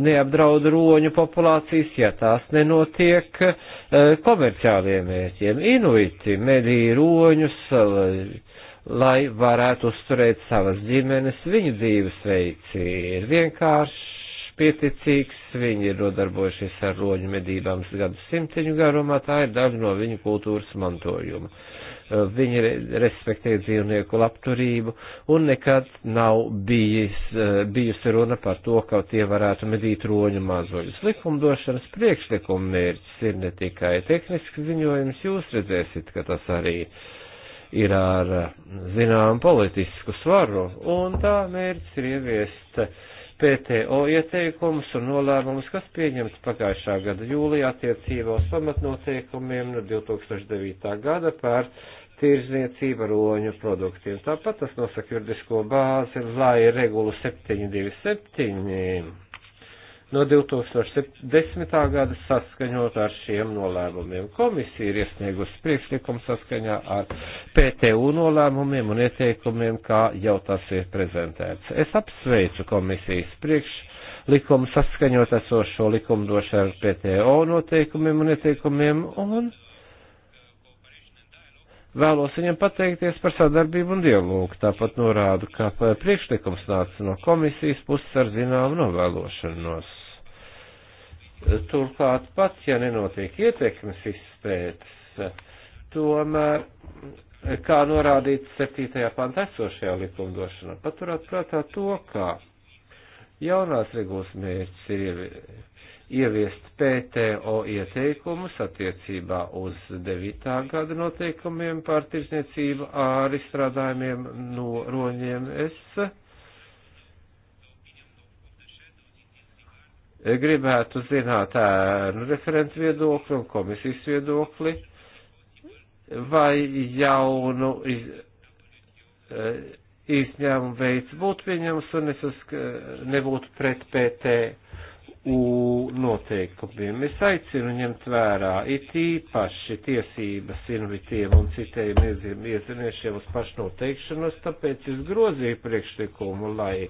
neapdraud roņu populācijas, ja tās nenotiek eh, komerciāliem mērķiem. Inuiti medīja roņus, eh, lai varētu uzturēt savas ģimenes. Viņu dzīvesveids ir vienkāršs, pieticīgs, viņi ir nodarbojušies ar roņu medībām gadsimteņu garumā, tā ir daļa no viņu kultūras mantojuma viņi respektē dzīvnieku labturību, un nekad nav bijis, eh, bijusi runa par to, ka tie varētu medīt roņu mazoļus. Likumdošanas priekšlikuma mērķis ir ne tikai tehnisks ziņojums, jūs redzēsiet, ka tas arī ir ar zinām politisku svaru, un tā mērķis ir ieviest PTO ieteikumus un nolēmumus, kas pieņemts pagājušā gada jūlijā attiecībā uz pamatnoteikumiem no 2009. gada par tirzniecību ar oņu produktiem. Tāpat tas nosaka juridisko bāzi, lai regulu 727 no 2010. gada saskaņot ar šiem nolēmumiem. Komisija ir iesniegusi priekšlikumu saskaņā ar PTU nolēmumiem un ieteikumiem, kā jau tas ir prezentēts. Es apsveicu komisijas priekšlikumu saskaņot esošo likumdošanu ar PTO noteikumiem un ieteikumiem un Vēlos viņam pateikties par sadarbību un dialogu. Tāpat norādu, ka priekšlikums nāca no komisijas puses ar zināmu novēlošanos. Turklāt pat, ja nenotiek ietekmes izpētes, tomēr, kā norādīts 7. pantā esošajā likumdošanā, paturēt prātā to, ka jaunās regulas mērķis ir ieviest PTO ieteikumus attiecībā uz 9. gada noteikumiem par tirsniecību ar izstrādājumiem no roņiem. Es eh, gribētu zināt ēnu referentu viedokli un komisijas viedokli vai jaunu iz, eh, izņēmumu veids būtu viņams un es uz, eh, nebūtu pret PTO MVU noteikumiem. Es aicinu ņemt vērā it īpaši tiesības invitiem un citiem ieziniešiem uz pašnoteikšanos, tāpēc es grozīju priekšlikumu, lai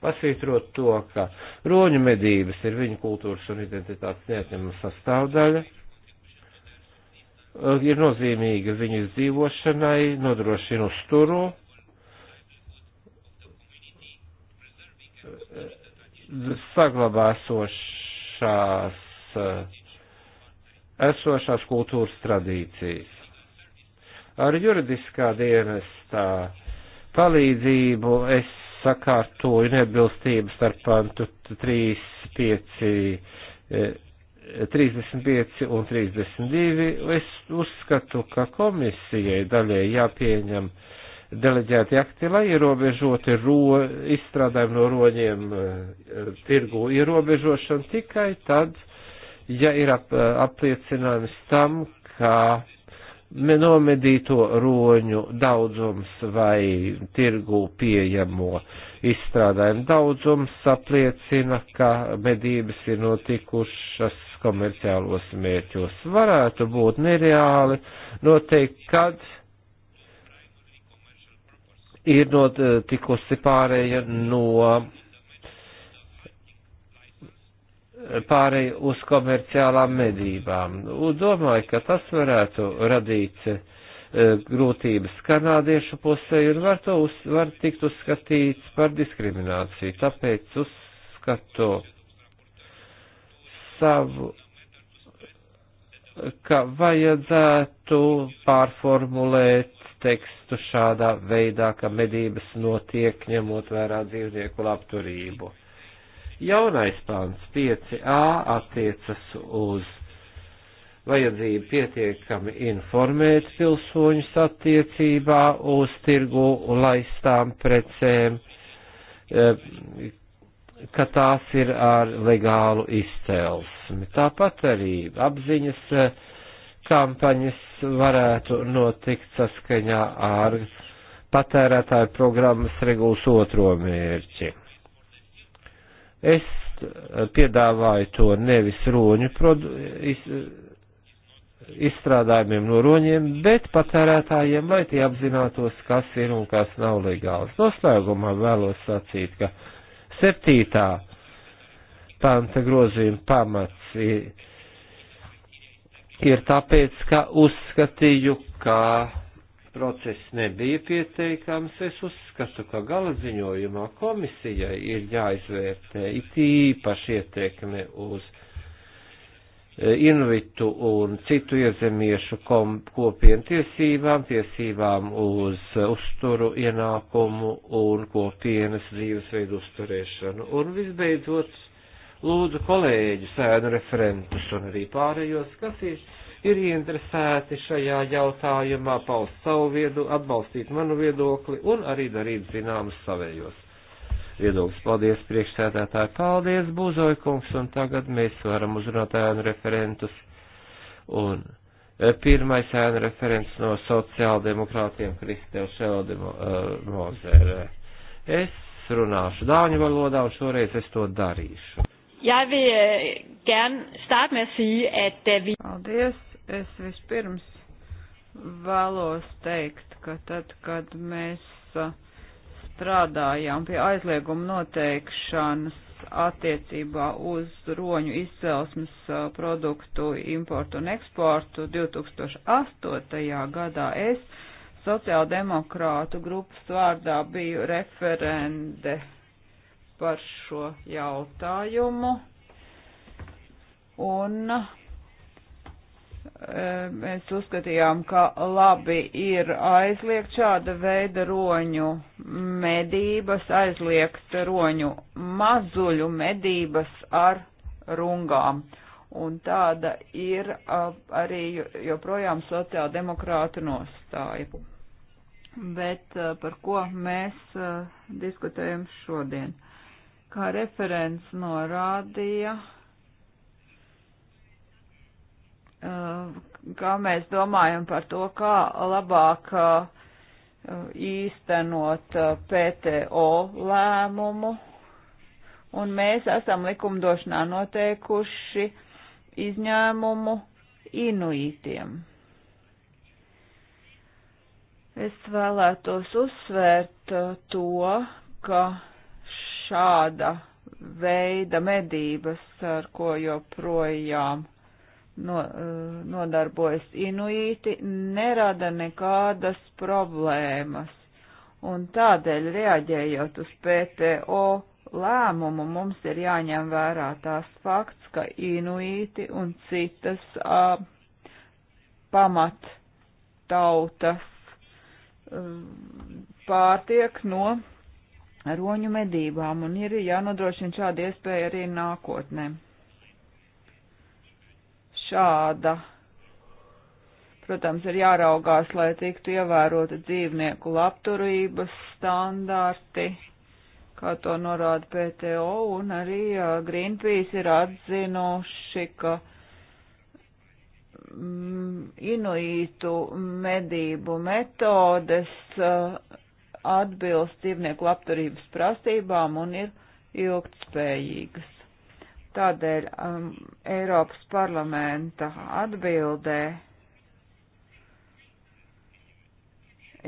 pasvītrot to, ka roņu medības ir viņu kultūras un identitātes neatņemama sastāvdaļa, e, ir nozīmīga viņu izdzīvošanai, nodrošina uzturu, saglabāsošās eh, esošās kultūras tradīcijas. Ar juridiskā dienestā palīdzību es sakārtoju nebilstību starp pantu 3, 5, 35 un 32. Es uzskatu, ka komisijai daļai jāpieņem uh, deleģēti akti, lai ierobežoti ro, izstrādājumi no roņiem e, e, tirgu ierobežošanu tikai tad, ja ir ap, e, apliecinājums tam, ka nomedīto roņu daudzums vai tirgu pieejamo izstrādājumu daudzums apliecina, ka medības ir notikušas komerciālos mērķos. Varētu būt nereāli noteikt, kad ir notikusi eh, pārēja no eh, pārēja uz komerciālām medībām. Un domāju, ka tas varētu radīt e, grūtības kanādiešu pusē un var to uz, var tikt uzskatīts par diskrimināciju. Tāpēc uzskatu savu, ka vajadzētu pārformulēt tekstu šādā veidā, ka medības notiek ņemot vērā dzīvnieku labturību. Jaunais pāns 5a attiecas uz vajadzību pietiekami informēt pilsoņus attiecībā uz tirgu laistām precēm, eh, ka tās ir ar legālu izcelsmi. Tāpat arī apziņas eh, kampaņas varētu notikt saskaņā ar patērētāju programmas regulas otro mērķi. Es piedāvāju to nevis roņu produ, iz, izstrādājumiem no roņiem, bet patērētājiem, lai tie apzinātos, kas ir un kas nav legāls. Noslēgumā vēlos sacīt, ka septītā panta grozījuma pamats ir ir tāpēc, ka uzskatīju, ka process nebija pieteikams. Es uzskatu, ka gala ziņojumā komisijai ir jāizvērtē it īpaši ietekme uz e, invitu un citu iezemiešu kopienu tiesībām, tiesībām uz uzturu ienākumu un kopienas dzīvesveidu uzturēšanu. Un visbeidzot, lūdzu kolēģi, sēnu referentus un arī pārējos, kas ir, ir ieinteresēti šajā jautājumā, paust savu viedu, atbalstīt manu viedokli un arī darīt zināmas savējos. Viedoklis paldies priekšsēdētāji, paldies Būzojkungs, un tagad mēs varam uzrunāt ēnu referentus. Un e, pirmais ēnu referents no sociāldemokrātiem Kristēl Šeldi uh, e, Mozerē. Es runāšu dāņu valodā, un šoreiz es to darīšu. Jeg vil øh, gerne starte med at sige, at da øh, vi... Paldies. Es vispirms vēlos teikt, ka tad, kad mēs uh, strādājām pie aizlieguma noteikšanas attiecībā uz roņu izcelsmes uh, produktu importu un eksportu 2008. gadā, es sociāldemokrātu grupas vārdā biju referende par šo jautājumu. Un e, mēs uzskatījām, ka labi ir aizliegt šāda veida roņu medības, aizliegt roņu mazuļu medības ar rungām. Un tāda ir arī joprojām sociāldemokrātu nostāja. Bet par ko mēs diskutējam šodien? Kā referents norādīja, uh, kā mēs domājam par to, kā labāk uh, īstenot uh, PTO lēmumu, un mēs esam likumdošanā noteikuši izņēmumu inuītiem. Es vēlētos uzsvērt to, ka šāda veida medības, ar ko joprojām no, eh, nodarbojas inuīti, nerada nekādas problēmas. Un tādēļ, reaģējot uz PTO lēmumu, mums ir jāņem vērā tās fakts, ka inuīti un citas a, ah, pamat tautas a, eh, pārtiek no roņu medībām, un ir jānodrošina šāda iespēja arī nākotnē. Šāda. Protams, ir jāraugās, lai tiktu ievērota dzīvnieku labturības standarti, kā to norāda PTO, un arī Greenpeace ir atzinuši, ka mm, inuītu medību metodes uh, atbilst dzīvnieku labturības prasībām un ir ilgtspējīgas. Tādēļ um, Eiropas parlamenta atbildē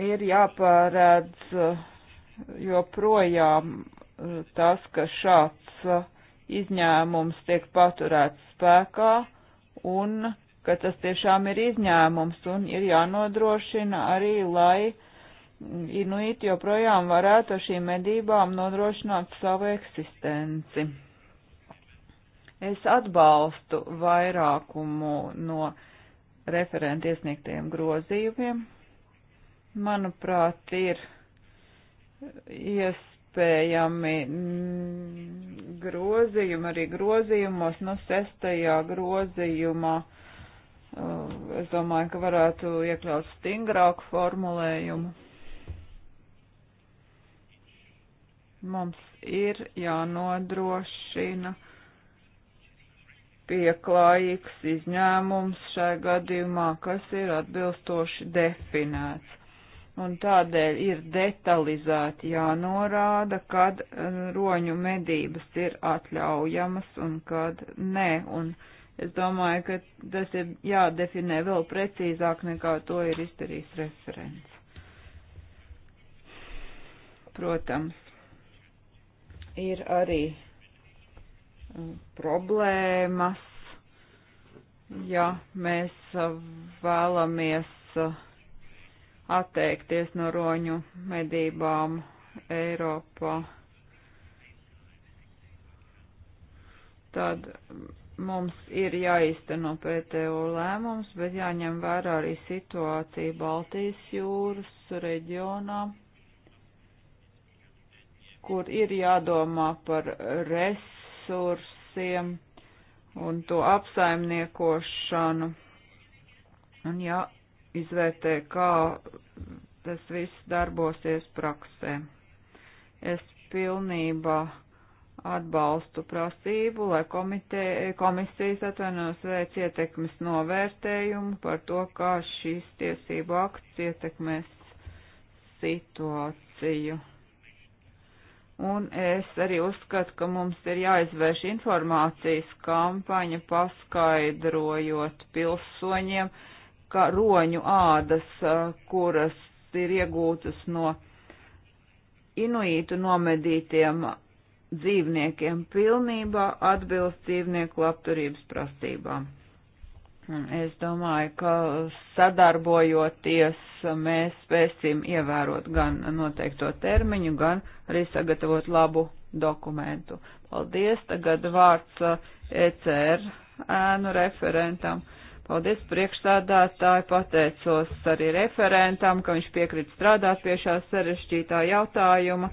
ir jāpārēdz uh, joprojām uh, tas, ka šāds uh, izņēmums tiek paturēts spēkā un ka tas tiešām ir izņēmums un ir jānodrošina arī, lai inuiti joprojām varētu ar šīm medībām nodrošināt savu eksistenci. Es atbalstu vairākumu no referenta iesniegtiem grozījumiem. Manuprāt, ir iespējami grozījumi arī grozījumos, nu, sestajā grozījumā. Uh, es domāju, ka varētu iekļaut stingrāku formulējumu. Mums ir jānodrošina pieklājīgs izņēmums šai gadījumā, kas ir atbilstoši definēts. Un tādēļ ir detalizēti jānorāda, kad eh, roņu medības ir atļaujamas un kad nē. Un es domāju, ka tas ir jādefinē vēl precīzāk nekā to ir izdarījis referents. Protams, ir arī mm, problēmas, ja mēs eh, vēlamies eh, atteikties no roņu medībām Eiropā. Tad mums ir jāizteno PTO lēmums, bet jāņem vērā arī situācija Baltijas jūras reģionā kur ir jādomā par resursiem un to apsaimniekošanu. Un jāizvērtē, kā tas viss darbosies praksē. Es pilnībā atbalstu prasību, lai komite, komisijas atvainojas veic ietekmes novērtējumu par to, kā šīs tiesību akts ietekmēs situāciju. Un es arī uzskatu, ka mums ir jāizvērš informācijas kampaņa, paskaidrojot pilsoņiem, ka roņu ādas, kuras ir iegūtas no inuītu nomedītiem dzīvniekiem, pilnībā atbilst dzīvnieku labturības prasībām. Es domāju, ka sadarbojoties mēs spēsim ievērot gan noteikto termiņu, gan arī sagatavot labu dokumentu. Paldies, tagad vārds uh, ECR ēnu referentam. Paldies priekšstādātāji, pateicos arī referentam, ka viņš piekrīt strādāt pie šā sarežģītā jautājuma.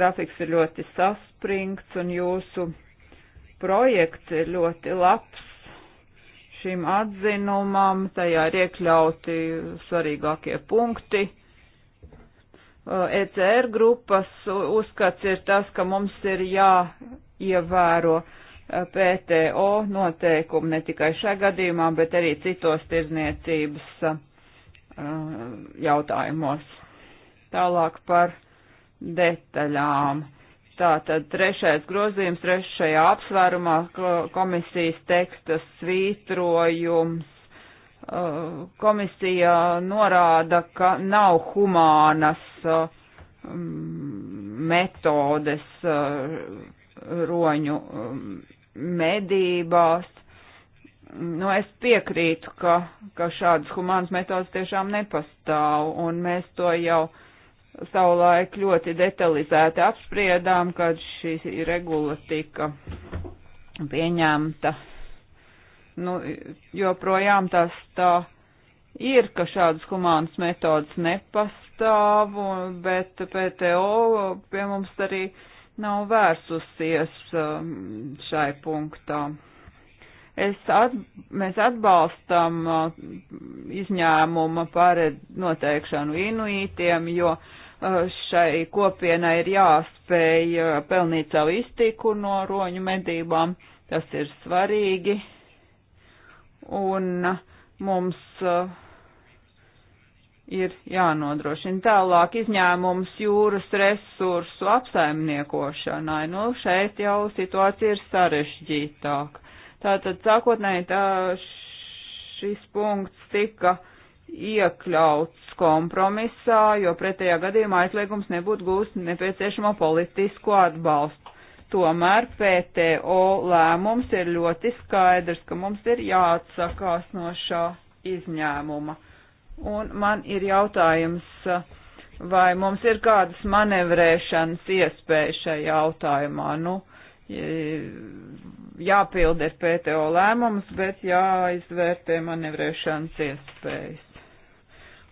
Grafiks ir ļoti saspringts un jūsu projekts ir ļoti labs šim atzinumam, tajā ir iekļauti svarīgākie punkti. Uh, ECR grupas uzskats ir tas, ka mums ir jāievēro uh, PTO noteikumi ne tikai šajā gadījumā, bet arī citos tirzniecības uh, jautājumos. Tālāk par detaļām. Tātad trešais grozījums, trešajā apsvērumā komisijas teksta svītrojums. Uh, komisija norāda, ka nav humānas uh, metodes uh, roņu um, medībās. Nu, es piekrītu, ka, ka šādas humānas metodas tiešām nepastāv, un mēs to jau uh, savulaik ļoti detalizēti apspriedām, kad šī regula tika pieņemta. Nu, joprojām tas tā ir, ka šādas humānas metodas nepastāv, bet PTO pie mums arī nav vērsusies um, šai punktā. Es at, mēs atbalstam uh, izņēmuma pared noteikšanu inuītiem, jo uh, Eh, šai kopienai ir jāspēj eh, pelnīt savu iztiku no roņu medībām, tas ir svarīgi. Un eh, mums ir jānodrošina tālāk izņēmums jūras resursu apsaimniekošanai. Nu, šeit jau situācija ir sarežģītāka. Tātad sākotnēji tā šis punkts tika uh, iekļauts kompromisā, jo pretējā gadījumā aizliegums nebūtu gūst nepieciešamo politisko atbalstu. Tomēr PTO lēmums ir ļoti skaidrs, ka mums ir jāatsakās no šā izņēmuma. Un man ir jautājums, vai mums ir kādas manevrēšanas iespējas šajā jautājumā? Nu, jāpilda ir PTO lēmums, bet jāizvērtē manevrēšanas iespējas.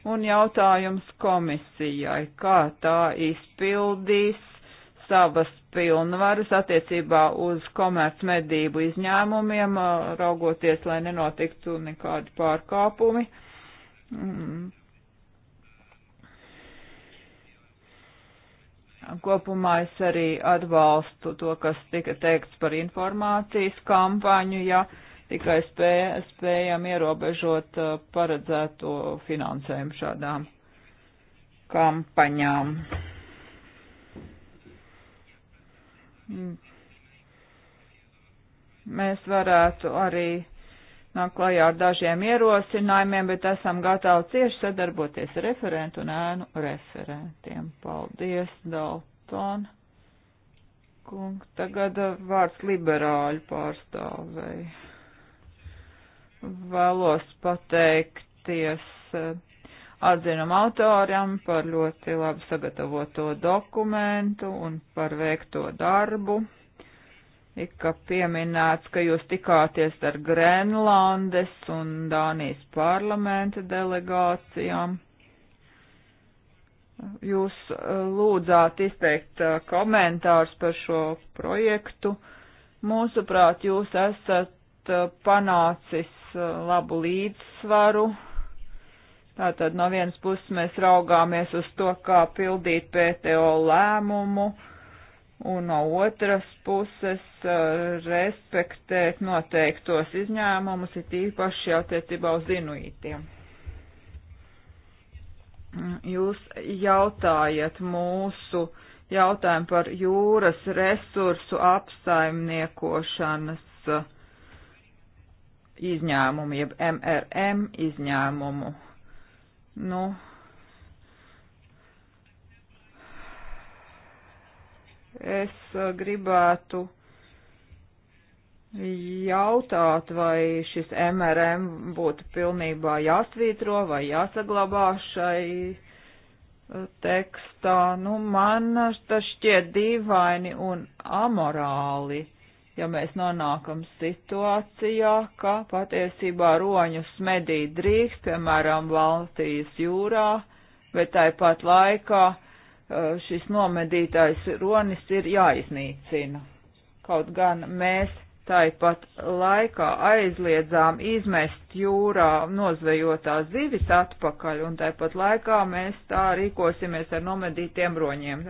Un jautājums komisijai, kā tā izpildīs savas pilnvaras attiecībā uz komercmedību izņēmumiem, raugoties, lai nenotiktu nekādi pārkāpumi. Mm. Kopumā es arī atbalstu to, kas tika teikts par informācijas kampaņu, ja tikai spē, spējam ierobežot uh, paredzēto finansējumu šādām kampaņām. Mēs varētu arī nāk klajā ar dažiem ierosinājumiem, bet esam gatavi cieši sadarboties ar referentu un ēnu referentiem. Paldies, Dalton. Kung, tagad uh, vārds liberāļu pārstāvēja. Vēlos pateikties eh, atzinuma autoram par ļoti labi sagatavoto dokumentu un par veikto darbu. Tika pieminēts, ka jūs tikāties ar Grenlandes un Dānijas parlamenta delegācijām. Jūs eh, lūdzāt izteikt eh, komentārus par šo projektu. Mūsuprāt, jūs esat panācis labu līdzsvaru. Tātad no vienas puses mēs raugāmies uz to, kā pildīt PTO lēmumu, un no otras puses eh, respektēt noteiktos izņēmumus, ir īpaši attiecībā uz inuitiem. Jūs jautājat mūsu jautājumu par jūras resursu apsaimniekošanas eh, izņēmumu, jeb MRM izņēmumu. Nu, es uh, gribētu jautāt, vai šis MRM būtu pilnībā jāsvītro vai jāsaglabā šai uh, tekstā. Nu, man uh, tas šķiet dīvaini un amorāli ja mēs nonākam situācijā, ka patiesībā roņus medīt drīkst, piemēram, Baltijas jūrā, bet tāpat laikā e, šis nomedītājs ronis ir jāiznīcina. Kaut gan mēs tāpat laikā aizliedzām izmest jūrā nozvejotās zivis atpakaļ, un tāpat laikā mēs tā rīkosimies ar nomedītiem roņiem.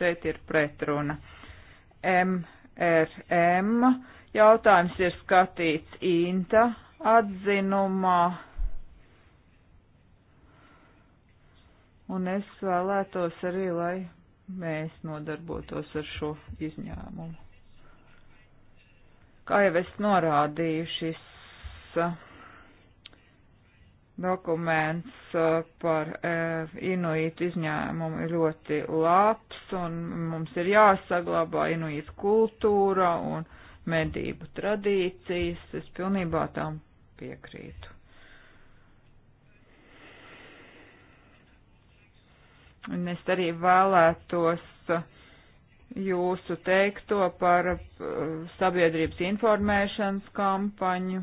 Šeit ir pretruna. M RM. Jautājums ir skatīts Inta atzinumā. Un es vēlētos arī, lai mēs nodarbotos ar šo izņēmumu. Kā jau es norādīju, šis uh, dokuments uh, par uh, inuītu izņēmumu ir ļoti labs un mums ir jāsaglabā inuītu kultūra un medību tradīcijas. Es pilnībā tam piekrītu. Un es arī vēlētos jūsu teikto par uh, sabiedrības informēšanas kampaņu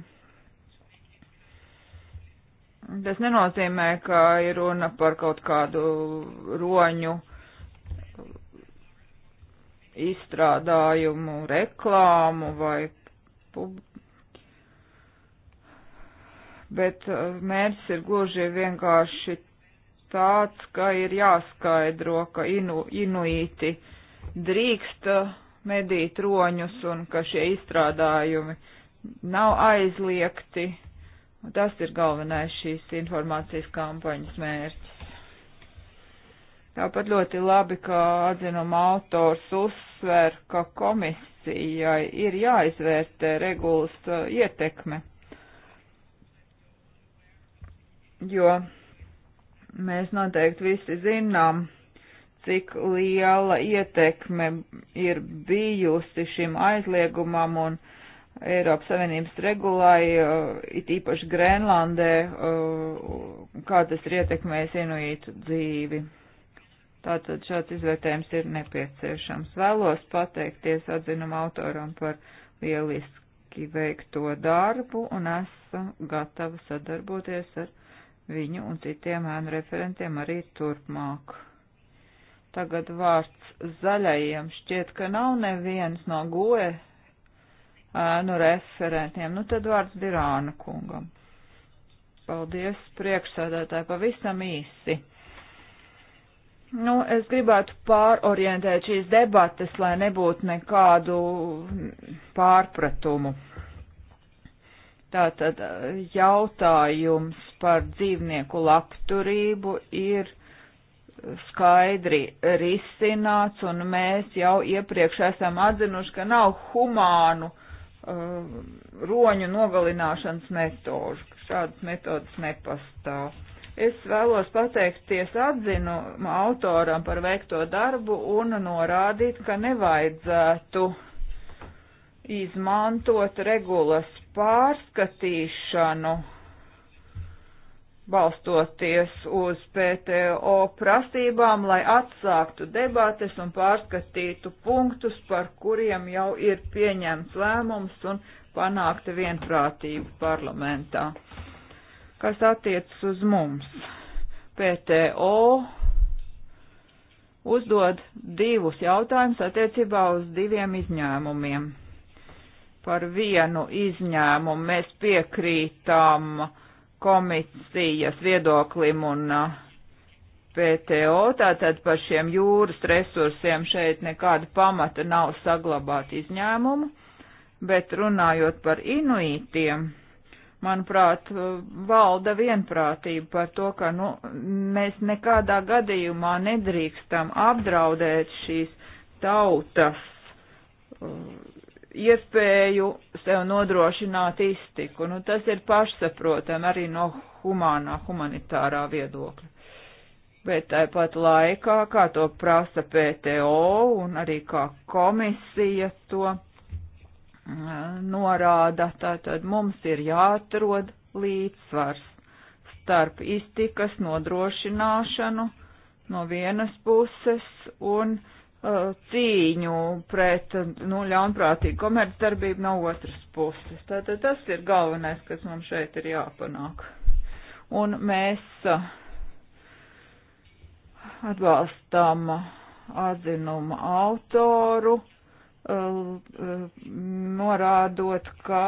Tas nenozīmē, ka ir runa par kaut kādu roņu izstrādājumu, reklāmu vai pub... bet uh, mērķis ir gluži vienkārši tāds, ka ir jāskaidro, ka inu, inuīti drīkst uh, medīt roņus un ka šie izstrādājumi nav aizliegti Un tas ir galvenais šīs informācijas kampaņas mērķis. Tāpat ļoti labi, ka atzinuma autors uzsver, ka komisijai ir jāizvērtē regulas uh, ietekme, jo mēs noteikti visi zinām, cik liela ietekme ir bijusi šim aizliegumam un Eiropas Savienības regulai, uh, it īpaši Grenlandē, uh, kā tas ir ietekmējis inuītu dzīvi. Tātad šāds izvērtējums ir nepieciešams. Vēlos pateikties atzinuma autoram par lieliski veikto darbu un esmu gatava sadarboties ar viņu un citiem ēnu referentiem arī turpmāk. Tagad vārds zaļajiem šķiet, ka nav neviens no goe ēnu referentiem. Nu tad vārds Dirāna kungam. Paldies, priekšsēdētāji, pavisam īsi. Nu, es gribētu pārorientēt šīs debates, lai nebūtu nekādu pārpratumu. Tātad eh, jautājums par dzīvnieku labturību ir skaidri risināts, un mēs jau iepriekš esam atzinuši, ka nav humānu uh, uh, roņu nogalināšanas metožu. Šādas metodas nepastāv. Es vēlos pateikties atzinuma autoram par veikto darbu un norādīt, ka nevajadzētu izmantot regulas pārskatīšanu balstoties uz PTO prasībām, lai atsāktu debates un pārskatītu punktus, par kuriem jau ir pieņemts lēmums un panākta vienprātība parlamentā. Kas attiecas uz mums? PTO uzdod divus jautājumus attiecībā uz diviem izņēmumiem. Par vienu izņēmumu mēs piekrītam uh, komisijas viedoklim un PTO, tātad par šiem jūras resursiem šeit nekāda pamata nav saglabāt izņēmumu, bet runājot par inuītiem, manuprāt, valda vienprātība par to, ka nu, mēs nekādā gadījumā nedrīkstam apdraudēt šīs tautas iespēju sev nodrošināt iztiku. Nu, tas ir pašsaprotam arī no humānā, humanitārā viedokļa. Bet tāpat laikā, kā to prasa PTO un arī kā komisija to uh, norāda, tātad mums ir jāatrod līdzsvars starp iztikas nodrošināšanu no vienas puses un uh, Uh, cīņu pret nu, ļaunprātīgu komercdarbību no otras puses. Tātad tas ir galvenais, kas mums šeit ir jāpanāk. Un mēs uh, atbalstām atzinumu autoru, uh, norādot, ka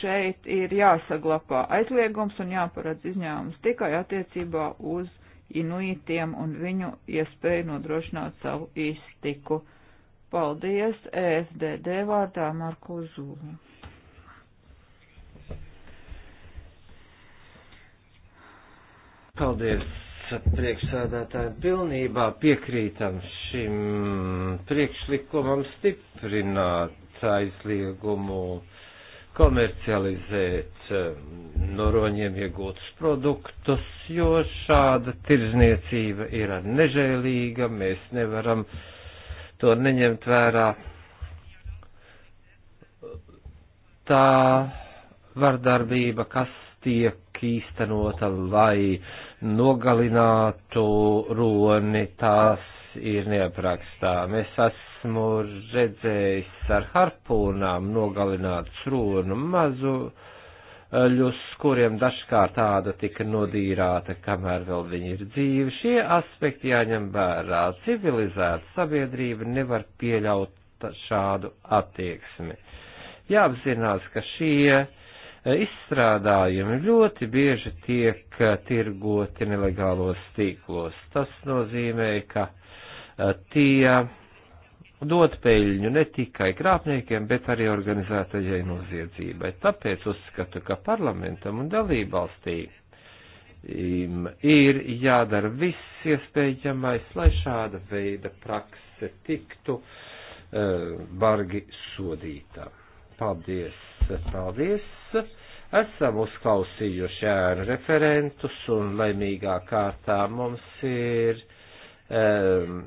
šeit ir jāsaglabā aizliegums un jāparedz izņēmums tikai attiecībā uz inuitiem un viņu iespēju nodrošināt savu iztiku. Paldies, EFDD vārdā Marko Zūli. Paldies, priekšsēdētājiem. Pilnībā piekrītam šim priekšlikumam stiprināt aizliegumu komercializēt eh, noroņiem iegūtus produktus, jo šāda tirzniecība ir nežēlīga, mēs nevaram to neņemt vērā. Tā vardarbība, kas tiek īstenota, lai nogalinātu roni, tās ir neaprakstā. Mēs esam esmu redzējis ar harpūnām nogalināt šrūnu mazu eh, ļus, kuriem dažkārt tāda tika nodīrāta, kamēr vēl viņi ir dzīvi. Šie aspekti jāņem vērā. Civilizēta sabiedrība nevar pieļaut šādu attieksmi. Jāapzinās, ka šie eh, izstrādājumi ļoti bieži tiek eh, tirgoti nelegālos tīklos. Tas nozīmē, ka tie dot peļņu ne tikai krāpniekiem, bet arī organizētajai noziedzībai. Tāpēc uzskatu, ka parlamentam un dalībvalstī ir jādara viss iespējamais, lai šāda veida prakse tiktu uh, bargi sodītā. Paldies, paldies! Esam uzklausījuši ēnu referentus un laimīgā kārtā mums ir um,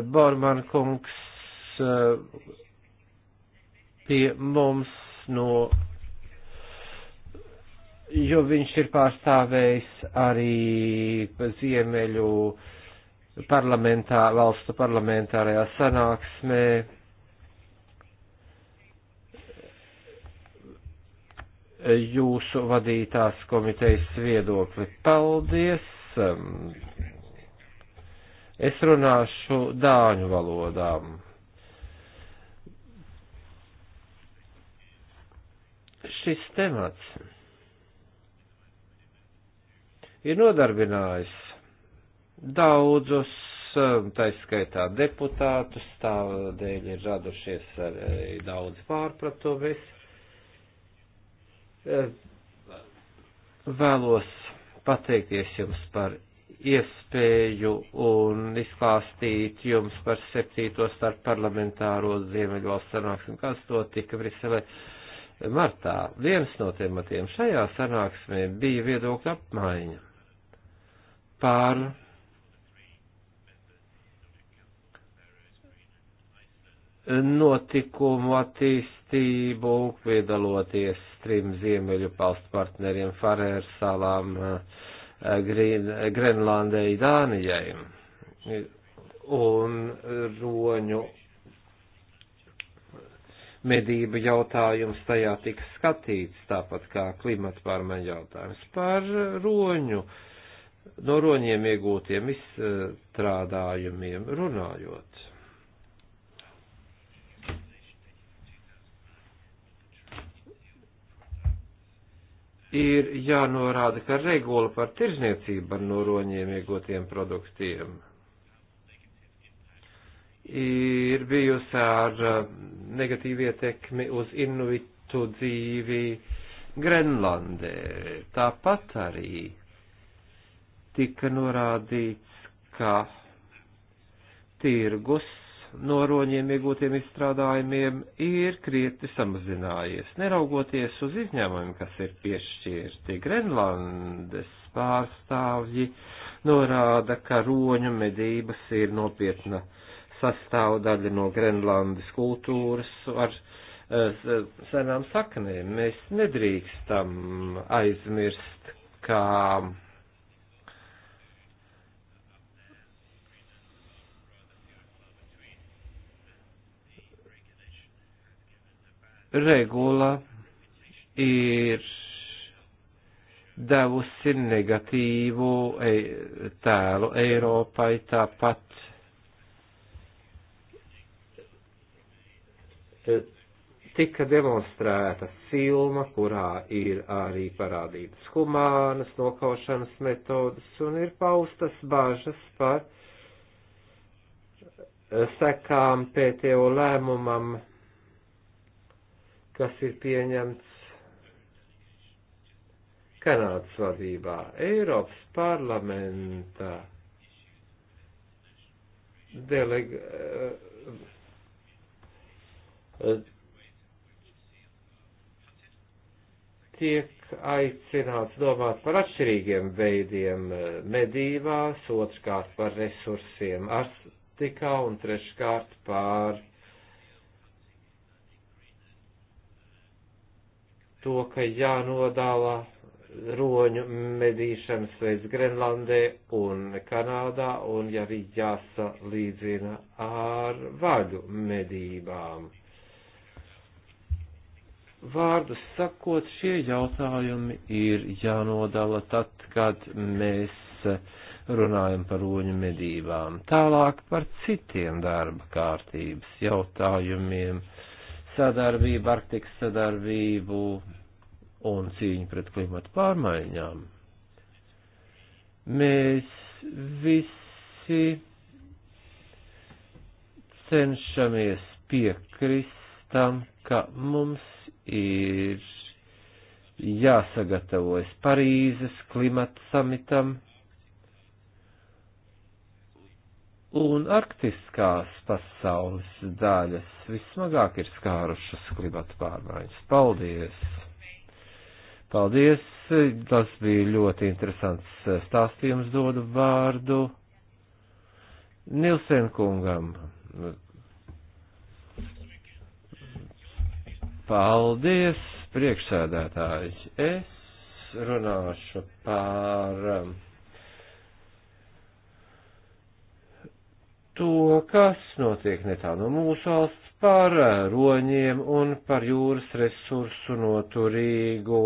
Borman kungs eh, pie mums no, jo viņš ir pārstāvējis arī Ziemeļu parlamentā, valstu parlamentārajā sanāksmē. Jūsu vadītās komitejas viedokli. Paldies! Es runāšu dāņu valodām. Šis temats ir nodarbinājis daudzus, um, taiskaitā deputātus, tādēļ ir radušies arī daudz pārpratumi. Es um, vēlos pateikties jums par iespēju un izklāstīt jums par septīto starp parlamentāro Ziemeļvalsts sanāksmi, kas to tika Briselē martā. Viens no tematiem šajā sanāksmē bija viedokļa apmaiņa par notikumu attīstību, piedaloties trim Ziemeļu valstu partneriem Farēru salām. Uh, Grenlandei, Dānijai un roņu medību jautājums tajā tiks skatīts, tāpat kā klimata pārmaiņu jautājums par roņu, no roņiem iegūtiem izstrādājumiem runājot. ir jānorāda, ka regula par tirzniecību ar noroņiem iegūtiem produktiem ir bijusi ar uh, negatīvu ietekmi uz inuitu dzīvi Grenlandē. Tāpat arī tika norādīts, ka tirgus no roņiem iegūtiem izstrādājumiem ir krietni samazinājies, neraugoties uz izņēmumiem, kas ir piešķirti. Grenlandes pārstāvji norāda, ka roņu medības ir nopietna sastāvdaļa no Grenlandes kultūras ar eh, senām saknēm. Mēs nedrīkstam aizmirst, kā regula ir devusi negatīvu e, tēlu Eiropai, tāpat e, tika demonstrēta filma, kurā ir arī parādītas humānas nokaušanas metodas un ir paustas bažas par sekām PTO lēmumam kas ir pieņemts Kanādas vadībā, Eiropas parlamentā, deleg, tiek aicināts domāt par atšķirīgiem veidiem medībās, otrkārt par resursiem arstikā un treškārt par to, ka jānodala roņu medīšanas veids Grenlandē un Kanādā un arī jāsalīdzina ar vaļu medībām. Vārdus sakot, šie jautājumi ir jānodala tad, kad mēs runājam par roņu medībām. Tālāk par citiem darba kārtības jautājumiem sadarbību, Arktikas sadarbību un cīņu pret klimatu pārmaiņām. Mēs visi cenšamies piekrist tam, ka mums ir jāsagatavojas Parīzes klimata samitam un arktiskās pasaules daļas vismagāk ir skārušas klimata pārmaiņas. Paldies! Paldies! Tas bija ļoti interesants stāstījums. Dodu vārdu Nilsen kungam. Paldies, priekšsēdētāji! Es runāšu par. Um, to, kas notiek netālu no mūsu valsts par roņiem un par jūras resursu noturīgu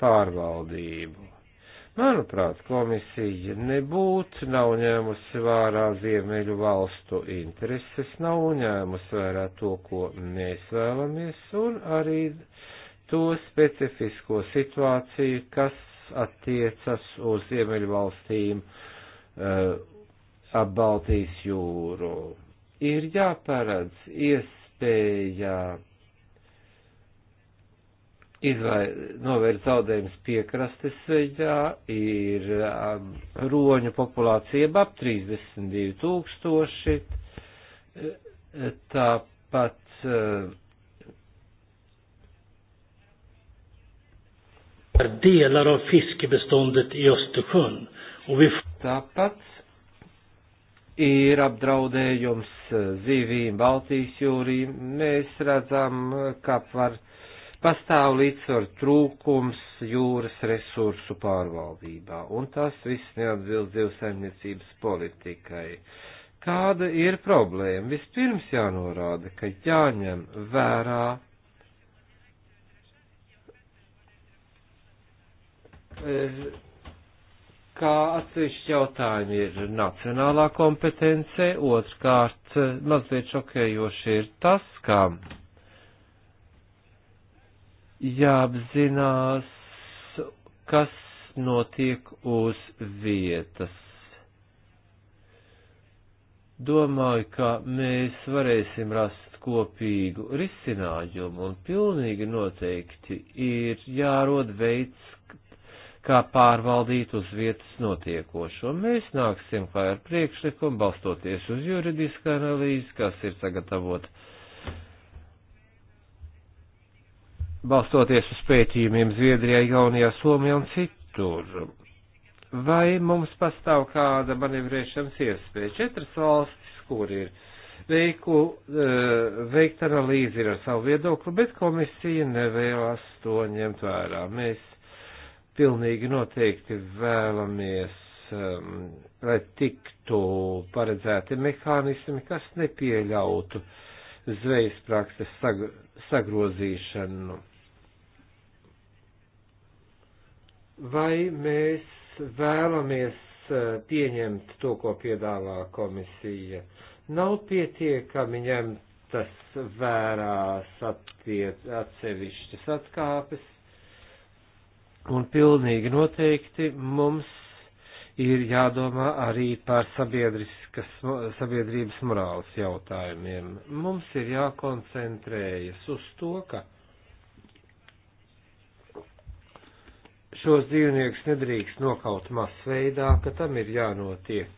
pārvaldību. Manuprāt, komisija nebūtu nav ņēmusi vērā ziemeļu valstu intereses, nav ņēmusi vērā to, ko mēs vēlamies, un arī to specifisko situāciju, kas attiecas uz ziemeļu valstīm uh, ap Baltijas jūru. Ir jāparedz iespēja novērst zaudējumus piekrastes veļā, ir um, roņu populācija ap 32 tūkstoši, tāpat uh, delar av fiskebeståndet i Östersjön. Och vi... Tāpat ir apdraudējums zivīm Baltijas jūrī. Mēs redzam, ka var pastāv līdzsvar trūkums jūras resursu pārvaldībā, un tas viss neatbilst divsaimniecības politikai. Kāda ir problēma? Vispirms jānorāda, ka jāņem vērā e, ka atsevišķi jautājumi ir nacionālā kompetence, otrkārt mazliet šokējoši ir tas, ka jāapzinās, kas notiek uz vietas. Domāju, ka mēs varēsim rast kopīgu risinājumu un pilnīgi noteikti ir jārod veids, kā pārvaldīt uz vietas notiekošo. Mēs nāksim kā ar priekšlikumu, balstoties uz juridisku analīzi, kas ir sagatavota. Balstoties uz pētījumiem Zviedrijā, Jaunijā, Somijā un citur. Vai mums pastāv kāda manevrēšanas iespēja? Četras valstis, kur ir veiku, eh, veikt analīzi ar savu viedokli, bet komisija nevēlas to ņemt vērā. Mēs pilnīgi noteikti vēlamies, um, lai tiktu paredzēti mehānismi, kas nepieļautu zvejas prakses sag sagrozīšanu. Vai mēs vēlamies uh, pieņemt to, ko piedāvā komisija? Nav pietiekami ņemtas vērās atsevišķas atkāpes, Un pilnīgi noteikti mums ir jādomā arī par sabiedrības morāles jautājumiem. Mums ir jākoncentrējas uz to, ka šos dzīvniekus nedrīkst nokaut masveidā, ka tam ir jānotiek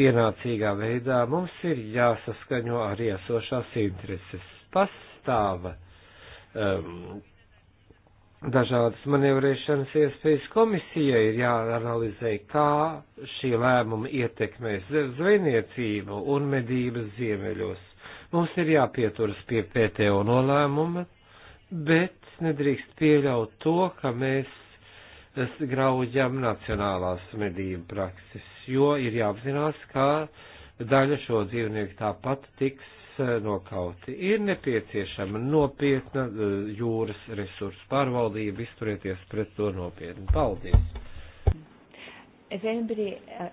pienācīgā veidā. Mums ir jāsaskaņo arī esošās intereses. Pastāva um, dažādas manevrēšanas iespējas komisijai ir jāanalizē, kā šī lēmuma ietekmēs zvejniecību un medības ziemeļos. Mums ir jāpieturas pie PTO nolēmuma, bet nedrīkst pieļaut to, ka mēs graudjam nacionālās medību prakses, jo ir jāapzinās, ka daļa šo dzīvnieku tāpat tiks nokauti. Ir nepieciešama nopietna e, jūras resursu pārvaldība, izturieties pret to nopietni. Paldies! Anybody,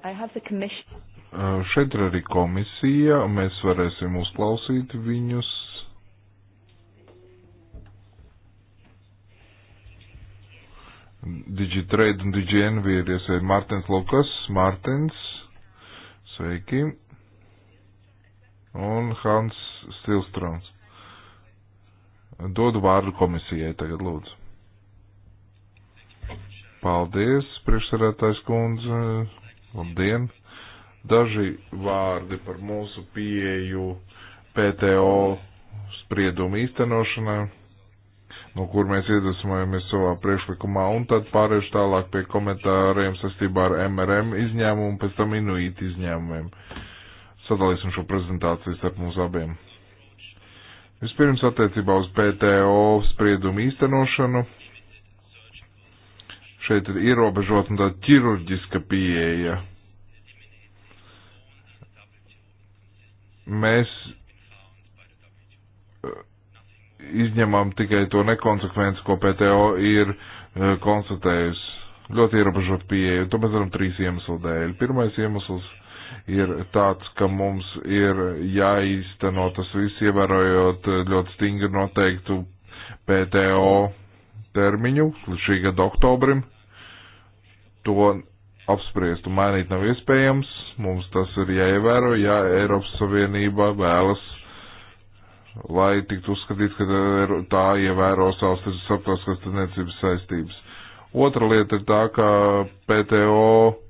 uh, Šeit ir arī komisija, mēs varēsim uzklausīt viņus. Digitrade un DigiNV ir iesaistīts Mārtens Lukas. Mārtens, sveiki! un Hans Stilstrāns. Dodu vārdu komisijai tagad, lūdzu. Paldies, priekšsarētājs kundze. Labdien! Daži vārdi par mūsu pieeju PTO spriedumu īstenošanai, no kur mēs iedvesmojamies savā priekšlikumā, un tad pārēšu tālāk pie komentāriem sastībā ar MRM izņēmumu, pēc tam Inuit izņēmumiem. Uh, sadalīsim šo prezentāciju starp mums abiem. Vispirms attiecībā uz PTO spriedumu īstenošanu. Šeit ir ierobežot un tā ķirurģiska pieeja. Mēs eh, izņemam tikai to nekonsekvenci, ko PTO ir eh, konstatējusi. Ļoti ierobežot pieeja. To mēs varam trīs iemeslu dēļ. Pirmais iemesls ir tāds, ka mums ir jāīsteno tas viss, ievērojot ļoti stingri noteiktu PTO termiņu līdz šī gada oktobrim. To apspriest un mainīt nav iespējams. Mums tas ir jāievēro, ja Eiropas Savienība vēlas, lai tiktu uzskatīts, ka tā ievēro savas starptautiskās tirdzniecības saistības. Otra lieta ir tā, ka PTO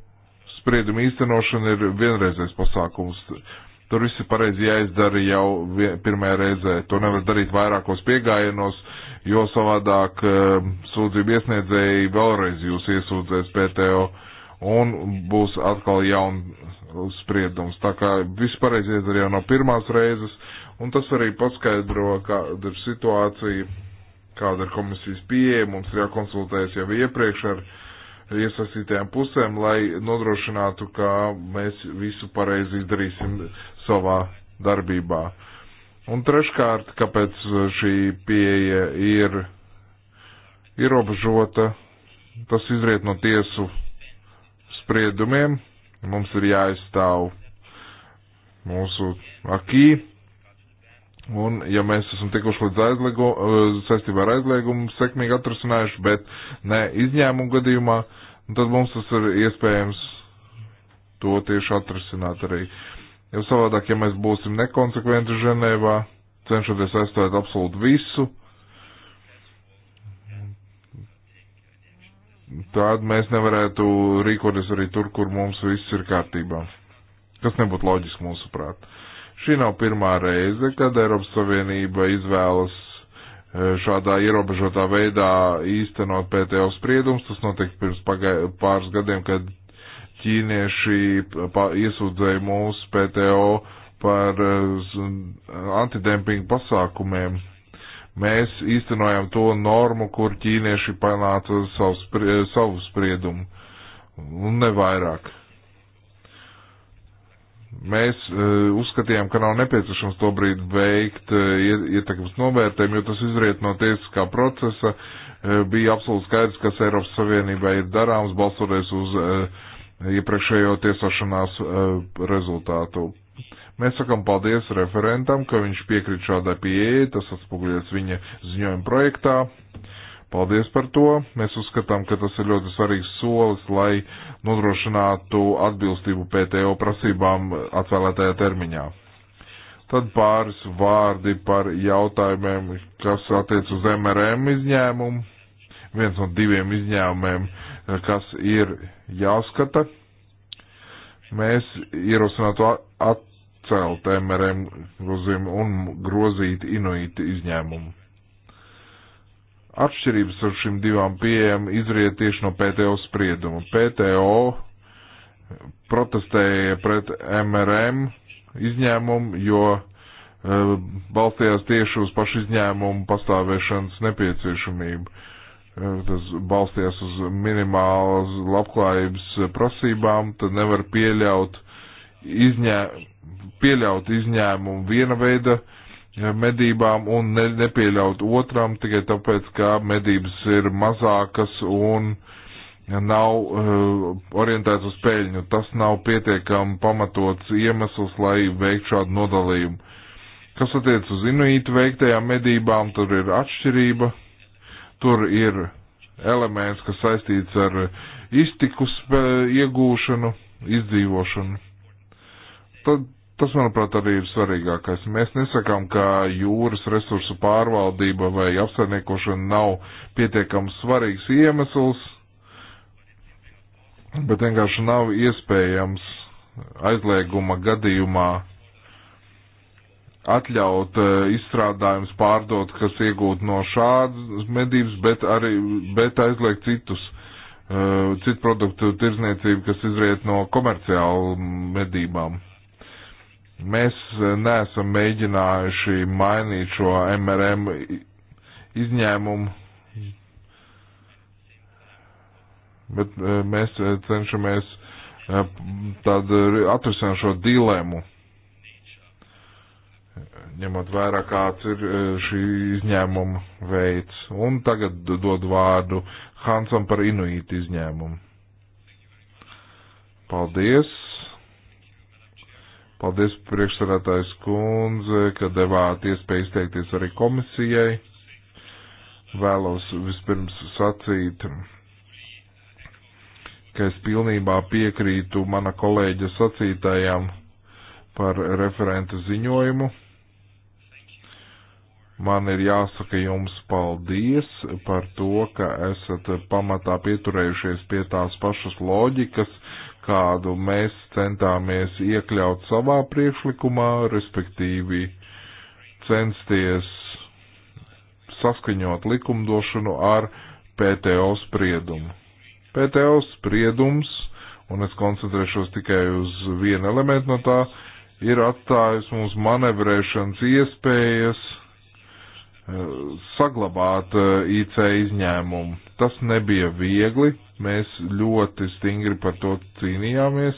spriedumu īstenošana ir vienreizais pasākums. Tur viss ir pareizi jāizdara jau pirmajā reizē. To nevar darīt vairākos piegājienos, jo savādāk eh, sūdzību iesniedzēji vēlreiz jūs iesūdzēs PTO un būs atkal jauna spriedums. Tā kā viss pareizi iedara jau no pirmās reizes, un tas arī paskaidro, kāda ir situācija, kāda ir komisijas pieeja, mums ir jākonsultējas jau iepriekš ar iesaistītajām pusēm, lai nodrošinātu, ka mēs visu pareizi izdarīsim savā darbībā. Un treškārt, kāpēc šī pieeja ir ierobežota, tas izriet no tiesu spriedumiem. Mums ir jāizstāv mūsu akī, Un, ja mēs esam tikuši līdz aizliegu, eh, saistībā ar aizliegumu, sekmīgi atrasinājuši, bet ne izņēmumu gadījumā, nu, tad mums tas ir iespējams to tieši atrasināt arī. Jo savādāk, ja mēs būsim nekonsekventi Ženēvā, cenšoties aizstāvēt absolūti visu, tad mēs nevarētu rīkoties arī tur, kur mums viss ir kārtībā. Kas nebūtu loģiski mūsuprāt. prāt. Šī nav pirmā reize, kad Eiropas Savienība izvēlas e, šādā ierobežotā veidā īstenot PTO spriedumus. Tas notika pirms pāris gadiem, kad ķīnieši iesūdzēja mūs PTO par e, antidempingu pasākumiem. Mēs īstenojam to normu, kur ķīnieši panāca savu, spri savu spriedumu, un ne vairāk. Mēs eh, uzskatījām, ka nav nepieciešams to brīdi veikt eh, ietekmes novērtējumu, jo tas izriet no tiesiskā procesa. Eh, bija absolūti skaidrs, kas Eiropas Savienībā ir darāms, balstoties uz iepriekšējo tiesošanās rezultātu. Mēs sakam paldies referentam, ka viņš piekrīt šādai pieeja, tas atspoguļies viņa ziņojuma projektā. Paldies par to. Mēs uzskatām, ka tas ir ļoti svarīgs solis, lai nodrošinātu atbilstību PTO prasībām atvēlētajā termiņā. Tad pāris vārdi par jautājumiem, kas attiec uz MRM izņēmumu. Viens no diviem izņēmumiem, kas ir jāskata. Mēs ierosinātu atcelt MRM grozījumu un grozīt inuīti izņēmumu. Atšķirības ar šīm divām pieejām izriet tieši no PTO sprieduma. PTO protestēja pret MRM izņēmumu, jo e, balstījās tieši uz pašu izņēmumu pastāvēšanas nepieciešamību. E, tas balstījās uz minimālas labklājības prasībām, tad nevar pieļaut, izņē, pieļaut izņēmumu viena veida uh, medībām un ne, nepieļaut otram tikai tāpēc, ka medības ir mazākas un nav uh, orientēts uz peļņu. Tas nav pietiekami pamatots iemesls, lai veiktu šādu nodalījumu. Kas attiec uz inuītu veiktajām medībām, tur ir atšķirība. Tur ir elements, kas saistīts ar iztikus iegūšanu, izdzīvošanu. Tad Tas, manuprāt, arī ir svarīgākais. Mēs nesakām, ka jūras resursu pārvaldība vai apsaimniekošana nav pietiekams svarīgs iemesls, bet vienkārši nav iespējams aizlieguma gadījumā atļaut e, izstrādājums pārdot, kas iegūt no šādas medības, bet arī bet aizliegt citus, e, citu produktu tirzniecību, kas izriet no komerciālu medībām. Mēs eh, neesam mēģinājuši mainīt šo MRM izņēmumu, bet eh, mēs eh, cenšamies tādu atrisināt šo dilemu, ņemot vērā, kāds ir šī izņēmuma veids. Un tagad dod vārdu Hansam par inuītu izņēmumu. Paldies! Paldies priekšsarātājs kundze, ka devāt iespēju izteikties arī komisijai. Vēlos vispirms sacīt, ka es pilnībā piekrītu mana kolēģa sacītājām par referenta ziņojumu. Man ir jāsaka jums paldies par to, ka esat pamatā pieturējušies pie tās pašas loģikas, kādu mēs centāmies iekļaut savā priekšlikumā, respektīvi censties saskaņot likumdošanu ar PTO spriedumu. PTO spriedums, un es koncentrēšos tikai uz vienu elementu no tā, ir atstājis mums manevrēšanas iespējas saglabāt eh, IC izņēmumu. Tas nebija viegli, mēs ļoti stingri par to cīnījāmies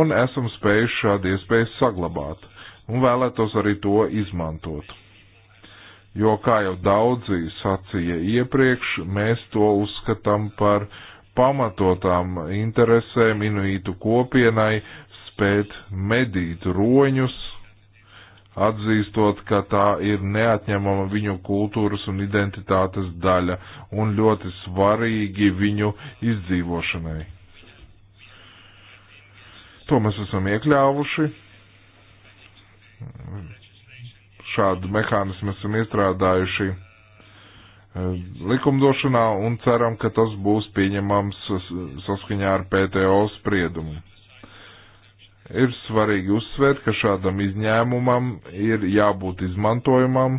un esam spējuši šādu iespēju saglabāt un vēlētos arī to izmantot. Jo, kā jau daudzi sacīja iepriekš, mēs to uzskatām par pamatotām interesēm inuītu kopienai spēt medīt roņus atzīstot, ka tā ir neatņemama viņu kultūras un identitātes daļa un ļoti svarīgi viņu izdzīvošanai. To mēs esam iekļāvuši. Šādu mehānismu esam iestrādājuši e, likumdošanā un ceram, ka tas būs pieņemams saskaņā ar PTO spriedumu. Ir svarīgi uzsvērt, ka šādam izņēmumam ir jābūt izmantojumam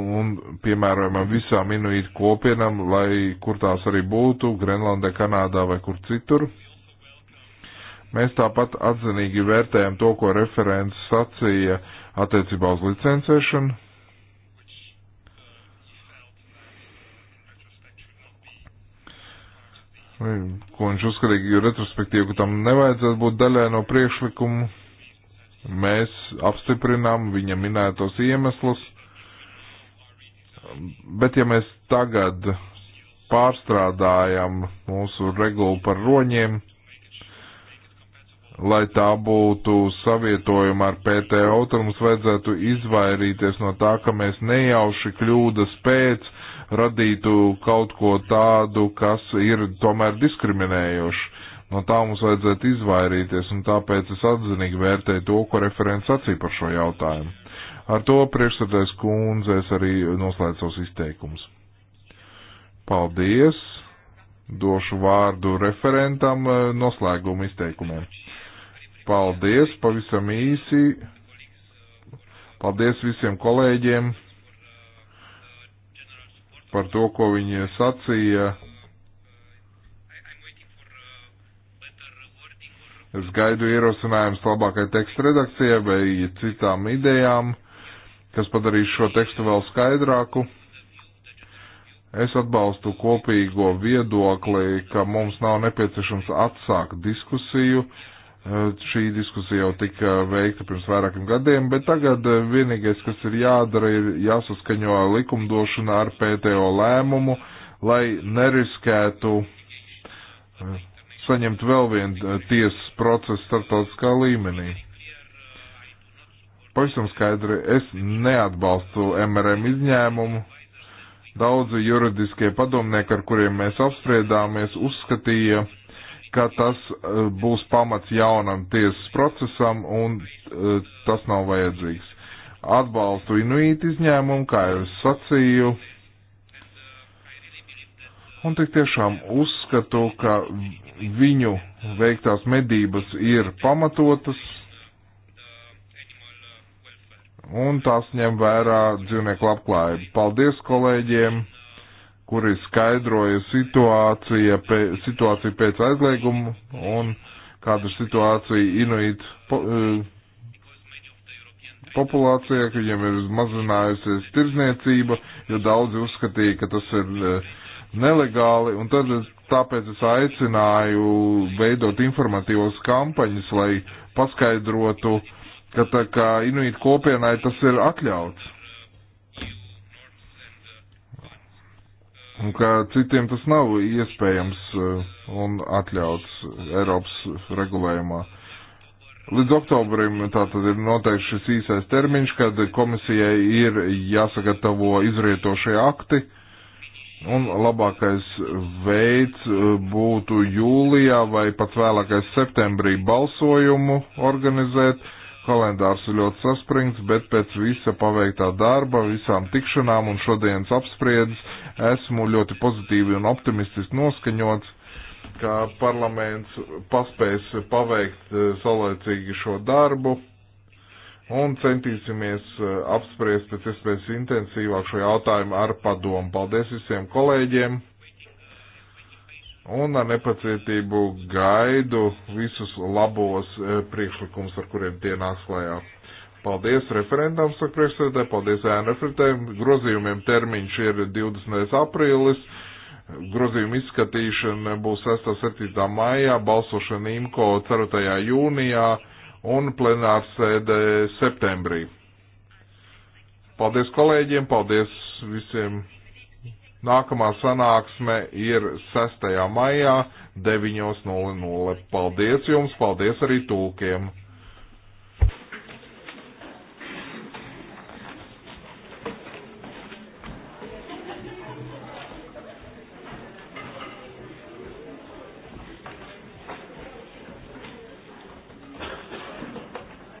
un piemērojamam visām inuītu kopienam, lai kur tās arī būtu, Grenlandē, Kanādā vai kur citur. Mēs tāpat atzinīgi vērtējam to, ko referents sacīja attiecībā uz licencēšanu ko viņš uzskatīja retrospektīvi, ka tam nevajadzētu būt daļai no priekšlikumu. Mēs apstiprinām viņa minētos iemeslus, bet ja mēs tagad pārstrādājam mūsu regulu par roņiem, lai tā būtu savietojuma ar PTO, tad mums vajadzētu izvairīties no tā, ka mēs nejauši kļūdas pēc radītu kaut ko tādu, kas ir tomēr diskriminējoši. No tā mums vajadzētu izvairīties, un tāpēc es atzinīgi vērtēju to, ko referents sacīja par šo jautājumu. Ar to priekšsēdēs kundze es arī noslēdzu savus izteikumus. Paldies! Došu vārdu referentam eh, noslēguma izteikumiem. Paldies, pavisam īsi. Paldies visiem kolēģiem par to, ko viņi sacīja. Es gaidu ierosinājumus labākai tekstu redakcijai vai citām idejām, kas padarīs šo tekstu vēl skaidrāku. Es atbalstu kopīgo viedokli, ka mums nav nepieciešams atsākt diskusiju, uh, Eh, šī diskusija jau tika veikta pirms vairākiem gadiem, bet tagad eh, vienīgais, kas ir jādara, ir jāsaskaņo likumdošana ar PTO lēmumu, lai neriskētu eh, saņemt vēl vienu tiesas procesu starptautiskā līmenī. Pavisam skaidri, es neatbalstu MRM izņēmumu. Daudzi juridiskie padomnieki, ar kuriem mēs apspriedāmies, uzskatīja, ka tas eh, būs pamats jaunam tiesas procesam un eh, tas nav vajadzīgs. Atbalstu Inuit izņēmumu, kā jau es sacīju. Un tik tiešām uzskatu, ka viņu veiktās medības ir pamatotas un tās ņem vērā dzīvnieku labklājību. Paldies kolēģiem! kuri skaidroja situāciju, pē, situāciju pēc aizlieguma un kāda ir situācija inuit po, e, populācijā, ka viņiem ir mazinājusies tirdzniecība, jo daudzi uzskatīja, ka tas ir e, nelegāli, un tad tāpēc es aicināju veidot informatīvos kampaņas, lai paskaidrotu, ka tā kā inuit kopienai tas ir atļauts un ka citiem tas nav iespējams eh, un atļauts Eiropas regulējumā. Līdz oktobrim tātad ir noteikti šis īsais termiņš, kad komisijai ir jāsagatavo izrietošie akti, un labākais veids eh, būtu jūlijā vai pat vēlākais septembrī balsojumu organizēt. Kalendārs ir ļoti saspringts, bet pēc visa paveiktā darba, visām tikšanām un šodienas apspriedas esmu ļoti pozitīvi un optimistiski noskaņots, ka parlaments paspēs paveikt eh, saulēcīgi šo darbu un centīsimies eh, apspriest pēc iespējas intensīvāk šo jautājumu ar padomu. Paldies visiem kolēģiem un ar nepacietību gaidu visus labos eh, priekšlikumus, ar kuriem tie nāks klajā. Paldies referendām, saka priekšsēdētāji, paldies ēnu referentēm. Grozījumiem termiņš ir 20. aprīlis, grozījuma izskatīšana būs 6.7. maijā, balsošana IMKO 4. jūnijā un plenārsēdē septembrī. Paldies kolēģiem, paldies visiem. Nākamā sanāksme ir 6. maijā 9.00. Paldies jums, paldies arī tulkiem!